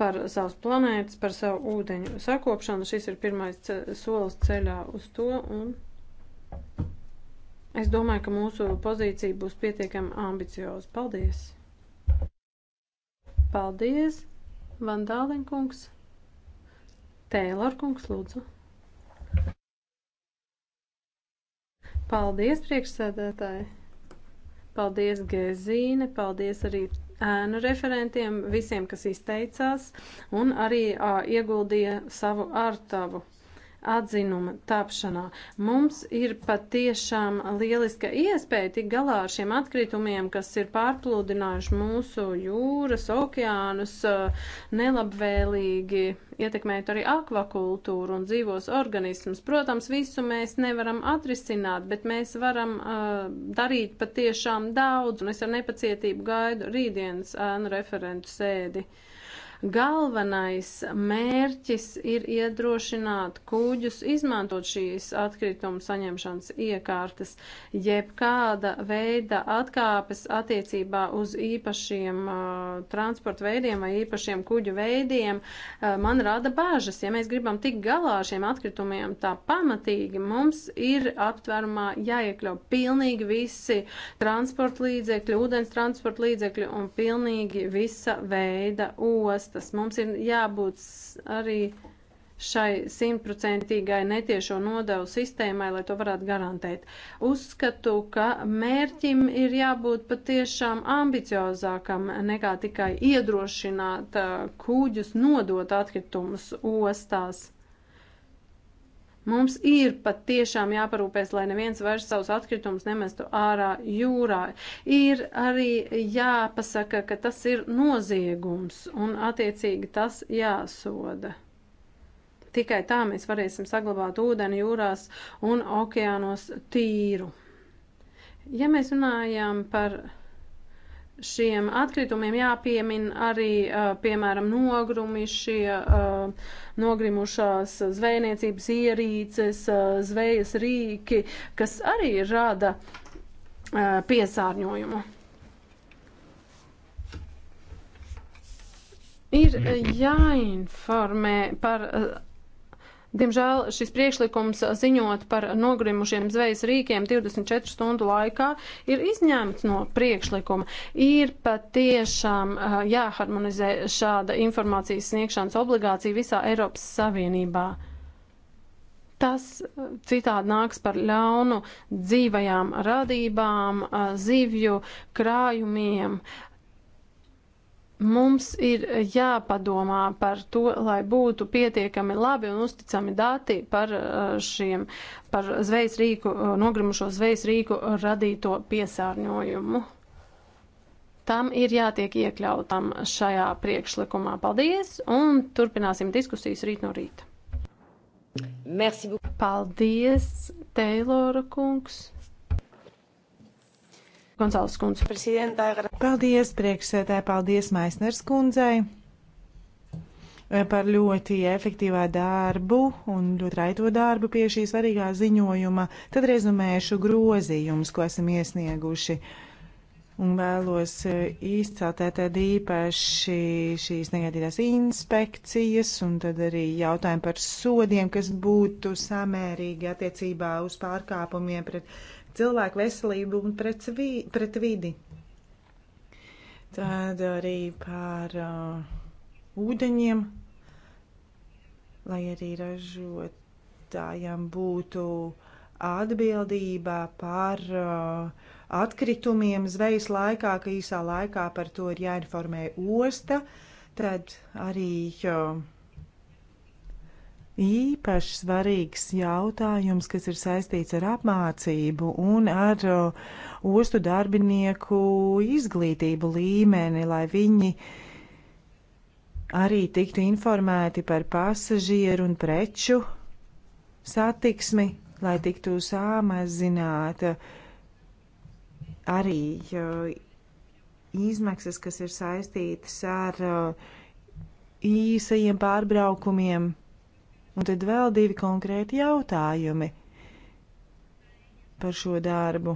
par savas planētas, par savu ūdeņu sakopšanu. Šis ir pirmais solis ceļā uz to. Un... Es domāju, ka mūsu pozīcija būs pietiekami ambicioza. Paldies! Paldies, Vandālinkungs! Tēlorkungs, lūdzu! Paldies, priekšsēdētāji! Paldies, Gezīne! Paldies arī ēnu referentiem, visiem, kas izteicās un arī ā, ieguldīja savu ārtavu. Ar atzinuma tapšanā. Mums ir patiešām lieliska iespēja tik galā ar šiem atkritumiem, kas ir pārplūdinājuši mūsu jūras, okeānus, nelabvēlīgi ietekmējot arī akvakultūru un dzīvos organismus. Protams, visu mēs nevaram atrisināt, bet mēs varam uh, darīt patiešām daudz, un es ar nepacietību gaidu rītdienas ēnu referentu sēdi. Uh, Galvenais mērķis ir iedrošināt kūģus izmantot šīs atkritumu saņemšanas iekārtas, jeb kāda veida atkāpes attiecībā uz īpašiem uh, transporta veidiem vai īpašiem kuģu veidiem. Uh, man rada bāžas, ja mēs gribam tik galā ar šiem atkritumiem tā pamatīgi, mums ir aptvērumā jāiekļau pilnīgi visi transporta līdzekļi, ūdens transporta līdzekļi un pilnīgi visa veida osta sastas. Mums ir jābūt arī šai simtprocentīgai netiešo nodevu sistēmai, lai to varētu garantēt. Uzskatu, ka mērķim ir jābūt patiešām ambiciozākam nekā tikai iedrošināt kuģus nodot atkritumus ostās. Mums ir pat tiešām jāparūpēs, lai neviens vairs savus atkritumus nemestu ārā jūrā. Ir arī jāpasaka, ka tas ir noziegums un attiecīgi tas jāsoda. Tikai tā mēs varēsim saglabāt ūdeni jūrās un okeānos tīru. Ja mēs runājam par šiem atkritumiem jāpiemin arī, piemēram, nogrumi šie nogrimušās zvejniecības ierīces, zvejas rīki, kas arī rada piesārņojumu. Ir mm. jāinformē par Diemžēl šis priekšlikums ziņot par nogrimušiem zvejas rīkiem 24 stundu laikā ir izņemts no priekšlikuma. Ir patiešām eh, jāharmonizē šāda informācijas sniegšanas obligācija visā Eiropas Savienībā. Tas eh, citādi nāks par ļaunu dzīvajām radībām, eh, zivju krājumiem, Mums ir jāpadomā par to, lai būtu pietiekami labi un uzticami dati par uh, šiem, par zvejas rīku, uh, nogrimušo zvejas rīku radīto piesārņojumu. Tam ir jātiek iekļautam šajā priekšlikumā. Paldies, un turpināsim diskusijas rīt no rīta. Paldies, Teilora kungs. Gonzāles kundze. Paldies, priekšsētāji, paldies Maisners kundzei eh, par ļoti efektīvā darbu un ļoti raito darbu pie šī svarīgā ziņojuma. Tad rezumēšu grozījumus, ko esam iesnieguši. Un vēlos eh, izcelt tad īpaši šīs negatīvās inspekcijas un tad arī jautājumu par sodiem, kas būtu samērīgi attiecībā uz pārkāpumiem pret cilvēku veselību un pret, vi, pret vidi. Tad arī par uh, ūdeņiem, lai arī ražotājiem būtu atbildība par uh, atkritumiem zvejas laikā, ka īsā laikā par to ir jāinformē osta, tad arī uh, īpaši svarīgs jautājums, kas ir saistīts ar apmācību un ar ostu darbinieku izglītību līmeni, lai viņi arī tiktu informēti par pasažieru un preču satiksmi, lai tiktu samazināta arī izmaksas, kas ir saistītas ar īsajiem pārbraukumiem Un tad vēl divi konkrēti jautājumi par šo darbu.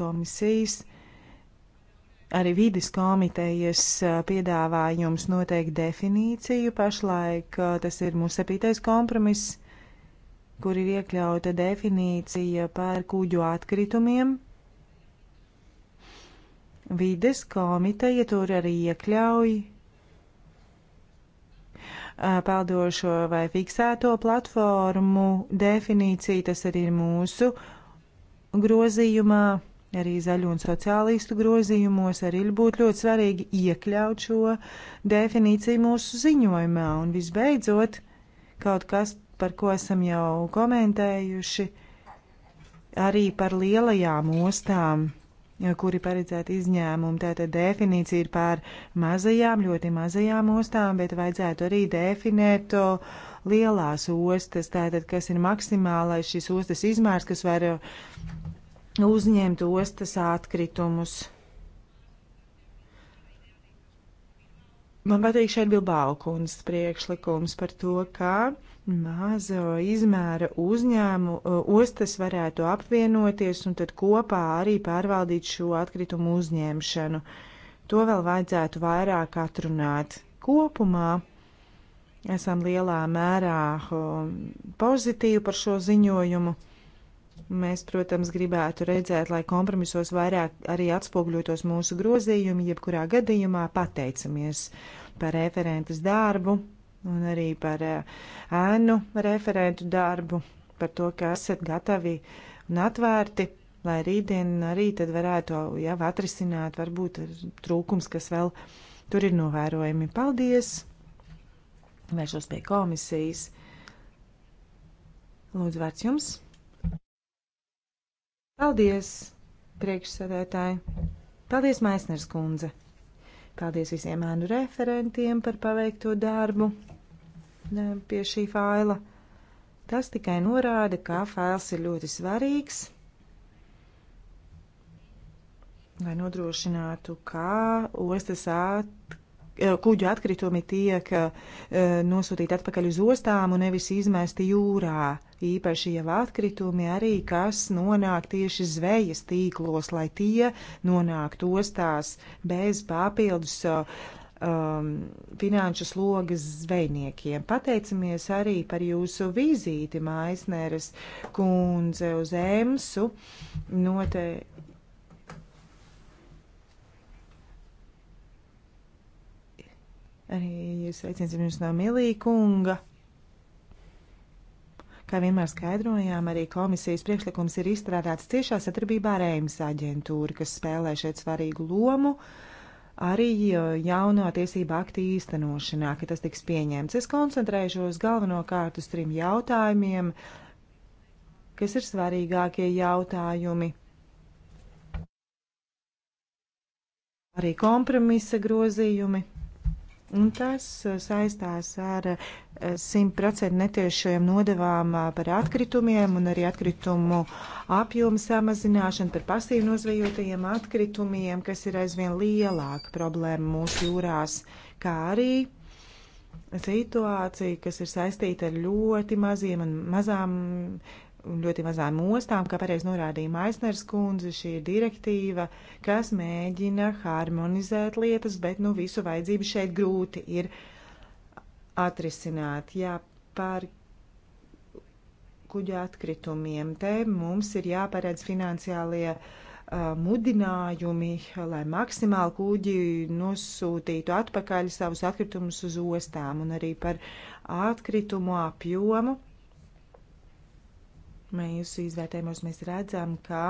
Komisijas arī vidas komitejas piedāvājums noteikti definīciju. Pašlaik tas ir mūsu septītais kompromiss, kur ir iekļauta definīcija par kuģu atkritumiem. Vides komiteja tur arī iekļauj peldošo vai fiksēto platformu definīciju. Tas arī ir mūsu grozījumā, arī zaļu un sociālistu grozījumos. Arī būtu ļoti svarīgi iekļaut šo definīciju mūsu ziņojumā. Un visbeidzot, kaut kas, par ko esam jau komentējuši, arī par lielajām ostām kuri paredzēti izņēmumi. Tātad definīcija ir pār mazajām, ļoti mazajām ostām, bet vajadzētu arī definēt lielās ostas, tātad kas ir maksimālais šis ostas izmērs, kas var uzņemt ostas atkritumus. Man patīk šeit Bilbao kundzes priekšlikums par to, kā mazo izmēra uzņēmu uh, ostas varētu apvienoties un tad kopā arī pārvaldīt šo atkritumu uzņemšanu. To vēl vajadzētu vairāk atrunāt. Kopumā esam lielā mērā um, pozitīvi par šo ziņojumu. Mēs, protams, gribētu redzēt, lai kompromisos vairāk arī atspoguļotos mūsu grozījumi, jebkurā gadījumā pateicamies par referentes darbu un arī par eh, ēnu referentu darbu, par to, ka esat gatavi un atvērti, lai rītdien arī tad varētu jau atrisināt varbūt trūkums, kas vēl tur ir novērojami. Paldies! Vēršos pie komisijas. Lūdzu, vārds jums! Paldies, priekšsēdētāji! Paldies, Maisners kundze! Paldies visiem ēnu referentiem par paveikto darbu e, pie šī faila. Tas tikai norāda, kā fails ir ļoti svarīgs, lai nodrošinātu, kā ostas at Eh, kuģu atkritumi tiek eh, nosūtīti atpakaļ uz ostām un nevis izmesti jūrā. Īpaši jau atkritumi arī, kas nonāk tieši zvejas tīklos, lai tie nonāktu ostās bez papildus eh, um, finanšu slogas zvejniekiem. Pateicamies arī par jūsu vizīti, Maisneres kundze, uz Emsu. Note, Arī sveiciens jums no Milī kunga. Kā vienmēr skaidrojām, arī komisijas priekšlikums ir izstrādāts ciešā satarbībā ar EIMS aģentūru, kas spēlē šeit svarīgu lomu arī uh, jauno tiesību aktu īstenošanā, ka tas tiks pieņemts. Es koncentrēšos galvenokārt uz trim jautājumiem, kas ir svarīgākie jautājumi. Arī kompromisa grozījumi. Un tas uh, saistās ar 100% uh, netiešajām nodevām uh, par atkritumiem un arī atkritumu apjomu samazināšanu par pasīvi nozvejotajiem atkritumiem, kas ir aizvien lielāka problēma mūsu jūrās, kā arī situācija, kas ir saistīta ar ļoti maziem un mazām ļoti mazām ostām, kā pareiz norādīja Maisners kundze, šī ir direktīva, kas mēģina harmonizēt lietas, bet nu visu vajadzību šeit grūti ir atrisināt. Jā, par kuģa atkritumiem te mums ir jāparedz finansiālie uh, mudinājumi, lai maksimāli kuģi nosūtītu atpakaļ savus atkritumus uz ostām un arī par atkritumu apjomu Mūsu izvērtējumos mēs redzam, ka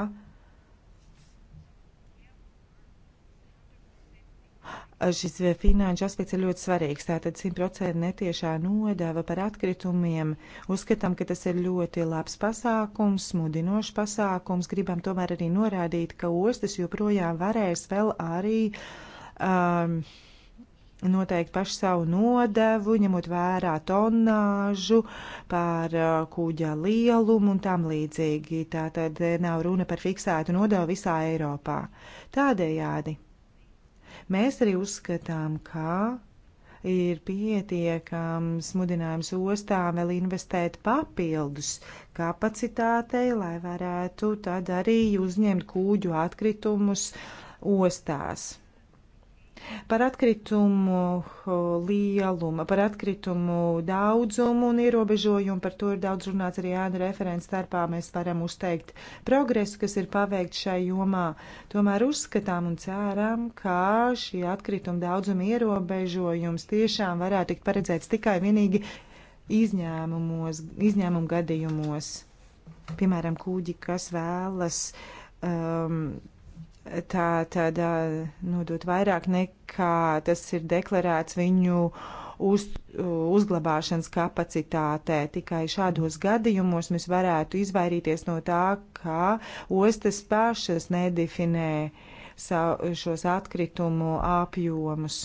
šis finanšu aspekts ir ļoti svarīgs. Tātad 100% netiešā nodeva par atkritumiem. Uzskatām, ka tas ir ļoti labs pasākums, smudinošs pasākums. Gribam tomēr arī norādīt, ka ostas joprojām varēs vēl arī. Um, noteikti pašu savu nodevu, ņemot vērā tonāžu, par uh, kuģa lielumu un tam līdzīgi. Tā tad nav runa par fiksētu nodevu visā Eiropā. Tādējādi mēs arī uzskatām, ka ir pietiekams mudinājums ostām vēl investēt papildus kapacitātei, lai varētu tad arī uzņemt kūģu atkritumus ostās. Par atkritumu lielumu, par atkritumu daudzumu un ierobežojumu, par to ir daudz runāts arī ēnu referents starpā, mēs varam uzteikt progresu, kas ir paveikts šai jomā. Tomēr uzskatām un cērām, ka šī atkrituma daudzuma ierobežojums tiešām varētu tikt paredzēts tikai vienīgi izņēmumos, izņēmumu gadījumos. Piemēram, kūģi, kas vēlas um, tā tādā nodot vairāk nekā tas ir deklarēts viņu uz, uzglabāšanas kapacitātē. Tikai šādos gadījumos mēs varētu izvairīties no tā, ka ostas pašas nedefinē savu, šos atkritumu apjomus.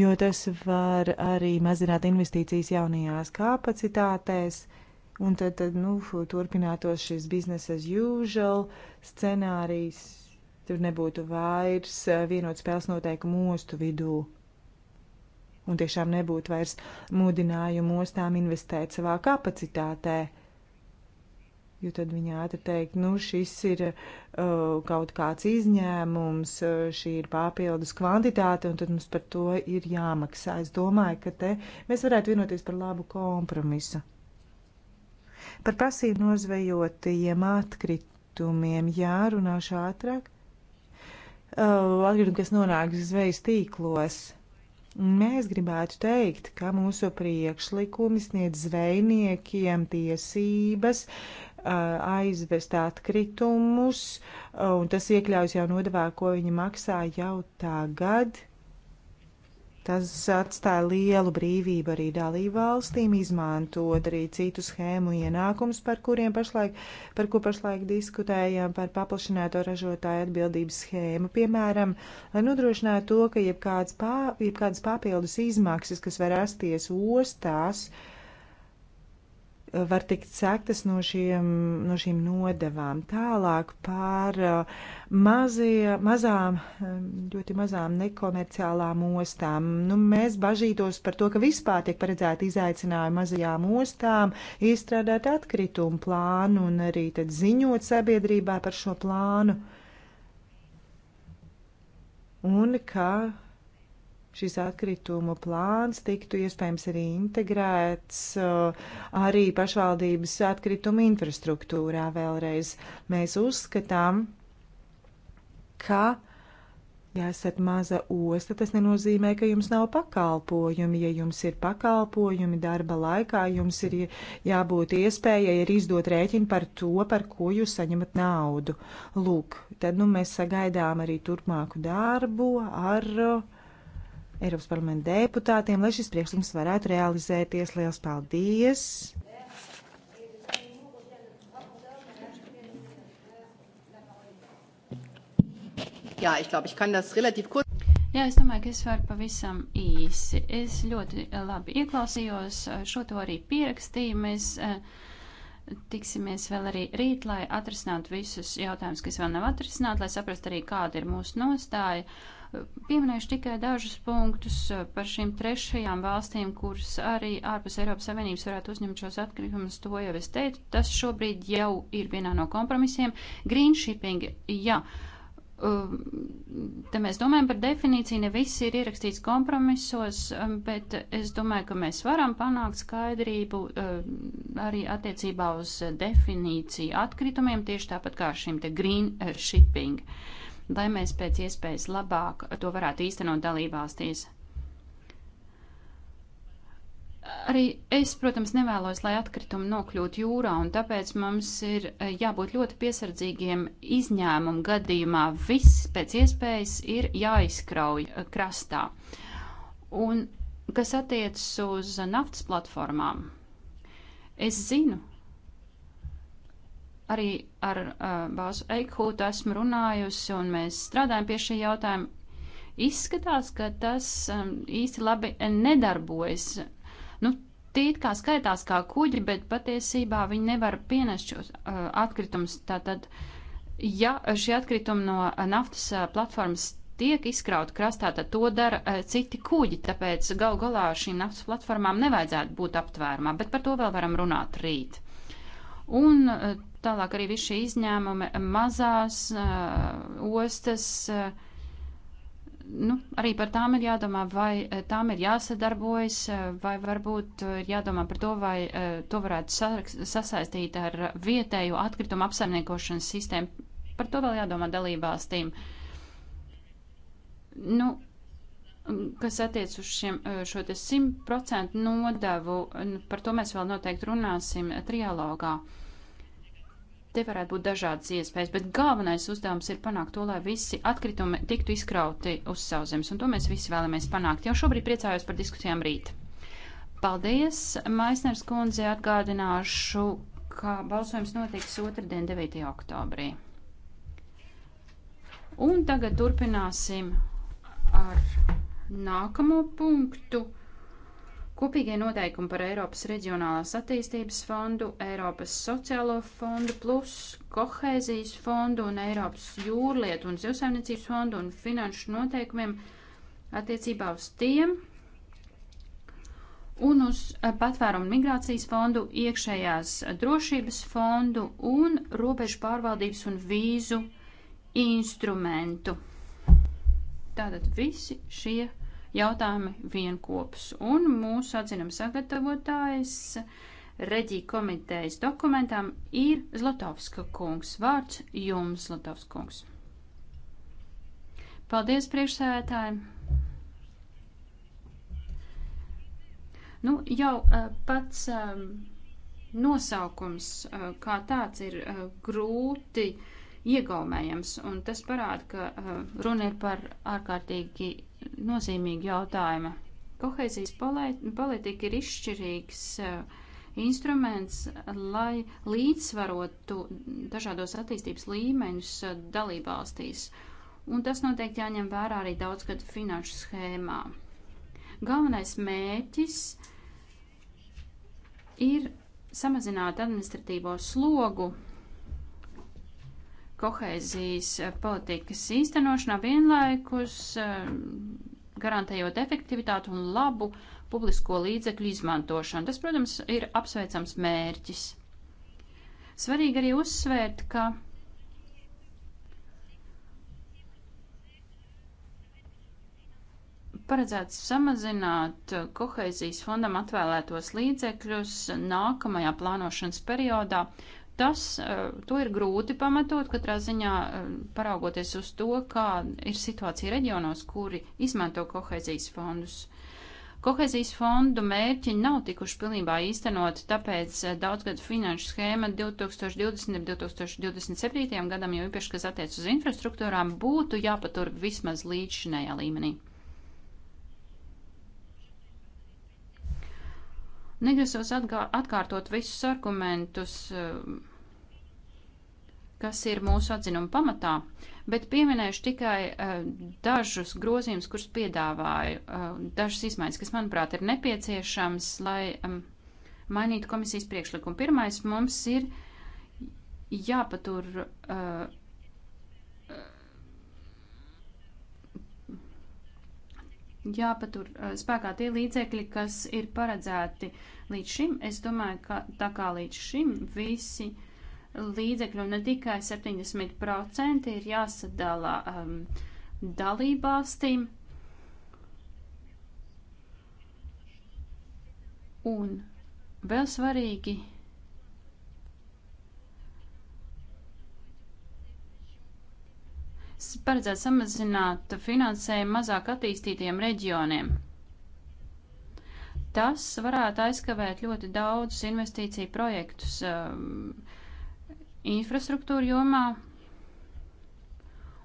jo tas var arī mazināt investīcijas jaunajās kapacitātēs. Un tad, tad nu, turpinātos šis business as usual scenārijs, tur nebūtu vairs eh, vienot spēles noteikumu ostu vidū. Un tiešām nebūtu vairs mudinājumu ostām investēt savā kapacitātē. Jo tad viņi ātri teikt, nu, šis ir uh, kaut kāds izņēmums, uh, šī ir papildus kvantitāte, un tad mums par to ir jāmaksā. Es domāju, ka te mēs varētu vienoties par labu kompromisu. Par prasību nozvejotajiem atkritumiem jārunāšu ātrāk. Uh, atkritumi, kas nonāk zvejas tīklos. Mēs gribētu teikt, ka mūsu priekšlikumi sniedz zvejniekiem tiesības uh, aizvest atkritumus, un tas iekļaujas jau nodevā, ko viņi maksā jau tagad. Tas atstāja lielu brīvību arī dalībvalstīm izmantot arī citu schēmu ienākums, par kuriem pašlaik, par ko pašlaik diskutējām, par paplašināto ražotāju atbildības schēmu, piemēram, lai nodrošinātu to, ka jebkāds pā, jebkādas papildus izmaksas, kas var rasties ostās, uh, var tikt sektas no, šiem, no šīm nodevām. Tālāk par uh, mazie, mazām, um, ļoti mazām nekomerciālām ostām. Nu, mēs bažītos par to, ka vispār tiek paredzēti izaicinājumi mazajām ostām izstrādāt atkritumu plānu un arī tad ziņot sabiedrībā par šo plānu. Un ka šis atkritumu plāns tiktu iespējams arī integrēts uh, arī pašvaldības atkritumu infrastruktūrā vēlreiz. Mēs uzskatām, ka Ja esat maza osta, tas nenozīmē, ka jums nav pakalpojumi. Ja jums ir pakalpojumi darba laikā, jums ir jābūt iespējai arī izdot rēķinu par to, par ko jūs saņemat naudu. Lūk, tad nu, mēs sagaidām arī turpmāku darbu ar uh, Eiropas parlamenta deputātiem, lai šis priekšlikums varētu realizēties. Liels paldies! Jā, ich glaube, ich kann das relativ kurz. Jā, es domāju, ka es varu pavisam īsi. Es ļoti eh, labi ieklausījos, eh, šo to arī pierakstīju. Mēs eh, tiksimies vēl arī rīt, lai atrisinātu visus jautājumus, kas vēl nav atrisināti, lai saprastu arī, kāda ir mūsu nostāja. Pieminēšu tikai dažus punktus eh, par šīm trešajām valstīm, kuras arī ārpus Eiropas Savienības varētu uzņemt šos atkritumus. To jau es teicu. Tas šobrīd jau ir vienā no kompromisiem. Green shipping, jā. Um, te mēs domājam par definīciju, ne viss ir ierakstīts kompromisos, um, bet es domāju, ka mēs varam panākt skaidrību um, arī attiecībā uz definīciju atkritumiem, tieši tāpat kā šim te green eh, shipping. Uh, lai mēs pēc iespējas labāk to varētu īstenot dalībvalstīs. Arī es, protams, nevēlos, lai atkritumi nokļūtu jūrā, un tāpēc mums ir eh, jābūt ļoti piesardzīgiem izņēmumu gadījumā. Viss pēc iespējas ir jāizkrauj eh, krastā. Un kas attiecas uz naftas platformām, es zinu, arī ar uh, Bāzu Eikhūtu esmu runājusi, un mēs strādājam pie šī jautājuma. Izskatās, ka tas um, īsti labi nedarbojas. Nu, tie it kā skaitās kā kuģi, bet patiesībā viņi nevar pienest šos uh, atkritumus. Tātad, ja šie atkritumi no uh, naftas uh, platformas tiek izkrauti krastā, tad to dara uh, citi kuģi, tāpēc gal galā šīm naftas platformām nevajadzētu būt aptvērumā, bet par to vēl varam runāt rīt. Un eh, tālāk arī visi šie izņēmumi eh, mazās uh, ostas, uh, nu, arī par tām ir jādomā, vai tām ir jāsadarbojas, vai varbūt ir jādomā par to, vai uh, to varētu sa sasaistīt ar vietēju atkritumu apsaimniekošanas sistēmu. Par to vēl jādomā dalībvalstīm. Nu, kas attiec uz šiem, šo te 100% nodevu, par to mēs vēl noteikti runāsim trialogā. Uh, Te varētu būt dažādas iespējas, bet galvenais uzdevums ir panākt to, lai visi atkritumi tiktu izkrauti uz sauszemes, un to mēs visi vēlamies panākt. Jau šobrīd priecājos par diskusijām rīt. Paldies, Maisners kundze, atgādināšu, ka balsojums notiks otrdien 9. oktobrī. Un tagad turpināsim ar nākamo punktu. Kopīgie noteikumi par Eiropas reģionālās attīstības fondu, Eiropas sociālo fondu plus kohēzijas fondu un Eiropas jūrlietu un zivsaimniecības fondu un finanšu noteikumiem attiecībā uz tiem un uz eh, patvērumu migrācijas fondu, iekšējās drošības fondu un robežu pārvaldības un vīzu instrumentu. Tātad visi šie jautājumi vienkopus. Un mūsu atzinuma sagatavotājs reģija komitejas dokumentam ir Zlotovska kungs. Vārds jums, Zlotovska kungs. Paldies, priekšsēdētāji! Nu, jau uh, pats uh, nosaukums uh, kā tāds ir uh, grūti uh, iegaumējams, un tas parāda, ka eh, runa ir par ārkārtīgi nozīmīgu jautājumu. Kohēzijas politika ir izšķirīgs eh, instruments, lai līdzsvarotu dažādos attīstības līmeņus eh, dalībvalstīs, un tas noteikti jāņem vērā arī daudzgadu finanšu schēmā. Galvenais mēķis ir samazināt administratīvo slogu kohēzijas eh, politikas īstenošanā vienlaikus eh, garantējot efektivitātu un labu publisko līdzekļu izmantošanu. Tas, protams, ir apsveicams mērķis. Svarīgi arī uzsvērt, ka paredzēts samazināt eh, kohēzijas fondam atvēlētos līdzekļus nākamajā plānošanas periodā Tas, eh, to ir grūti pamatot, katrā ziņā eh, paraugoties uz to, kā ir situācija reģionos, kuri izmanto kohēzijas fondus. Kohēzijas fondu mērķi nav tikuši pilnībā īstenot, tāpēc eh, daudzgadu finanšu schēma 2020. un 2027. gadam, jo īpaši, kas attiec uz infrastruktūrām, būtu jāpatur vismaz līdz šinējā līmenī. Negrasos atkārtot visus argumentus. Uh, kas ir mūsu atzinuma pamatā, bet pieminēšu tikai uh, dažus grozījumus, kurus piedāvāju, uh, dažas izmaiņas, kas, manuprāt, ir nepieciešams, lai um, mainītu komisijas priekšlikumu. Pirmais mums ir jāpatur. Uh, jāpatur uh, spēkā tie līdzekļi, kas ir paredzēti līdz šim. Es domāju, ka tā kā līdz šim visi uh, līdzekļu ne tikai 70% ir jāsadala um, dalībvalstīm. Un vēl svarīgi paredzēt samazināt finansējumu mazāk attīstītiem reģioniem. Tas varētu aizkavēt ļoti daudzus investīciju projektus. Um, infrastruktūra jomā,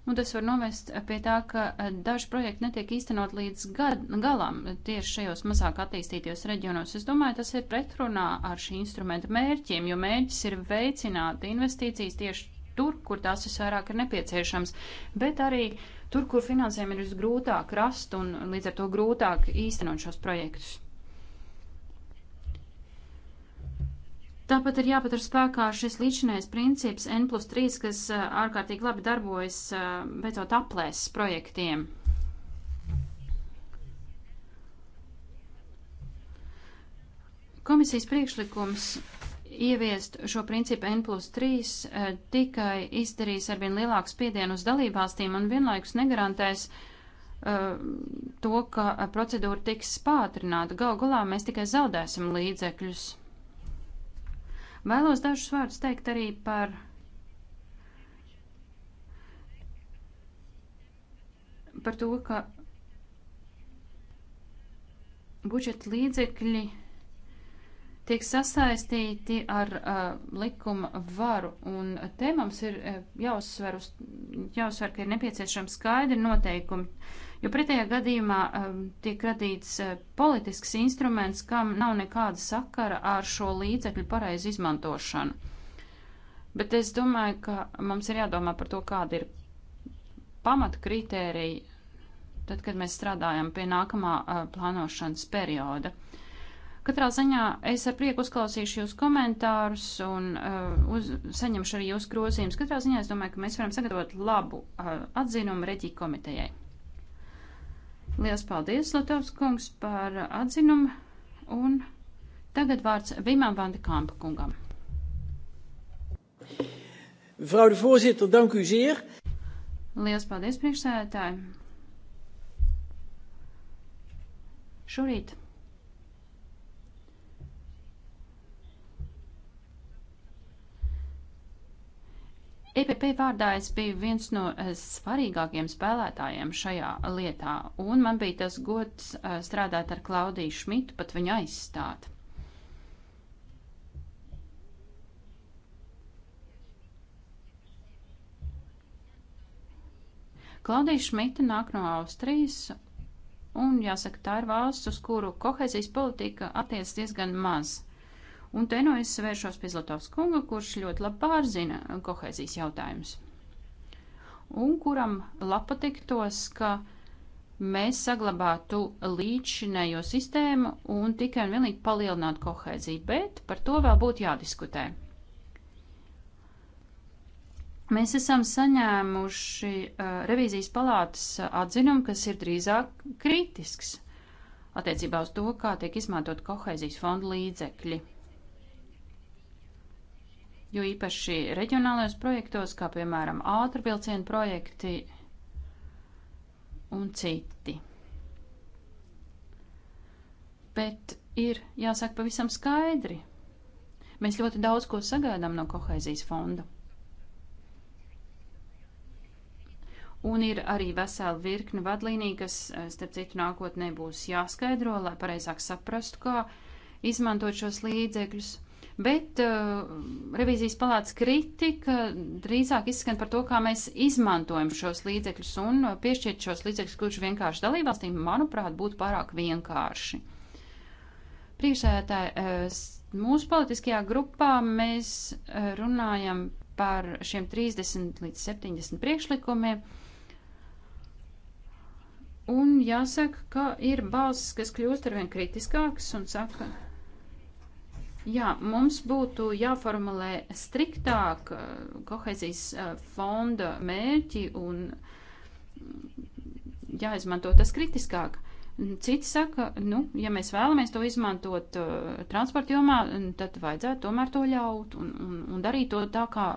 un tas var novest pie tā, ka eh, daži projekti netiek īstenot līdz gad, galam tieši šajos mazāk attīstītajos reģionos. Es domāju, tas ir pretrunā ar šī instrumenta mērķiem, jo mērķis ir veicināt investīcijas tieši tur, kur tās visvairāk ir nepieciešams, bet arī tur, kur finansējumu ir visgrūtāk rast un līdz ar to grūtāk īstenot šos projektus. Tāpat ir jāpatur spēkā šis līdzinājums princips N plus 3, kas ārkārtīgi labi darbojas beidzot aplēses projektiem. Komisijas priekšlikums ieviest šo principu N plus 3 tikai izdarīs arvien lielāku spiedienu uz dalībvalstīm un vienlaikus negarantēs uh, to, ka procedūra tiks pātrināta. Gal galā mēs tikai zaudēsim līdzekļus. Vēlos dažus vārdus teikt arī par par to, ka budžeta līdzekļi tiek sasaistīti ar uh, likuma varu, un te mums ir uh, jāuzsver, uz, jāuzsver, ka ir nepieciešams skaidri noteikumi jo pretējā gadījumā um, tiek radīts uh, politisks instruments, kam nav nekāda sakara ar šo līdzekļu pareizu izmantošanu. Bet es domāju, ka mums ir jādomā par to, kāda ir pamata kritērija, tad, kad mēs strādājam pie nākamā uh, plānošanas perioda. Katrā ziņā es ar prieku uzklausīšu jūs komentārus un uh, uz, saņemšu arī jūs grozījumus. Katrā ziņā es domāju, ka mēs varam sagatavot labu uh, atzinumu reģiju komitejai. Liels paldies, Latovs kungs, par atzinumu. Un tagad vārds Vimam Vandekampa kungam. Mevrouw de voorzitter, dank u zeer. Liels paldies, priekšsēdētāji. Šorīt EPP vārdā es biju viens no eh, svarīgākiem spēlētājiem šajā lietā, un man bija tas gods eh, strādāt ar Klaudiju Šmitu, pat viņu aizstāt. Klaudija Šmita nāk no Austrijas, un jāsaka, tā ir valsts, uz kuru kohezijas politika attiec diezgan maz. Un te nu es vēršos pie Zlatovs kunga, kurš ļoti labi pārzina kohēzijas jautājumus. Un kuram labi patiktos, ka mēs saglabātu līdzinējo sistēmu un tikai un vienīgi palielinātu kohēziju, bet par to vēl būtu jādiskutē. Mēs esam saņēmuši uh, revīzijas palātas atzinumu, kas ir drīzāk kritisks attiecībā uz to, kā tiek izmantot kohēzijas fonda līdzekļi jo īpaši reģionālajos projektos, kā piemēram ātrvilcienu projekti un citi. Bet ir jāsaka pavisam skaidri. Mēs ļoti daudz ko sagaidām no kohēzijas fonda. Un ir arī vesela virkne vadlīnija, kas, eh, starp citu, nākotnē būs jāskaidro, lai pareizāk saprastu, kā izmantot šos līdzekļus bet uh, revīzijas palātas kritika drīzāk izskan par to, kā mēs izmantojam šos līdzekļus un piešķirt šos līdzekļus, kurš vienkārši dalībvalstīm, manuprāt, būtu pārāk vienkārši. Priekšsēdētāji, uh, mūsu politiskajā grupā mēs uh, runājam par šiem 30 līdz 70 priekšlikumiem. Un jāsaka, ka ir balss, kas kļūst arvien kritiskāks un saka, Jā, mums būtu jāformulē striktāk eh, kohezijas eh, fonda mērķi un jāizmanto tas kritiskāk. Citi saka, nu, ja mēs vēlamies to izmantot uh, transporta jomā, tad vajadzētu tomēr to ļaut un, un, un darīt to tā, kā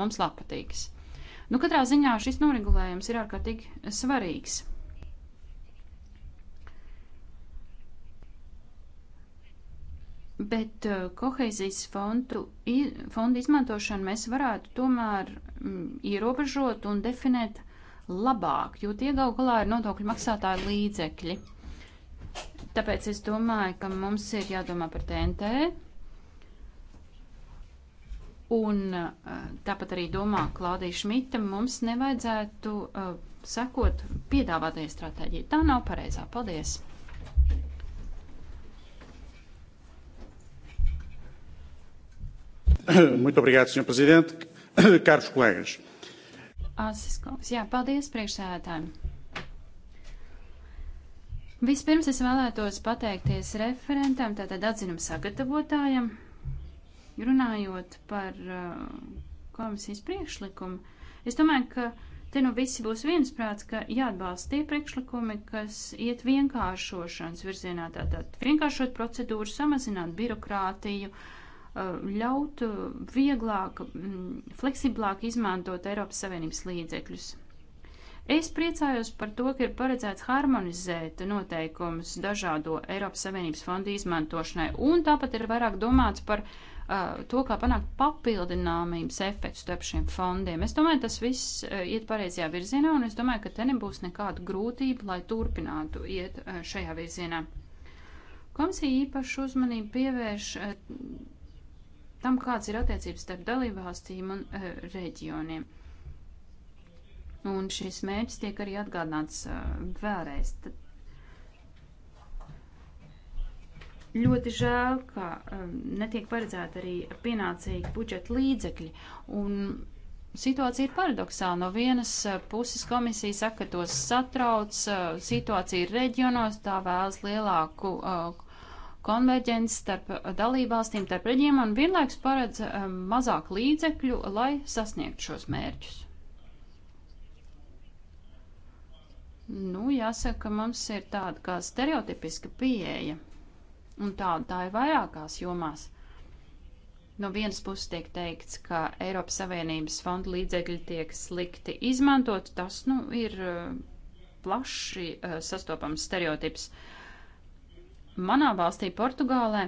mums labpatīks. Nu, katrā ziņā šis noregulējums ir ārkārtīgi svarīgs. Bet uh, kohēzijas fondu, fondu izmantošanu mēs varētu tomēr mm, ierobežot un definēt labāk, jo tie gal galā ir nodokļu maksātāju līdzekļi. Tāpēc es domāju, ka mums ir jādomā par TNT un uh, tāpat arī domā Klaudija Šmita, mums nevajadzētu uh, sekot piedāvātajai stratēģijai. Tā nav pareizā. Paldies! Muito obrigado, Sr. Presidente. Caros colegas. Asis kungs, jā, paldies priekšsēdētājiem. Vispirms es vēlētos pateikties referentam, tātad atzinuma sagatavotājam, runājot par uh, komisijas priekšlikumu. Es domāju, ka te nu visi būs viensprāts, ka jāatbalsta tie priekšlikumi, kas iet vienkāršošanas virzienā, tātad vienkāršot procedūru, samazināt birokrātiju, uh, Eh, ļaut eh, vieglāk, mm, fleksiblāk izmantot Eiropas Savienības līdzekļus. Es priecājos par to, ka ir paredzēts harmonizēt noteikumus dažādo Eiropas Savienības fondu izmantošanai, un tāpat ir vairāk domāts par uh, to, kā panākt papildināmības efektu starp šiem fondiem. Es domāju, tas viss uh, iet pareizajā virzienā, un es domāju, ka te nebūs nekāda grūtība, lai turpinātu iet uh, šajā virzienā. Komisija īpašu uzmanību pievērš. Uh, tam, kāds ir attiecības starp dalībvalstīm un uh, reģioniem. Un šis mērķis tiek arī atgādināts uh, vēlreiz. Tad ļoti žēl, ka um, netiek paredzēta arī pienācīgi budžeta līdzekļi. Un situācija ir paradoxāla. No vienas puses komisija saka, ka tos satrauc, uh, situācija ir reģionos, tā vēlas lielāku uh, konverģents starp uh, dalībvalstīm, starp reģiem un vienlaiks paredz uh, mazāk līdzekļu, lai sasniegtu šos mērķus. Nu, jāsaka, mums ir tāda kā stereotipiska pieeja, un tāda tā ir vairākās jomās. No vienas puses tiek teikts, ka Eiropas Savienības fonda līdzekļi tiek slikti izmantot, tas, nu, ir uh, plaši sastopams stereotips. Uh, Manā valstī, Portugālē,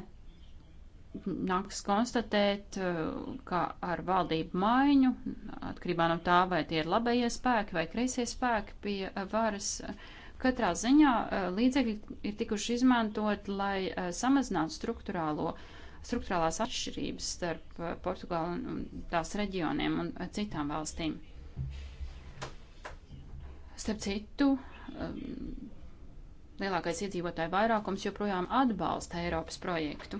nāks konstatēt, uh, ka ar valdību maiņu, atkarībā no tā, vai tie ir labējie spēki vai kreisie spēki pie uh, varas, katrā ziņā uh, līdzekļi ir tikuši izmantot, lai samazinātu struktūrālo, struktūrālās atšķirības starp Portugālu un tās reģioniem un citām valstīm. Starp citu, um, lielākais iedzīvotāju vairākums joprojām atbalsta Eiropas projektu.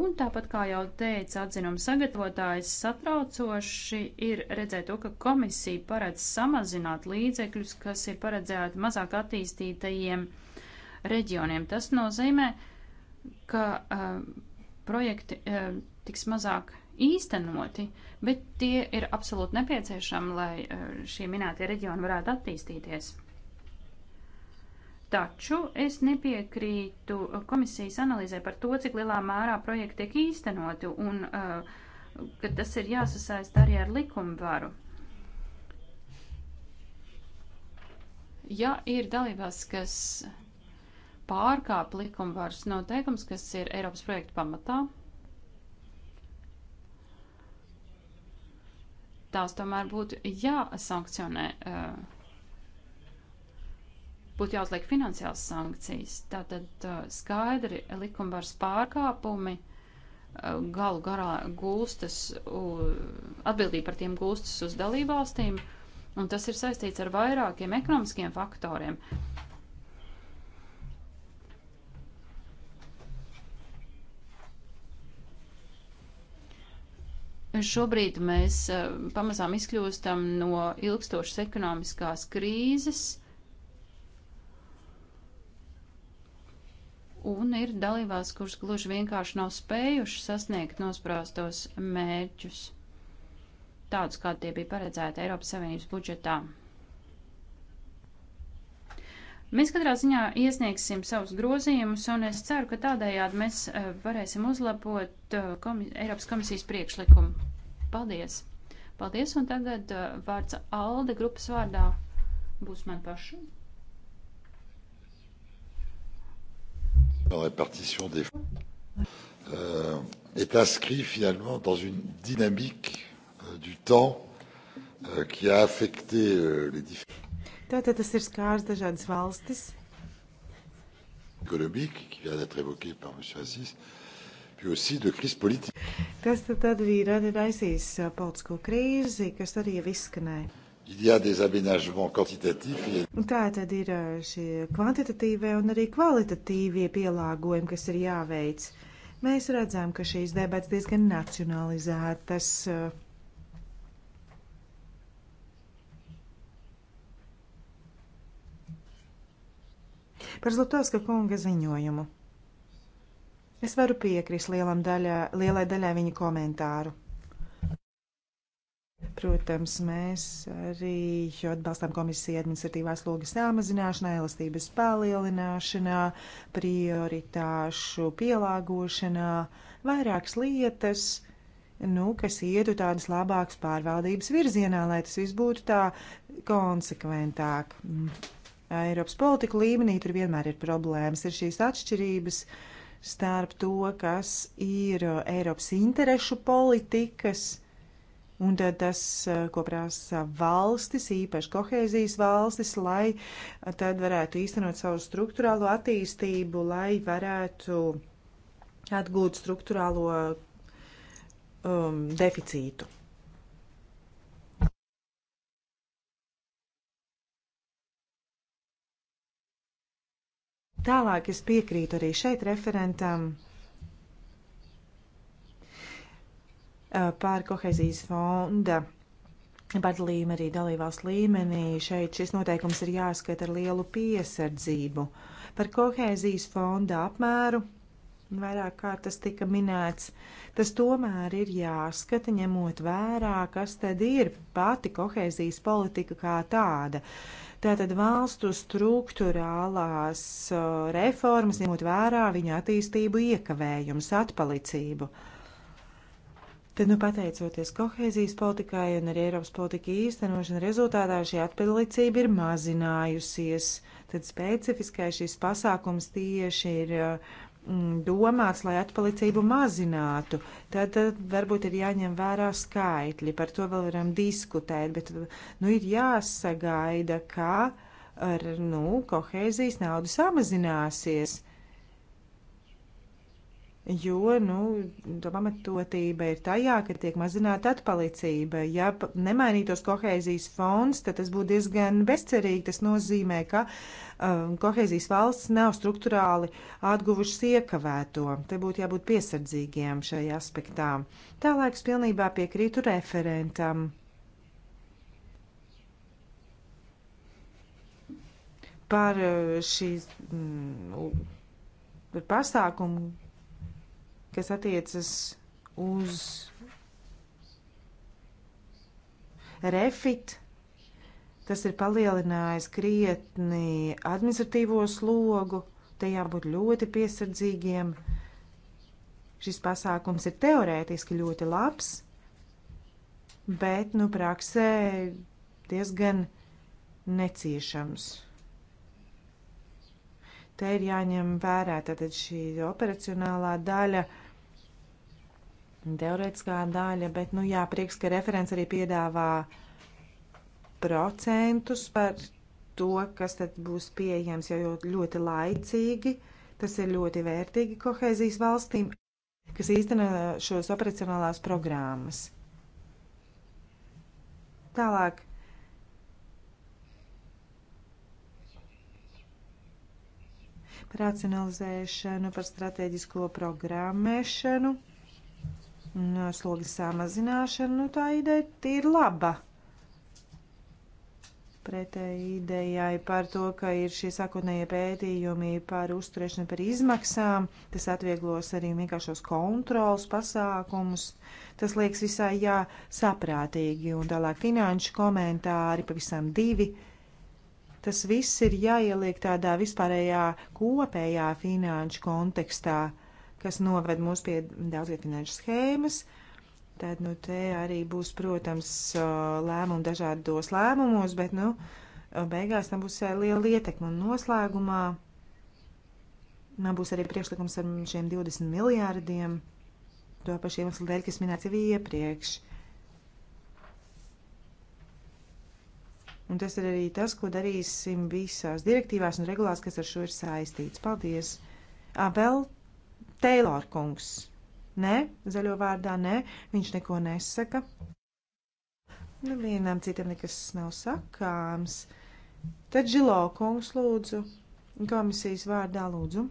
Un tāpat kā jau teica atzinuma sagatavotājs, satraucoši ir redzēt to, ka komisija paredz samazināt līdzekļus, kas ir paredzēti mazāk attīstītajiem reģioniem. Tas nozīmē, ka uh, projekti uh, tiks mazāk īstenoti, bet tie ir absolūti nepieciešami, lai uh, šie minētie reģioni varētu attīstīties. Taču es nepiekrītu komisijas analīzē par to, cik lielā mērā projekti tiek īstenoti un uh, ka tas ir jāsasaist arī ar likumvaru. Ja ir dalībās, kas pārkāp likumvaras noteikums, kas ir Eiropas projekta pamatā. Tās tomēr būtu jāsankcionē. Uh, būtu jāuzliek finansiāls sankcijas. Tātad uh, skaidri likumvars pārkāpumi uh, galu garā gulstas, atbildība par tiem gulstas uz dalībvalstīm, un tas ir saistīts ar vairākiem ekonomiskiem faktoriem. Šobrīd mēs uh, pamazām izkļūstam no ilgstošas ekonomiskās krīzes un ir dalībās, kuras gluži vienkārši nav spējuši sasniegt nosprāstos mērķus, tādus, kā tie bija paredzēti Eiropas Savienības budžetā. Mēs katrā ziņā iesniegsim savus grozījumus, un es ceru, ka tādējādi mēs eh, varēsim uzlabot eh, komis Eiropas komisijas priekšlikumu. Paldies! Paldies, un tagad eh, vārds Alde grupas vārdā būs man pašam. répartition des fonds euh, est inscrit finalement dans une dynamique euh, du temps euh, qui a affecté euh, les différents. Tātad tas ir skārs dažādas valstis. Économique, qui vient d'être évoqué par M. Assis, puis aussi de crise politique. Tas tad, tad bija raisījis uh, politisko krīzi, kas arī izskanēja. Tā tad ir eh, šie kvantitatīvie un arī kvalitatīvie pielāgojumi, kas ir jāveic. Mēs redzam, ka šīs debats diezgan nacionalizētas. Par Zlatovska kunga ziņojumu. Es varu piekrist daļā, lielai daļai viņa komentāru. Protams, mēs arī atbalstām komisiju administratīvās logas samazināšanā, elastības palielināšanā, prioritāšu pielāgošanā, vairākas lietas, nu, kas ietu tādas labākas pārvaldības virzienā, lai tas viss būtu tā konsekventāk. Eiropas politiku līmenī tur vienmēr ir problēmas, ir šīs atšķirības starp to, kas ir Eiropas interešu politikas Un tad tas, eh, ko prasa valstis, īpaši kohēzijas valstis, lai tad varētu īstenot savu struktūrālo attīstību, lai varētu atgūt struktūrālo um, deficītu. Tālāk es piekrītu arī šeit referentam pār kohezijas fonda padalījumu arī dalībvalsts līmenī. Šeit šis noteikums ir jāskata ar lielu piesardzību. Par kohēzijas fonda apmēru vairāk kārt tas tika minēts. Tas tomēr ir jāskata, ņemot vērā, kas tad ir pati kohēzijas politika kā tāda. Tātad valstu struktūrālās reformas, ņemot vērā viņa attīstību, iekavējumus, atpalicību. Uh, Tad, nu, pateicoties kohēzijas politikai un arī Eiropas politika īstenošana rezultātā šī atpalicība ir mazinājusies. Tad specifiskais šis pasākums tieši ir uh, mm, domāts, lai atpalicību mazinātu. Tad, tad uh, varbūt ir jāņem vērā skaitļi, par to vēl varam diskutēt, bet, nu, ir jāsagaida, ka ar, nu, kohēzijas naudu samazināsies jo nu, to pamatotība ir tajā, ka tiek mazināta atpalicība. Ja nemainītos kohēzijas fonds, tad tas būtu diezgan bezcerīgi. Tas nozīmē, ka um, kohēzijas valsts nav struktūrāli atguvušas iekavēto. Te būtu jābūt piesardzīgiem šajā aspektā. Tālāk es pilnībā piekrītu referentam. Par uh, šīs mm, par pasākumu kas attiecas uz refit. Tas ir palielinājis krietni administratīvo slogu. Te jābūt ļoti piesardzīgiem. Šis pasākums ir teorētiski ļoti labs, bet nu praksē diezgan neciešams. Te ir jāņem vērā tātad šī operacionālā daļa. Uh, teorētiskā daļa, bet, nu jā, prieks, ka referents arī piedāvā procentus par to, kas tad būs pieejams jau ļoti laicīgi. Tas ir ļoti vērtīgi kohēzijas valstīm, kas īsteno šos operacionālās programmas. Tālāk. Par racionalizēšanu, par strateģisko programmēšanu slogas samazināšana, nu tā ideja ir laba. Pretēji idejai par to, ka ir šie sākotnējie pētījumi par uzturēšanu par izmaksām, tas atvieglos arī vienkāršos kontrols pasākumus. Tas liekas visai jā, saprātīgi, un tālāk finanšu komentāri, pavisam divi. Tas viss ir jāieliek tādā vispārējā kopējā finanšu kontekstā. Uh, kas noved mūs pie daudzgad finanšu schēmas. Tad, nu, te arī būs, protams, lēmumi dažādos lēmumos, bet, nu, beigās tam būs liela ietekma un noslēgumā. Man būs arī priekšlikums ar šiem 20 miljārdiem, to pašu iemeslu dēļ, kas minēts jau iepriekš. Un tas ir arī tas, ko darīsim visās direktīvās un regulās, kas ar šo ir saistīts. Paldies! À, vēl Teilor kungs. Nē, zaļo vārdā nē, viņš neko nesaka. Nevienam nu, citam nekas nav sakāms. Tad Žilo kungs lūdzu, komisijas vārdā lūdzu.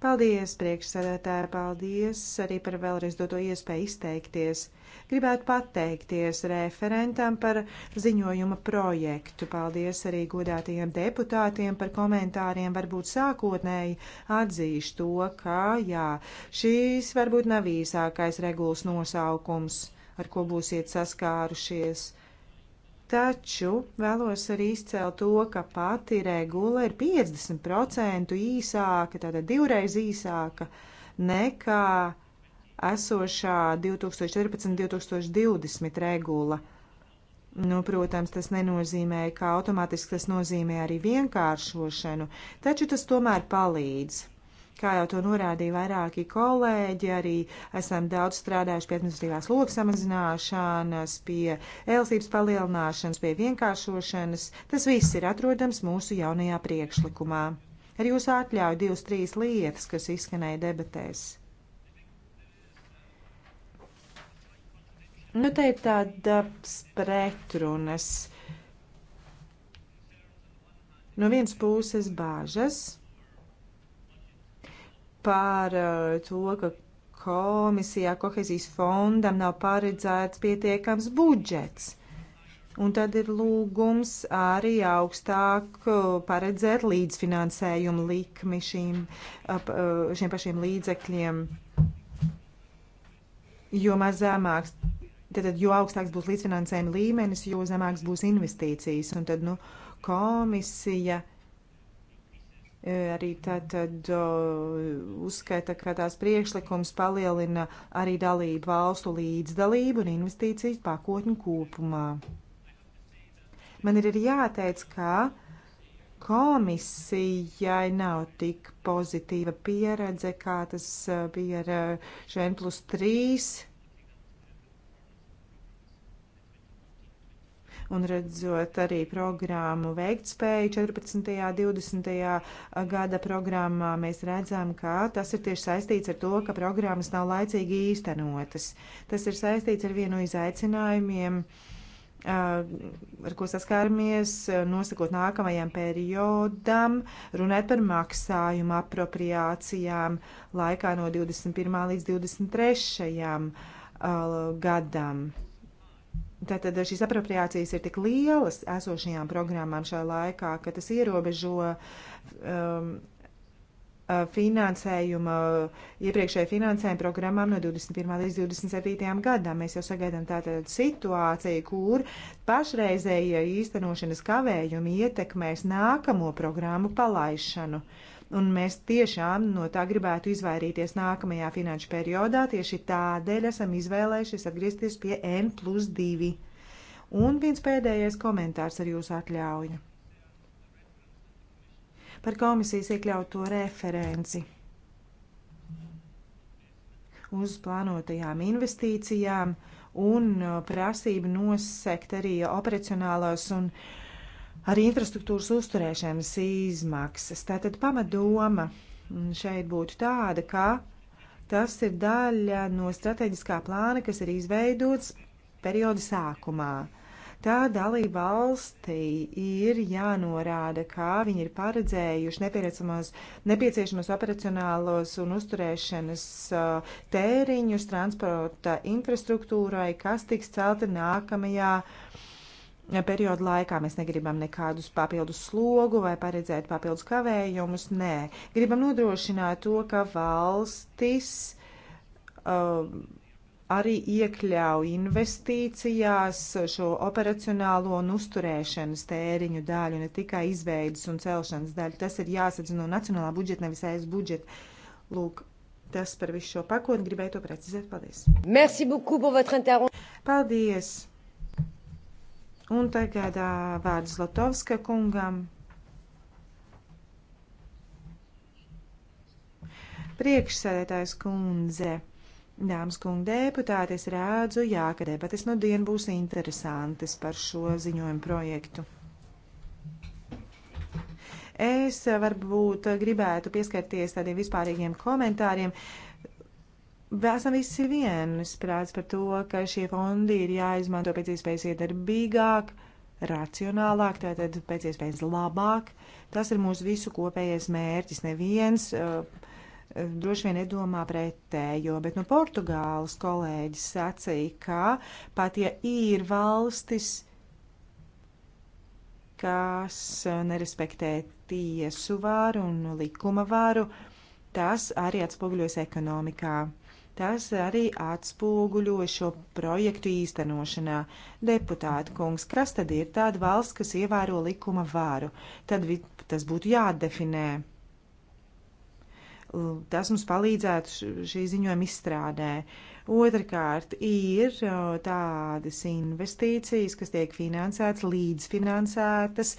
Paldies, priekšsēdētāji, paldies arī par vēlreiz doto iespēju izteikties. Gribētu pateikties referentam par ziņojuma projektu. Paldies arī godātajiem deputātiem par komentāriem. Varbūt sākotnēji atzīšu to, ka jā, šīs varbūt nav īsākais regulas nosaukums, ar ko būsiet saskārušies. Taču vēlos arī izcelt to, ka pati regula ir 50% īsāka, tātad divreiz īsāka nekā esošā 2014-2020 regula. Nu, protams, tas nenozīmē, ka automātiski tas nozīmē arī vienkāršošanu, taču tas tomēr palīdz. Kā jau to norādīja vairāki kolēģi, arī esam daudz strādājuši pie administratīvās lokas samazināšanas, pie elastības palielināšanas, pie vienkāršošanas. Tas viss ir atrodams mūsu jaunajā priekšlikumā. Ar jūsu atļauju divas, trīs lietas, kas izskanēja debatēs. Nu, te ir tādas pretrunas. No vienas puses bāžas par eh, to, ka komisijā kohezijas fondam nav paredzēts pietiekams budžets. Un tad ir lūgums arī augstāk eh, paredzēt līdzfinansējumu likmi šīm, eh, šiem pašiem līdzekļiem, jo mazāks. Tātad, jo augstāks būs līdzfinansējuma līmenis, jo zemāks būs investīcijas. Un tad, nu, komisija uh, E, arī tātad uzskaita, ka tās priekšlikums palielina arī dalību valstu līdzdalību un investīcijas pakotņu kopumā. Man ir arī jāteic, ka komisijai nav tik pozitīva pieredze, kā tas e, bija ar e, šiem plus trīs un redzot arī programmu veiktspēju 14. 20. gada programmā, mēs redzam, ka tas ir tieši saistīts ar to, ka programmas nav laicīgi īstenotas. Tas ir saistīts ar vienu izaicinājumiem ar ko saskāramies, nosakot nākamajam periodam, runāt par maksājumu apropriācijām laikā no 21. līdz 23. gadam. Tātad šīs apropriācijas ir tik lielas esošajām programmām šajā laikā, ka tas ierobežo um, uh, finansējuma, iepriekšēja finansējuma programmām no 21. līdz 27. gadam. Mēs jau sagaidām tātad situāciju, kur pašreizējie īstenošanas kavējumi ietekmēs nākamo programmu palaišanu. Uh, un mēs tiešām no tā gribētu izvairīties nākamajā finanšu periodā. Tieši tādēļ esam izvēlējušies atgriezties pie N plus 2. Un viens pēdējais komentārs ar jūsu atļauju. Par komisijas iekļauto referenci uz plānotajām investīcijām un uh, prasību nosekt arī operacionālās un uh, arī infrastruktūras uzturēšanas izmaksas. Tātad pamatdoma šeit būtu tāda, ka tas ir daļa no strateģiskā plāna, kas ir izveidots perioda sākumā. Tā dalība valstī ir jānorāda, kā viņi ir paredzējuši nepieciešamos, nepieciešamos operacionālos un uzturēšanas tēriņus transporta infrastruktūrai, kas tiks celta nākamajā uh, periodu laikā. Mēs negribam nekādus papildus slogu vai paredzēt papildus kavējumus. Nē, gribam nodrošināt to, ka valstis uh, arī iekļauj investīcijās šo operacionālo un uzturēšanas tēriņu daļu, ne tikai izveidas un celšanas daļu. Tas ir jāsadz no nacionālā budžeta, nevis aiz budžeta. Lūk, tas par visu šo pakotni gribēju to precizēt. Paldies! Merci beaucoup par votre intervention! Paldies! Un tagad vārds Latovska kungam. Priekšsēdētājs kundze, dāmas kungi deputāti, es rādzu, jā, ka debates no nu dienu būs interesantas par šo ziņojumu projektu. Es varbūt gribētu pieskarties tādiem vispārīgiem komentāriem. Uh, esam visi vienisprāts par to, ka šie fondi ir jāizmanto pēc iespējas iedarbīgāk, racionālāk, tātad pēc iespējas labāk. Tas ir mūsu visu kopējais mērķis. Neviens uh, uh droši vien nedomā pretējo, bet nu, Portugāles kolēģis sacīja, ka pat ja ir valstis, kas uh, nerespektē tiesu varu un likuma varu, tas arī atspoguļojas ekonomikā. Tas arī atspoguļo šo projektu īstenošanā. Deputāta kungs, kas tad ir tāda valsts, kas ievēro likuma vāru? Tad vi, tas būtu jādefinē. Tas mums palīdzētu šī ziņojuma izstrādē. Otrakārt, ir tādas investīcijas, kas tiek finansētas, līdzfinansētas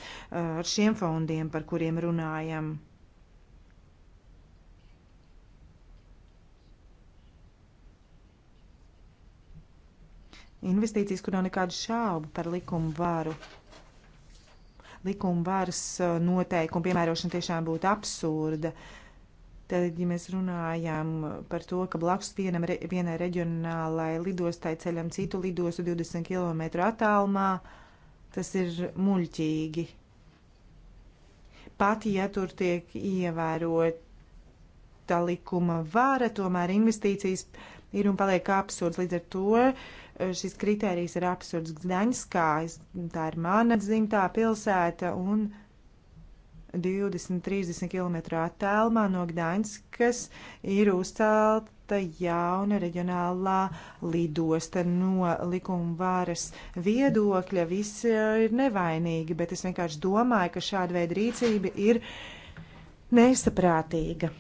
ar šiem fondiem, par kuriem runājam. Investīcijas, kur nav nekādu šaubu par likumu varu. Likuma varas uh, noteikumu piemērošana tiešām būtu absurda. Tad, ja mēs runājām par to, ka blakus vienam, re, vienai reģionālai lidostai ceļam citu lidostu 20 km attālumā, tas ir muļķīgi. Pat, ja tur tiek ievērota likuma vara, tomēr investīcijas ir un paliek absurds. Līdz ar to šis kritērijs ir absurds. Gdaņskā, tā ir mana dzimtā pilsēta, un 20-30 km attālumā no Gdaņskas ir uzcelta jauna reģionālā lidosta no likuma varas viedokļa. Visi e, ir nevainīgi, bet es vienkārši domāju, ka šāda veida rīcība ir nesaprātīga.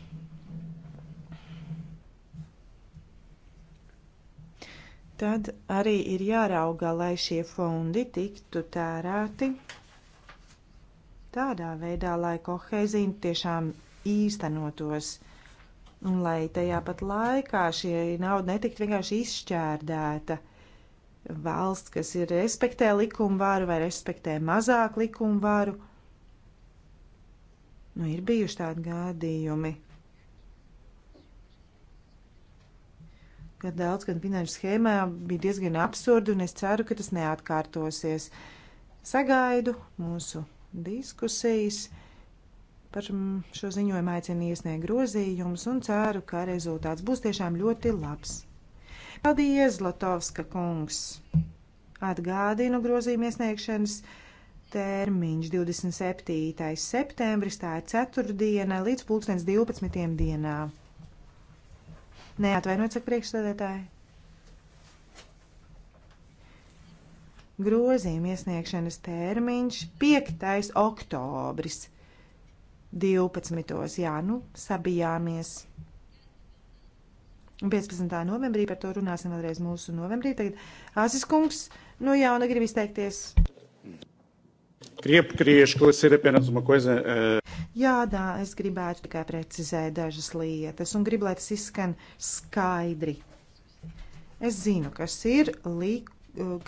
tad arī ir jārauga, lai šie fondi tiktu tērēti tādā veidā, lai kohēzija tiešām īstenotos un lai tajā pat laikā šī nauda netikt vienkārši izšķērdēta. Valsts, kas ir respektē likumu varu vai respektē mazāk likumu varu, nu, ir bijuši tādi gadījumi, gan daudz, gan finanšu schēmā bija diezgan absurdi, un es ceru, ka tas neatkārtosies. Sagaidu mūsu diskusijas par šo ziņojumu, aicinu iesniegt grozījumus, un ceru, ka rezultāts būs tiešām ļoti labs. Paldies, Latovska kungs! Atgādinu grozījumu iesniegšanas termiņš 27. septembris, tā ir ceturtdiena, līdz pulkstens 12. dienā. Neatvainojiet, saka priekšstādētāji. Grozījuma iesniegšanas termiņš 5. oktobris 12. Jā, nu, sabijāmies. 15. novembrī par to runāsim vēlreiz mūsu novembrī. Tagad Asis kungs, nu jā, negrib izteikties. Creio que queria esclarecer apenas uma coisa. Uh... Jā, dā, es gribētu tikai precizēt dažas lietas un gribu, lai tas izskan skaidri. Es zinu, kas ir, li,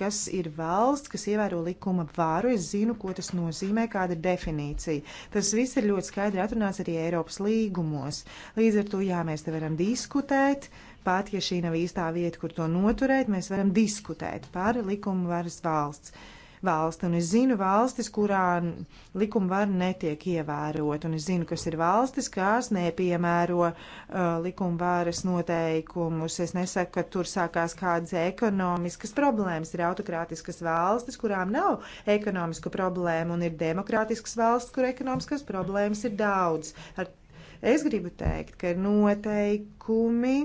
kas ir valsts, kas ievēro likuma vāru, es zinu, ko tas nozīmē, kāda ir definīcija. Tas viss ir ļoti skaidri atrunāts arī Eiropas līgumos. Līdz ar to, jā, mēs te varam diskutēt, pat ja šī nav īstā vieta, kur to noturēt, mēs varam diskutēt par likuma varas valsts. Uh, valsti, un es zinu valstis, kurā likuma var netiek ievērot, un es zinu, kas ir valstis, kas nepiemēro uh, likuma varas noteikumus. Es nesaku, ka tur sākās kādas ekonomiskas problēmas. Ir autokrātiskas valstis, kurām nav ekonomisku problēmu, un ir demokrātiskas valstis, kur ekonomiskas problēmas ir daudz. Ar Es gribu teikt, ka ir noteikumi,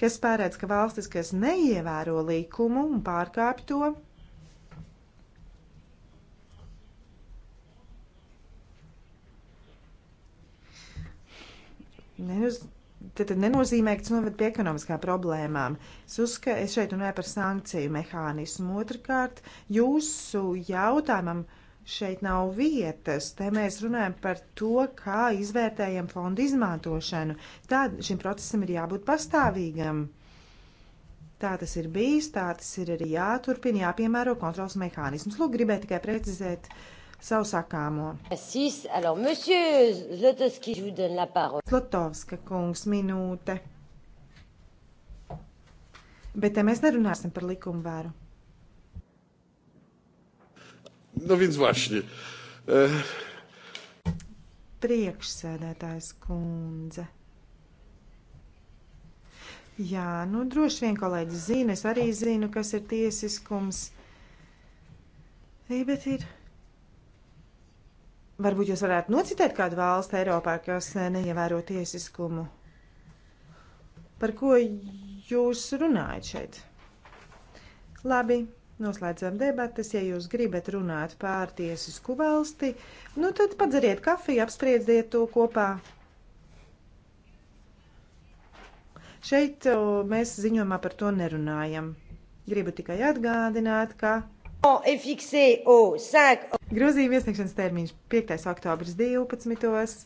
kas pārēdz, ka valstis, kas neievēro likumu un pārkāpj to, nenoz, tad, tad nenozīmē, ka tas noved pie ekonomiskām problēmām. Es uzskatu, es šeit runāju par sankciju mehānismu. Otrakārt, jūsu jautājumam. Uh, šeit nav vietas. Te mēs runājam par to, kā izvērtējam fondu izmantošanu. Tad šim procesam ir jābūt pastāvīgam. Tā tas ir bijis, tā tas ir arī jāturpina, jāpiemēro kontrols mehānismus. Lūk, gribēju tikai precizēt savu sakāmo. Slotovska kungs minūte. Bet te mēs nerunāsim par likumvēru. No więc właśnie. Uh... Priekšsēdētājs kundze. Jā, nu droši vien kolēģis zina, es arī zinu, kas ir tiesiskums. Ei, bet ir. Varbūt jūs varētu nocitēt kādu valstu Eiropā, kas neievēro tiesiskumu. Par ko jūs runājat šeit? Labi, Noslēdzam debatas. Ja jūs gribat runāt pār tiesisku valsti, nu tad padzeriet kafiju, apspriedziet to kopā. Šeit mēs ziņojumā par to nerunājam. Gribu tikai atgādināt, ka grozījuma iesniegšanas termiņš 5. oktobris 12.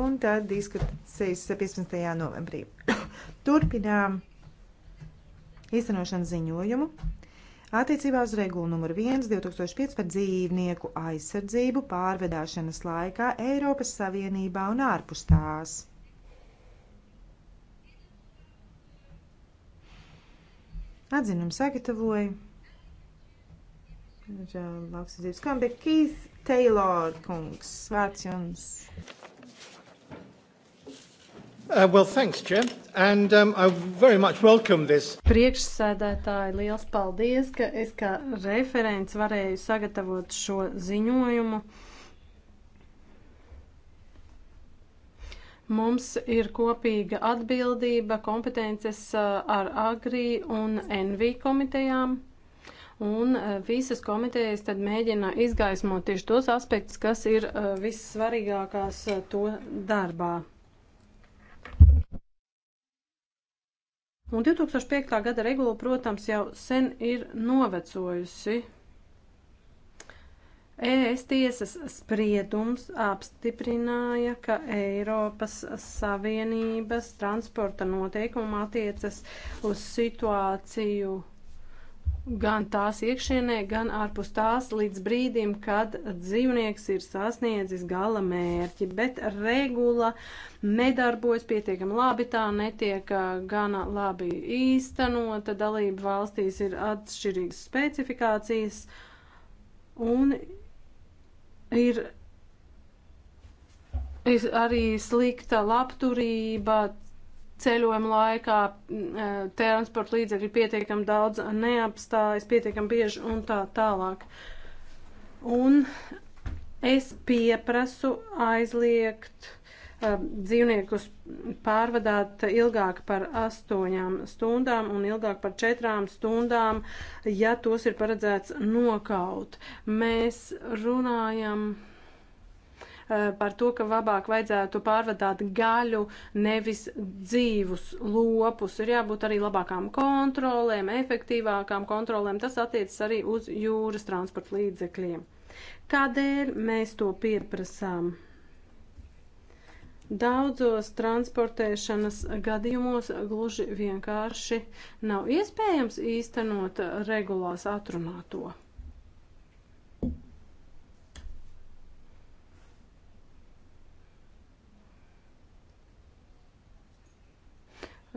un tad diskusijas 15. novembrī. Turpinām īstenošanas ziņojumu. Attiecībā uz regulu numur 1 2005 par dzīvnieku aizsardzību pārvedāšanas laikā Eiropas Savienībā un ārpus tās. Atzinumu sagatavoju Lauksadzības kombi Keith Taylor kungs. Vārds jums. Uh, well, thanks, Chair. And um, I very much welcome this. Priekšsēdētāji, liels paldies, ka es kā referents varēju sagatavot šo ziņojumu. Mums ir kopīga atbildība, kompetences uh, ar Agri un NV komitejām. Un uh, visas komitejas tad mēģina izgaismot tieši tos aspektus, kas ir uh, vissvarīgākās to darbā. Un 2005. gada regula, protams, jau sen ir novecojusi. ES tiesas spriedums apstiprināja, ka Eiropas Savienības transporta noteikumi attiecas uz situāciju gan tās iekšienē, gan ārpus tās līdz brīdim, kad dzīvnieks ir sasniedzis gala mērķi, bet regula nedarbojas pietiekami labi, tā netiek gana labi īstenota, dalība valstīs ir atšķirīgas specifikācijas un ir. Ir arī slikta labturība, ceļojuma laikā e, transporta līdzekļi pietiekami daudz neapstājas, pietiekami bieži un tā tālāk. Un es pieprasu aizliegt uh, dzīvniekus pārvadāt ilgāk par astoņām stundām un ilgāk par četrām stundām, ja tos ir paredzēts nokaut. Mēs runājam Eh, par to, ka labāk vajadzētu pārvadāt gaļu, nevis dzīvus lopus. Ir jābūt arī labākām kontrolēm, efektīvākām kontrolēm. Tas attiecas arī uz jūras transporta līdzekļiem. Kādēļ mēs to pieprasām? Daudzos transportēšanas gadījumos gluži vienkārši nav iespējams īstenot regulās atrunāto.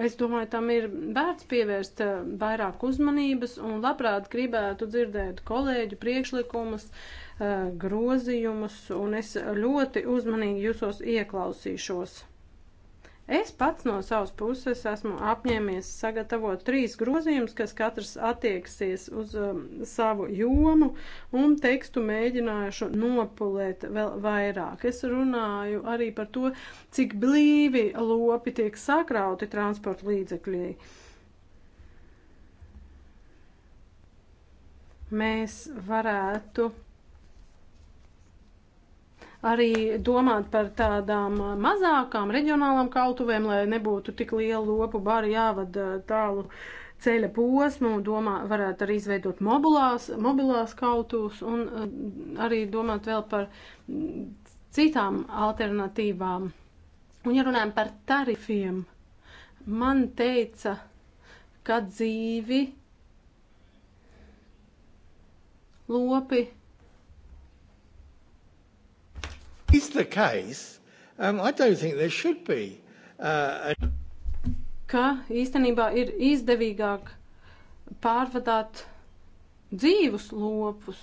Es domāju, tam ir vērts pievērst eh, vairāk uzmanības un labprāt gribētu dzirdēt kolēģu priekšlikumus, eh, grozījumus, un es ļoti uzmanīgi jūsos ieklausīšos. Es pats no savas puses esmu apņēmies sagatavot trīs grozījumus, kas katrs attieksies uz um, savu jomu un tekstu mēģinājuši nopulēt vēl vairāk. Es runāju arī par to, cik blīvi lopi tiek sakrauti transporta līdzekļi. Mēs varētu arī domāt par tādām mazākām reģionālām kaltuvēm, lai nebūtu tik liela lopu bari jāvada tālu ceļa posmu, domā, varētu arī izveidot mobilās, mobilās kautus un eh, arī domāt vēl par mm, citām alternatīvām. Un ja runājam par tarifiem, man teica, ka dzīvi lopi Is the case? Um, I don't think there should be. Uh, a... Ka īstenībā ir izdevīgāk pārvadāt dzīvus lopus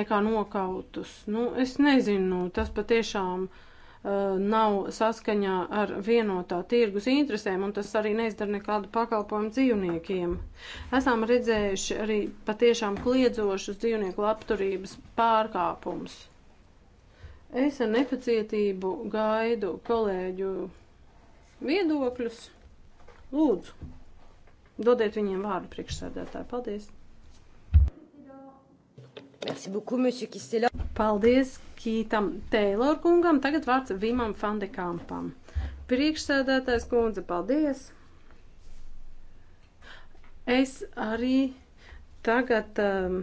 nekā nokautus. Nu, es nezinu, tas patiešām uh, nav saskaņā ar vienotā tirgus interesēm, un tas arī neizdara nekādu pakalpojumu dzīvniekiem. Esam redzējuši arī patiešām kliedzošus dzīvnieku labturības pārkāpumus. Es ar nepacietību gaidu kolēģu viedokļus. Lūdzu, dodiet viņiem vārdu priekšsēdētāji. Paldies! Merci beaucoup, monsieur Kistela. Paldies Kītam Teilor kungam. Tagad vārds Vimam Fandekampam. Priekšsēdētājs kundze, paldies! Es arī tagad. Um,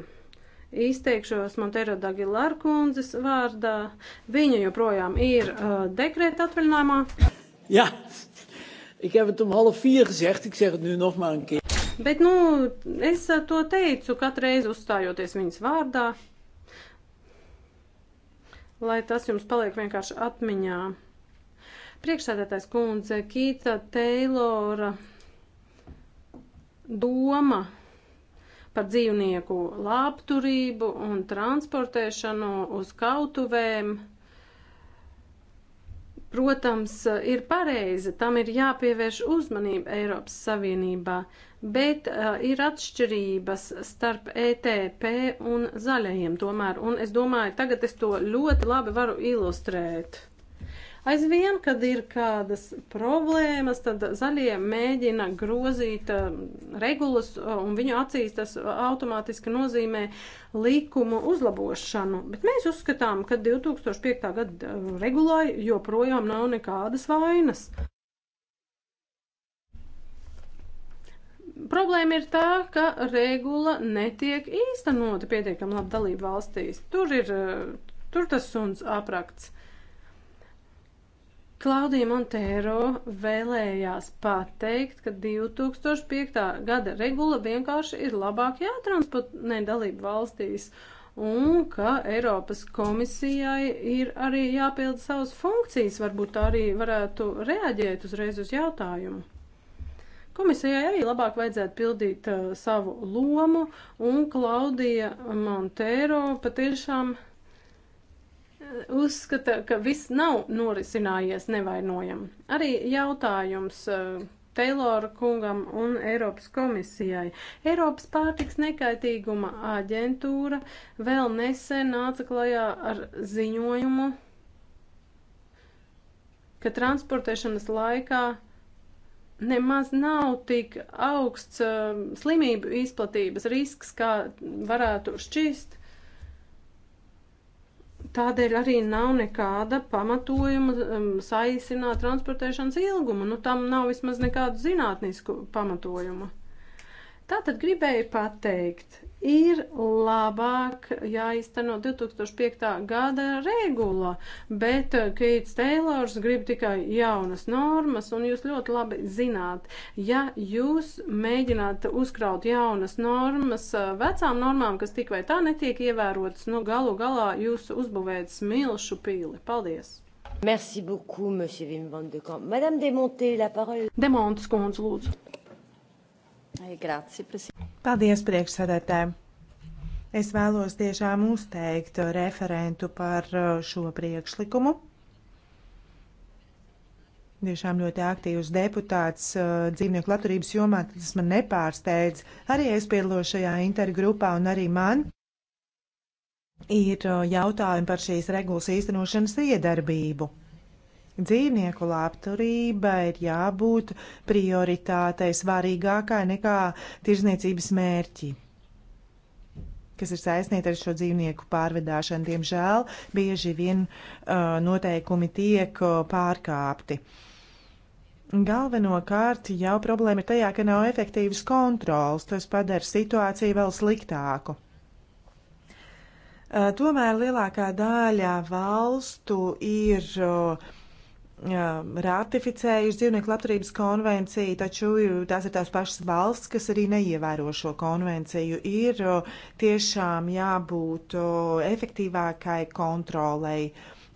izteikšos Montero Dagilar kundzes vārdā. Viņa joprojām ir uh, dekrēta atvaļinājumā. Jā, ik heb het om half vier gezegd, ik zeg het nu nog maar een keer. Bet, nu, es uh, to teicu katreiz uzstājoties viņas vārdā, lai tas jums paliek vienkārši atmiņā. Priekšsēdētājs kundze Kīta Teilora doma par dzīvnieku labturību un transportēšanu uz kautuvēm. Protams, ir pareizi, tam ir jāpievērš uzmanība Eiropas Savienībā, bet uh, ir atšķirības starp ETP un zaļajiem tomēr, un es domāju, tagad es to ļoti labi varu ilustrēt. Aizvien, kad ir kādas problēmas, tad zaļie mēģina grozīt um, regulas, uh, un viņu acīs tas automātiski nozīmē likumu uzlabošanu. Bet mēs uzskatām, ka 2005. gada uh, regulai joprojām nav nekādas vainas. problēma ir tā, ka regula netiek īstenota pietiekami labi dalību valstīs. Tur ir uh, tur tas suns aprakts. Klaudija Montēro vēlējās pateikt, ka 2005. gada regula vienkārši ir labāk jātransponē dalību valstīs un ka Eiropas komisijai ir arī jāpilda savas funkcijas, varbūt tā arī varētu reaģēt uzreiz uz jautājumu. Komisijai arī labāk vajadzētu pildīt uh, savu lomu, un Klaudija Montēro patiešām uzskata, ka viss nav norisinājies nevainojami. Arī jautājums uh, Teilora kungam un Eiropas komisijai. Eiropas pārtiks nekaitīguma aģentūra vēl nesen nāca klajā ar ziņojumu, ka transportēšanas laikā nemaz nav tik augsts uh, slimību izplatības risks, kā varētu šķist. Tādēļ arī nav nekāda pamatojuma um, saīsināt transportēšanas ilgumu. Nu, tam nav vismaz nekādu zinātnisku pamatojumu. Tātad gribēju pateikt, ir labāk jāizteno 2005. gada regula, bet Keits Teilors grib tikai jaunas normas, un jūs ļoti labi zināt, ja jūs mēģināt uzkraut jaunas normas eh, vecām normām, kas tik vai tā netiek ievērotas, nu galu galā jūs uzbūvēt smilšu pīli. Paldies! Merci beaucoup, monsieur Wim van de Kamp. Madame Demonte, la parole. Demonte, skundz, lūdzu. Eh, Paldies priekšsēdētājiem! Es vēlos tiešām uzteikt referentu par eh, šo priekšlikumu. Tiešām ļoti aktīvs deputāts eh, dzīvnieku labturības jomā, tas man nepārsteidz. Arī es piedalos šajā intergrupā un arī man ir jautājumi par šīs regulas īstenošanas iedarbību. Dzīvnieku labturība ir jābūt prioritātei svarīgākai nekā tirzniecības mērķi kas ir saistīta ar šo dzīvnieku pārvedāšanu. Diemžēl bieži vien uh, noteikumi tiek uh, pārkāpti. Galvenokārt jau problēma ir tajā, ka nav efektīvas kontrols. Tas padara situāciju vēl sliktāku. Uh, tomēr lielākā daļa valstu ir uh, ratificējuši dzīvnieku labturības konvenciju, taču tās ir tās pašas valsts, kas arī neievēro šo konvenciju. Ir tiešām jābūt efektīvākai kontrolei.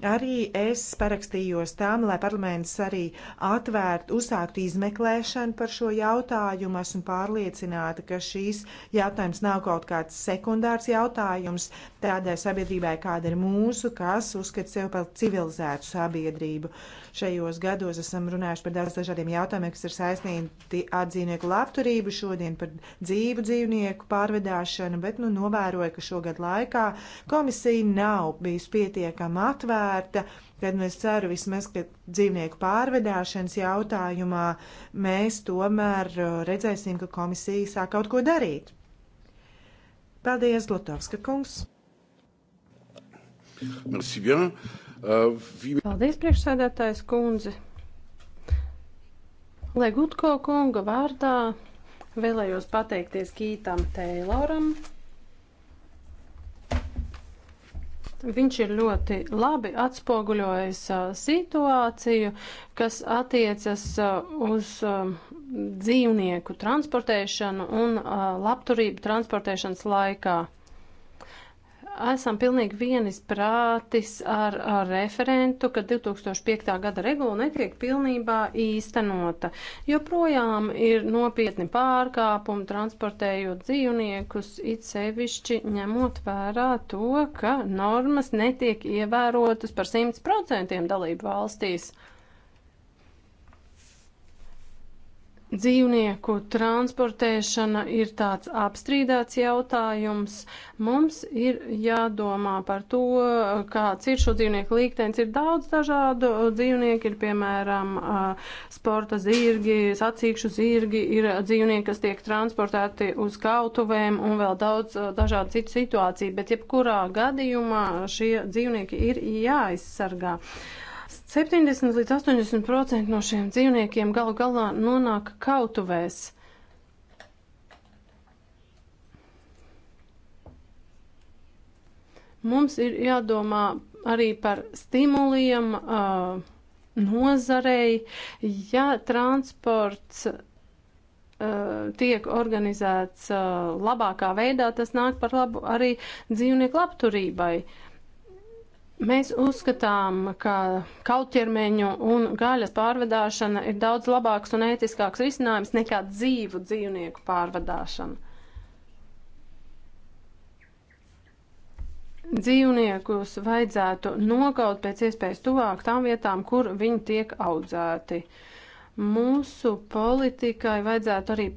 Arī es parakstījos tam, lai parlaments arī atvērt, uzsākt izmeklēšanu par šo jautājumu. Esmu pārliecināta, ka šīs jautājums nav kaut kāds sekundārs jautājums tādai sabiedrībai, kāda ir mūsu, kas uzskata sev par civilizētu sabiedrību. Uh, Šajos gados esam runājuši par daudz dažādiem jautājumiem, kas ir saistīti ar dzīvnieku labturību, šodien par dzīvu dzīvnieku pārvedāšanu, bet nu novēroju, ka šogad laikā komisija nav bijusi pietiekama atvērta, kad nu es ceru vismaz, ka dzīvnieku pārvedāšanas jautājumā mēs tomēr uh, redzēsim, ka komisija sāk kaut ko darīt. Paldies, Glotovska kungs! Merci bien. Paldies, priekšsēdētājs kundze. Legutko kunga vārdā vēlējos pateikties Kītam Teiloram. Viņš ir ļoti labi atspoguļojis situāciju, kas attiecas uz dzīvnieku transportēšanu un labturību transportēšanas laikā esam pilnīgi vienisprātis ar, ar referentu, ka 2005. gada regula netiek pilnībā īstenota. Joprojām ir nopietni pārkāpumi transportējot dzīvniekus, it sevišķi ņemot vērā to, ka normas netiek ievērotas par 100% dalību valstīs. Uh, Dzīvnieku transportēšana ir tāds apstrīdēts jautājums. Mums ir jādomā par to, kāds ir šo dzīvnieku liktenis. Ir daudz dažādu dzīvnieku, ir piemēram sporta zirgi, sacīkšu zirgi, ir dzīvnieki, kas tiek transportēti uz kautuvēm un vēl daudz dažādu citu situāciju, bet jebkurā gadījumā šie dzīvnieki ir jāaizsargā. Uh, 70 līdz 80% no šiem dzīvniekiem galu galā nonāk kautuvēs. Mums ir jādomā arī par stimuliem uh, nozarei, ja transports tiek organizēts labākā veidā, tas nāk par labu arī dzīvnieku labturībai. Uh, Mēs uzskatām, ka kautiermeņu un gaļas pārvadāšana ir daudz labāks un ētiskāks risinājums nekā dzīvu dzīvnieku pārvadāšana. Dzīvniekus vajadzētu nokaut pēc iespējas tuvāk tām vietām, kur viņi tiek audzēti. Mūsu politikai vajadzētu arī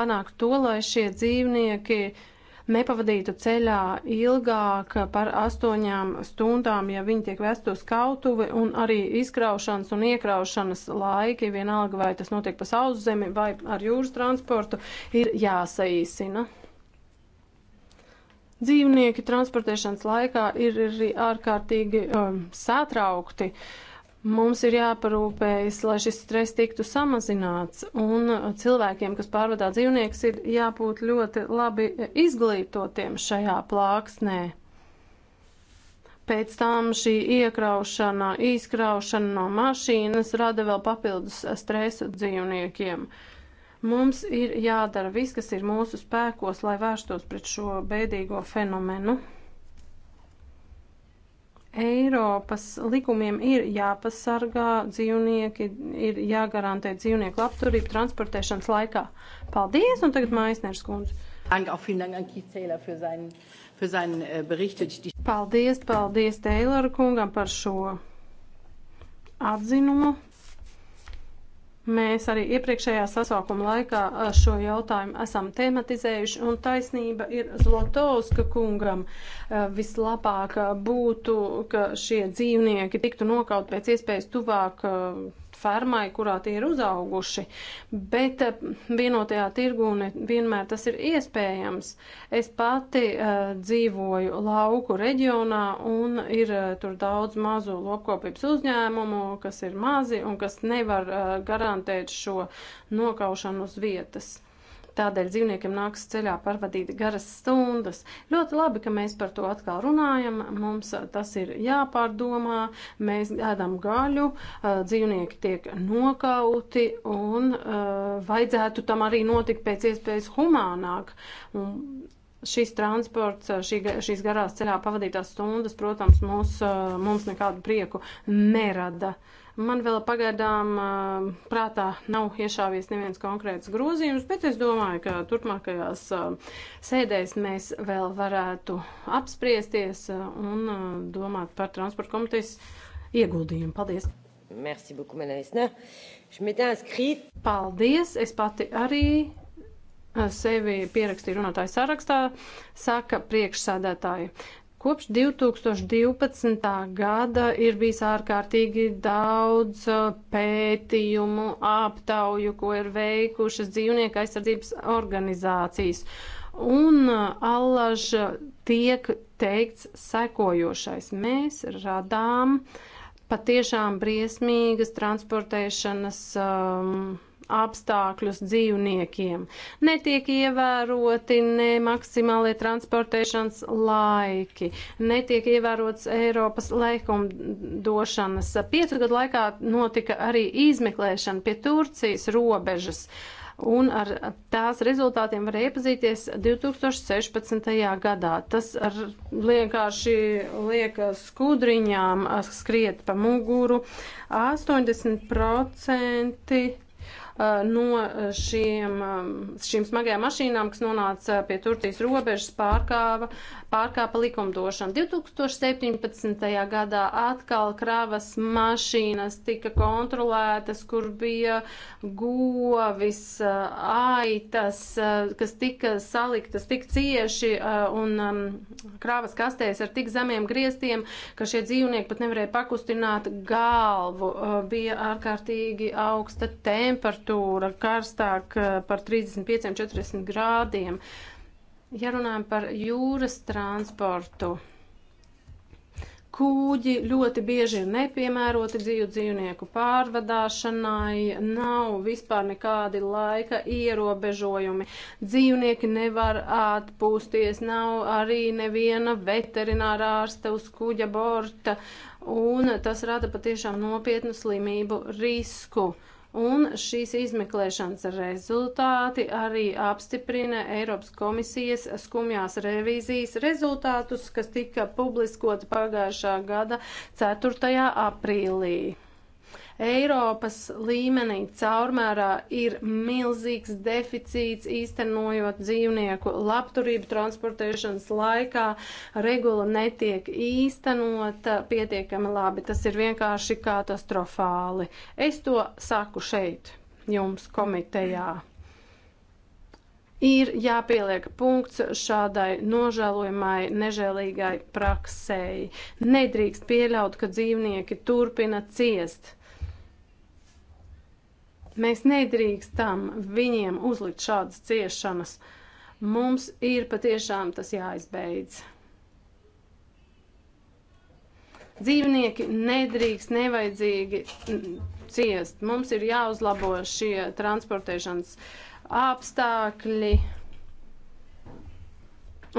panākt to, lai šie dzīvnieki uh, nepavadītu ceļā ilgāk par astoņām stundām, ja viņi tiek vest uz kautuvi, un arī izkraušanas un iekraušanas laiki, vienalga vai tas notiek pa sauszemi vai ar jūras transportu, ir jāsaīsina. Dzīvnieki transportēšanas laikā ir arī ārkārtīgi um, satraukti. Uh, Mums ir jāparūpējas, lai šis stress tiktu samazināts, un cilvēkiem, kas pārvadā dzīvniekus, ir jābūt ļoti labi izglītotiem šajā plāksnē. Pēc tam šī iekraušana, izkraušana no mašīnas rada vēl papildus stresu dzīvniekiem. Mums ir jādara viss, kas ir mūsu spēkos, lai vērstos pret šo bēdīgo fenomenu. Eiropas likumiem ir jāpasargā dzīvnieki, ir jāgarantē dzīvnieku labturība transportēšanas laikā. Paldies, un tagad Maisners kundze. Äh, paldies, paldies Teilora kungam par šo atzinumu. Mēs arī iepriekšējā sasaukuma laikā šo jautājumu esam tematizējuši, un taisnība ir Zlotovska kungam. Vislabāk būtu, ka šie dzīvnieki tiktu nokaut pēc iespējas tuvāk fermai, kurā tie ir uzauguši, bet eh, vienotajā tirgū vienmēr tas ir iespējams. Es pati uh, dzīvoju lauku reģionā un ir uh, tur daudz mazu lopkopības uzņēmumu, kas ir mazi un kas nevar uh, garantēt šo nokaušanu uz vietas tādēļ dzīvniekiem nāks ceļā parvadīt garas stundas. Ļoti labi, ka mēs par to atkal runājam, mums tas ir jāpārdomā, mēs ēdam gaļu, dzīvnieki tiek nokauti un vajadzētu tam arī notikt pēc iespējas humānāk. Un šis transports, šī, šīs garās ceļā pavadītās stundas, protams, mūs, mums nekādu prieku nerada. Uh, Man vēl pagaidām prātā nav iešāvies neviens konkrēts grozījums, bet es domāju, ka turpmākajās sēdēs mēs vēl varētu apspriesties un domāt par transporta komitejas ieguldījumu. Paldies! Merci beaucoup, Madame Esner. Je m'étais inscrite. Paldies, es pati arī sevi pierakstīju runātāju sarakstā, saka priekšsādātāji. Kopš 2012. gada ir bijis ārkārtīgi daudz uh, pētījumu, aptauju, ko ir veikušas dzīvnieku aizsardzības organizācijas. Un uh, allaž tiek teikts sekojošais. Mēs radām patiešām briesmīgas transportēšanas um, apstākļus dzīvniekiem. Netiek ievēroti ne maksimālie transportēšanas laiki, netiek ievērots Eiropas laikumdošanas. Piecu gadu laikā notika arī izmeklēšana pie Turcijas robežas. Un ar tās rezultātiem var iepazīties 2016. gadā. Tas ar vienkārši liek skudriņām skriet pa muguru. 80% Uh, no šiem, um, šīm smagajām mašīnām, kas nonāca pie Turcijas robežas, pārkāpa, pārkāpa likumdošanu. 2017. gadā atkal kravas mašīnas tika kontrolētas, kur bija govis, uh, aitas, uh, kas tika saliktas tik cieši un um, kravas kastēs ar tik zemiem griestiem, ka šie dzīvnieki pat nevarēja pakustināt galvu. Bija ārkārtīgi augsta temperatūra temperatūra karstāk eh, par 35-40 grādiem. Ja runājam par jūras transportu, kūģi ļoti bieži ir nepiemēroti dzīvu dzīvnieku pārvadāšanai, nav vispār nekādi laika ierobežojumi. Dzīvnieki nevar atpūsties, nav arī neviena veterinārā ārsta uz kuģa borta, un tas rada patiešām nopietnu slimību risku. Uh, Un šīs izmeklēšanas rezultāti arī apstiprina Eiropas komisijas skumjās revīzijas rezultātus, kas tika publiskoti pagājušā gada 4. aprīlī. Eiropas līmenī caurmērā ir milzīgs deficīts īstenojot dzīvnieku labturību transportēšanas laikā. Regula netiek īstenota pietiekami labi. Tas ir vienkārši katastrofāli. Es to saku šeit jums komitejā. Ir jāpieliek punkts šādai nožēlojamai, nežēlīgai praksēji. Nedrīkst pieļaut, ka dzīvnieki turpina ciest. Mēs nedrīkstam viņiem uzlikt šādas ciešanas. Mums ir patiešām tas jāizbeidz. Dzīvnieki nedrīkst nevajadzīgi ciest. Mums ir jāuzlabo šie transportēšanas apstākļi.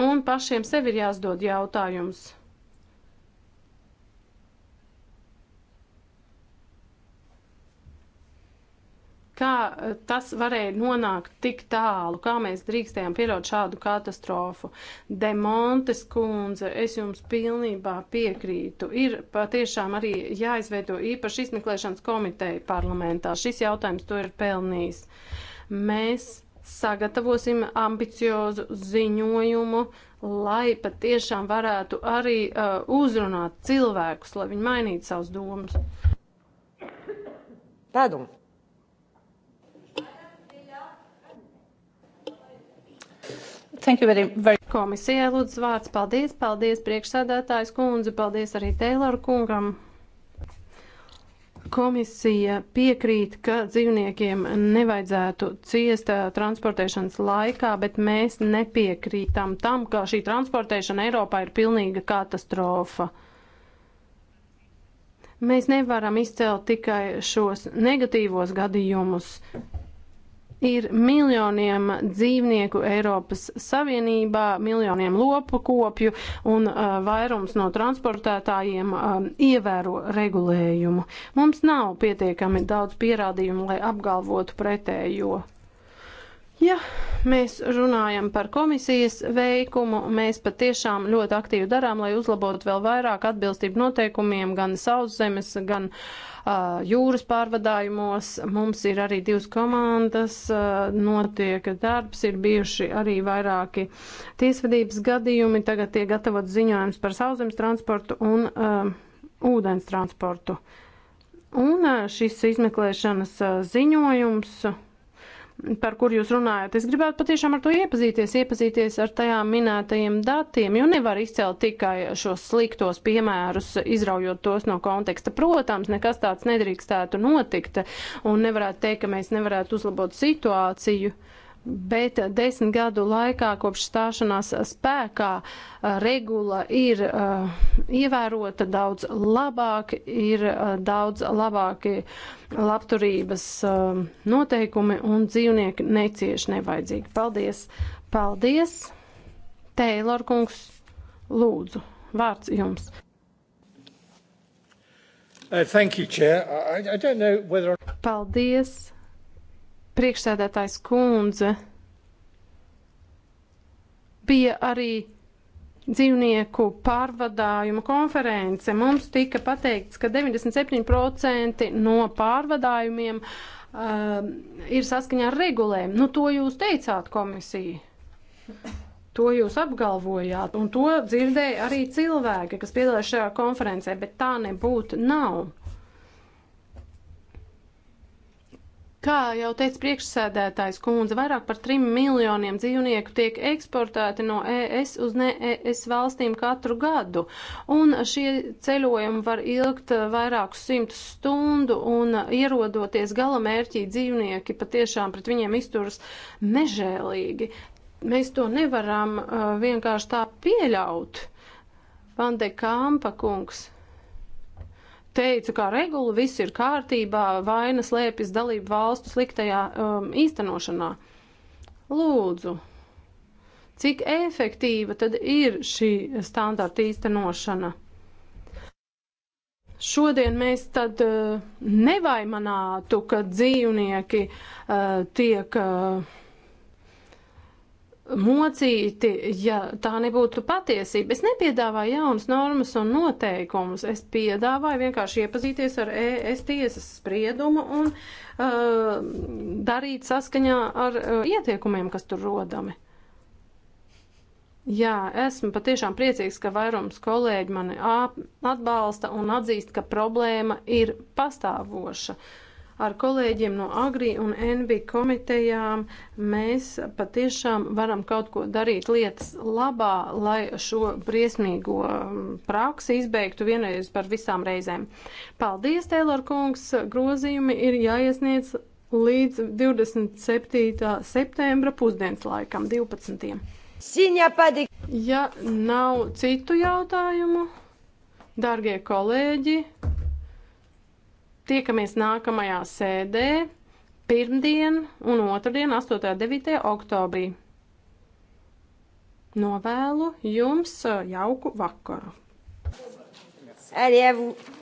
Un pašiem sev ir jāuzdod jautājums, kā eh, tas varēja nonākt tik tālu, kā mēs drīkstējām pierot šādu katastrofu. Demontes kundze, es jums pilnībā piekrītu. Ir patiešām arī jāizveido īpaši izmeklēšanas komiteja parlamentā. Šis jautājums to ir pelnījis. Mēs sagatavosim ambiciozu ziņojumu, lai patiešām varētu arī uh, uzrunāt cilvēkus, lai viņi mainītu savus domas. Pardon. Thank you very, very... Komisijai lūdzu vārds. Paldies, paldies priekšsēdētājs kundze, paldies arī Teiloru kungam. Komisija piekrīt, ka dzīvniekiem nevajadzētu ciest eh, transportēšanas laikā, bet mēs nepiekrītam tam, ka šī transportēšana Eiropā ir pilnīga katastrofa mēs nevaram izcelt tikai šos negatīvos gadījumus ir miljoniem dzīvnieku Eiropas Savienībā, miljoniem lopu kopju un uh, vairums no transportētājiem uh, ievēro regulējumu. Mums nav pietiekami daudz pierādījumu, lai apgalvotu pretējo. Ja mēs runājam par komisijas veikumu, mēs patiešām ļoti aktīvi darām, lai uzlabotu vēl vairāk atbilstību noteikumiem gan sauszemes, gan uh, jūras pārvadājumos. Mums ir arī divas komandas, notiek darbs, ir bijuši arī vairāki tiesvedības gadījumi. Tagad tiek gatavot ziņojums par sauszemes transportu un uh, ūdens transportu. Un šis izmeklēšanas ziņojums par kur jūs runājat. Es gribētu patiešām ar to iepazīties, iepazīties ar tajām minētajiem datiem, jo nevar izcelt tikai šos sliktos piemērus, izraujot tos no konteksta. Protams, nekas tāds nedrīkstētu notikt un nevarētu teikt, ka mēs nevarētu uzlabot situāciju. Uh, bet desmit gadu laikā kopš stāšanās spēkā regula ir uh, ievērota daudz labāk, ir uh, daudz labāki labturības uh, noteikumi un dzīvnieki necieš nevajadzīgi. Paldies! Paldies! Teilor kungs, lūdzu, vārds jums. Uh, thank you, Chair. I, I don't know whether... Paldies! priekšsēdētājs kundze bija arī dzīvnieku pārvadājuma konference. Mums tika pateikts, ka 97% no pārvadājumiem uh, ir saskaņā ar regulēm. Nu, to jūs teicāt komisija. To jūs apgalvojāt, un to dzirdēja arī cilvēki, kas piedalās šajā konferencē, bet tā nebūtu nav. Kā jau teica priekšsēdētājs kundze, vairāk par 3 miljoniem dzīvnieku tiek eksportēti no ES uz ne ES valstīm katru gadu, un šie ceļojumi var ilgt eh, vairākus simtus stundu, un eh, ierodoties galamērķī dzīvnieki patiešām pret viņiem izturas nežēlīgi. Mēs to nevaram uh, vienkārši tā pieļaut. Vande Kampa kungs teica, kā regula, viss ir kārtībā, vainas lēpjas dalību valstu sliktajā um, īstenošanā. Lūdzu, cik efektīva tad ir šī standarta īstenošana? Šodien mēs tad uh, nevaimanātu, ka dzīvnieki uh, tiek. Uh, mocīti, ja tā nebūtu patiesība. Es nepiedāvāju jaunas normas un noteikumus. Es piedāvāju vienkārši iepazīties ar ES tiesas spriedumu un uh, darīt saskaņā ar uh, ieteikumiem, kas tur rodami. Jā, esmu patiešām priecīgs, ka vairums kolēģi mani atbalsta un atzīst, ka problēma ir pastāvoša. Uh, Ar kolēģiem no Agri un Envi komitejām mēs patiešām varam kaut ko darīt lietas labā, lai šo briesmīgo mm, praksi izbeigtu vienreiz par visām reizēm. Paldies, Tēlor kungs! Grozījumi ir jāiesniedz līdz 27. septembra pusdienas laikam, 12. Ja nav citu jautājumu, dārgie kolēģi, Tiekamies nākamajā sēdē pirmdien un otrdien 8. 9. oktobrī. Novēlu jums uh, jauku vakaru. Allez à vous.